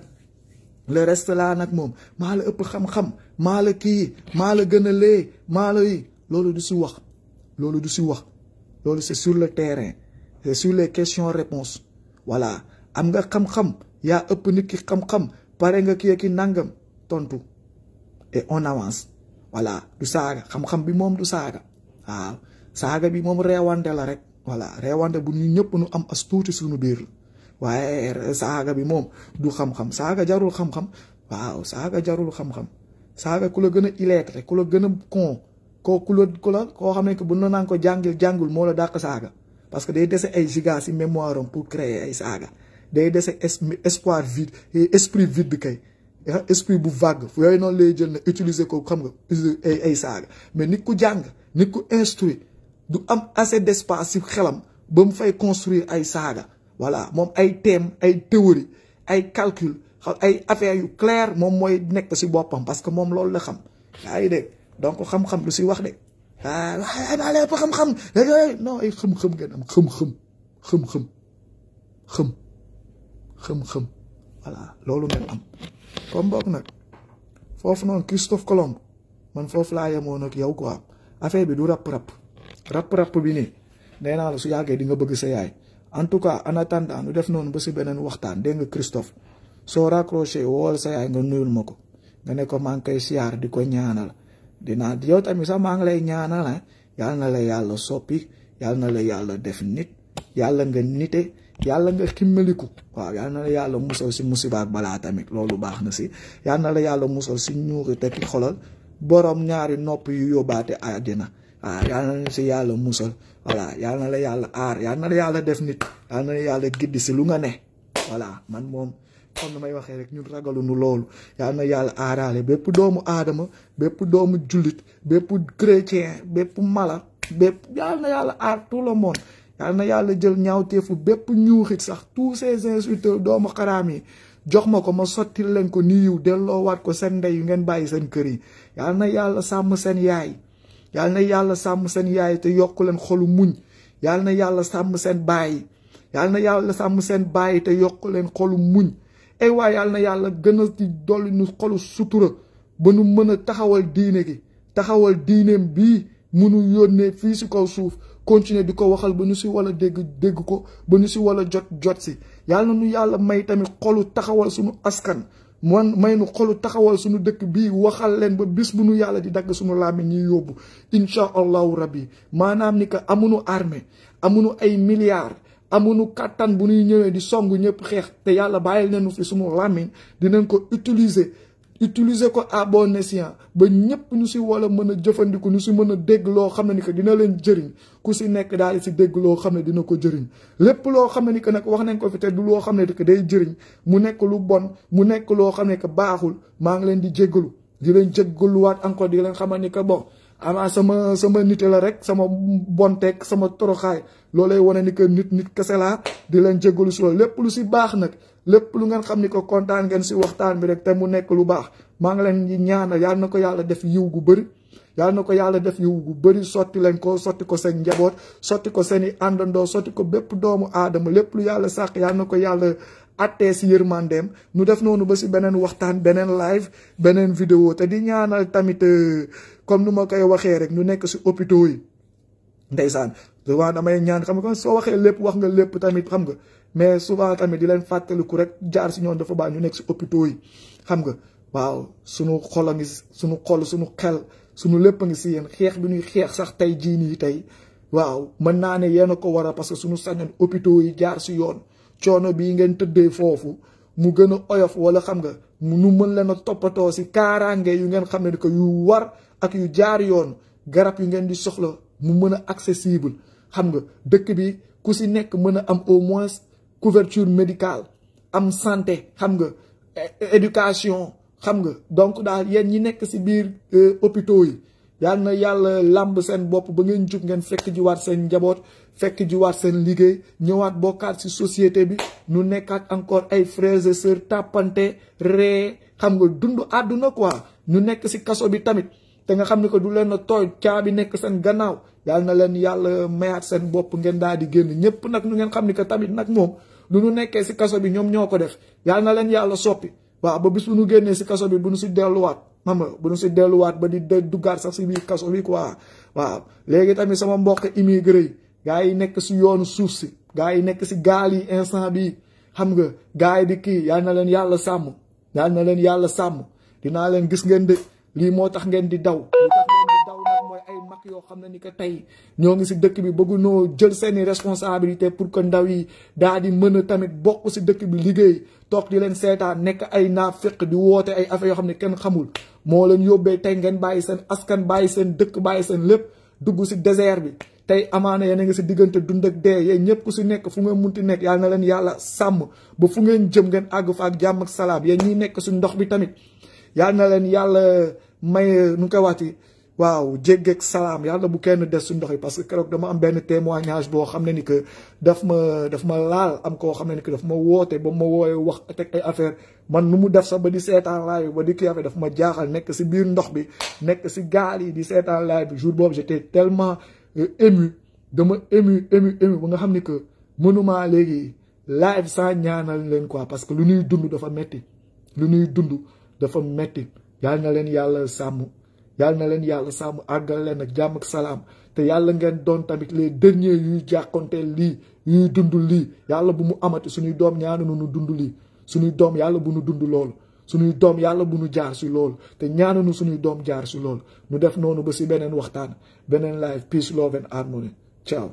le reste laa nag moom maa la ëpp xam-xam. Malaki, la kii maa la yi du ci wax lolu du ci wax lolu c'est sur le terrain c'est sur les questions réponses voilà am nga xam-xam ya ëpp nit ki xam-xam paré nga ki nangam tontu et on avance voilà du saga, xam-xam bi mom du saga. Ah, saga bi mom reewante la rek voilà reewante bu ñu ñëpp nu am as tuuti suñu bir waaye bi moom du xam-xam saga jarul xam-xam waaw saga jarul xam-xam ça ku la gën a illettré ku la gën a con koo ku la ku koo xam ne que bu na naa ko jàngil jàngul moo la dàq saaga parce que day dese ay giga si mémoire am pour créer ay saaga day dese espoir vide esprit vide kay esprit bu vague yooyu noonu lay jël na utiliser ko xam nga ay ay saaga mais nit ku jàng nit ku instruit du am assez d' espace si xelam ba mu fay construire ay saaga voilà moom ay thème ay théorie ay calcul ay affaire yu claire moom mooy nekk si boppam parce que moom loolu la xam yaa ngi donc xam-xam lu si wax de ah maa leen xam-xam non ay xëm-xëm ngeen am xëm-xëm xëm-xëm xëm loolu ngeen am. comme boog nag foofu noonu Christophe Colomb man foofu laa yemoon ak yow quoi affaire bi du rap-rap rap-rap bi nii nee naa la su yàggee di nga bëgg sa yaay en tout cas en attendant nu def noonu ba si beneen waxtaan dégg nga Christophe. soo raccroché wool sa yaay nga nuyul ma ko nga ne ko maa ngi koy siyaar di ko ñaanal dinaa yow tamit sax maa ngi lay ñaanal ah yàlla na la yàlla soppi yàlla na la yàlla def nit yàlla nga nite yàlla nga ximmaliku waaw yàlla yàlla musal si musiba ak balaa tamit loolu baax na si yàlla na la yàlla musal si ñuuri tekki xolal borom ñaari nopp yu yóbbaate àddina waaw yàlla na si yàlla musal voilà yàlla na la yàlla aar yàlla yàlla def nit yàlla na yàlla giddi si lu nga ne voilà man moom. comme ni may waxee rek ñun ragalunu loolu yal na yàlla aaraale bépp doomu aadama bépp doomu julit bépp chrétien bépp mala bépp yal na yàlla aar tout le monde na yàlla jël ñaawteefu bépp ñuuxit sax tous ces insulteurs doomu xaraam yi jox ma ko ma sottil leen ko nii yiw delloowaat ko seen ndey ngeen bàyyi seen kër yi yal na yàlla sàmm seen yaay yal na yàlla sàmm seen yaay te yokk leen xolu muñ yal na yàlla sàmm seen baay yal na yàlla sàmm seen baay te yokk leen xolu muñ ay eh waay yàlla na yàlla gën a ci dolli nu xolu sutura ba nu mën a taxawal diine gi taxawal diineem bii munu yónnee fii si kaw suuf continuer di ko waxal ba ñu si wala dégg dégg ko ba nu si wala jot jot si yàlla na nu yàlla may tamit xolu taxawal suñu askan man may nu xolu taxawal suñu dëkk bii waxal leen ba bis bu nu yàlla di dagg suñu laami ñuy yóbbu incha allahu rabbi maanaam ni ko amuñu armée amuñu ay milliards amuñu kàttan bu ñuy ñëwee di song ñëpp xeex te yàlla bàyyi nañu fi suma làmmiñ dinañ ko utiliser utiliser ko à bon escient ba ñëpp ñu si wala mën a jëfandiku nu si mën a dégg loo xam ne ni que dina leen jëriñ ku si nekk daal di si dégg loo xam ne dina ko jëriñ lépp loo xam ne ni que nag wax nañ ko fi te du loo xam ne que day jëriñ mu nekk lu bon mu nekk loo xam ne que baaxul maa ngi leen di jéggalu di leen jéggaluwaat encore di leen xamal ni que bon ama sama sama nite la rek sama bonteeg sama toroxaay lay wane ni que nit nit kese laa di leen jégalu si loolu lépp lu si baax nag lépp lu ngeen xam ni ko kontaan ngeen si waxtaan bi rek te mu nekk lu baax maa ngi leen di ñaanal yàlla na ko yàlla def yiw gu bëri yàlla na ko yàlla def yiw gu bëri sotti leen ko sotti ko seen njaboot sotti ko seen i àndandoo sotti ko bépp doomu aadama lépp lu yàlla sàq yàlla na ko yàlla attee si yërmandeem nu def noonu ba si beneen waxtaan beneen live beneen vidéo te di comme nu ma koy waxee rek ñu nekk si hôpitaux yi ndeysaan souvent damay ñaan xam nga soo waxee lépp wax nga lépp tamit xam nga mais souvent tamit di leen fàttaliku rek jaar si ñoom dafa baax ñu nekk si hôpitaux yi xam nga waaw suñu xol a ngi suñu xol suñu xel suñu lépp a ngi si yéen xeex bi ñuy xeex sax tey jii nii tey waaw mën naa ne yéen a ko war a parce que suñu sañoon hôpitaux yi jaar si yoon coono bii ngeen tëddee foofu mu gën a oyof wala xam nga nu mën leen a toppatoo si kaaraangee yu ngeen xam ne que yu war ak yu jaar yoon garab yu ngeen di soxla mu mën a accessible xam nga dëkk bi ku si nekk mën a am au moins couverture médicale am santé xam nga éducation xam nga donc daal yéen ñi nekk si biir euh, hôpitaux yi yal na yàlla làmb seen bopp ba ngeen jug ngeen fekk jiwaat seen njaboot fekk jiwaat seen liggéey ñëwaat bokkaat si société bi ñu nekkaat encore ay frères et sœurs tàppante ree xam nga dund àdduna quoi ñu nekk si kaso bi tamit te nga xamni ko du len toy tooy caabi ya seen gannaaw yal na len yalla mayat sen bop ngeen daal di génn ñépp nag nu ngeen xamni ko tamit nak mom nu nu nekké si kasso bi ñom ñoko def yal na len yalla soppi wa ba bis nu genné si kasso bi bu nu ci delu wat mama bu nu delu wat ba di dugar sax ci bi kasso bi quoi wa légui tamit sama mbokk immigré gaay yi si yoonu suuf ci gaay yi nekk si gaal yi instant bi xam nga gaay di ki na len yalla sam yal na len yalla sam dina len gis ngeen de lii moo tax ngeen di daw lu mooy ay mag yoo xam ne ni que tey ñoo ngi si dëkk bi bëggu noo jël seeni responsabilité pour que ndaw yi daa di mën tamit bokk si dëkk bi liggéey toog di leen seetaan nekk ay naaféq di woote ay affaire yoo xam ne kenn xamul moo leen yóbbee tey ngeen bàyyi seen askan bàyyi seen dëkk bàyyi seen lépp dugg si désert bi tey amaana yéen a ngi si diggante dund ak dee yéen ñëpp ku si nekk fu ngeen munti nekk yàlla na leen yàlla sàmm ba fu ngeen jëm àgg fa ak jàmm ak salaam yéen ñiy nekk si ndox bi tamit yàlla may nu ngi koy waati waaw jéggeeg salaam yàlla bu kenn des suñ ndox yi parce que keroog dama am benn témoignage boo xam ne ni que daf ma daf ma laal am koo xam ne ni que daf ma woote ba mu ma wooye wax teg affaire man nu mu def sax ba di seetaan laay ba di kii affaire daf ma jaaxal nekk si biir ndox bi nekk si gaal yi di seetaan laay bi jour boobu j'étais tellement euh, ému dama ému ému ému ba nga xam ni que mënumaa léegi live sans ñaanal leen quoi parce que lu ñuy dund dafa metti lu ñuy dund dafa metti yàlla na leen yàlla sàmm yàlla na leen yàlla sàmm àggal leen ak jàmm ak salaam te yàlla ngeen doon tamit les derniers yuy jàkkonteel lii yuy dund lii yàlla bu mu amati suñuy doom ñaanu nu dund lii suñuy doom yàlla bu nu dund loolu suñuy doom yàlla bu nu jaar si loolu te ñaananu suñuy doom jaar si loolu ñu def noonu ba si beneen waxtaan beneen live peace love and harmony ciao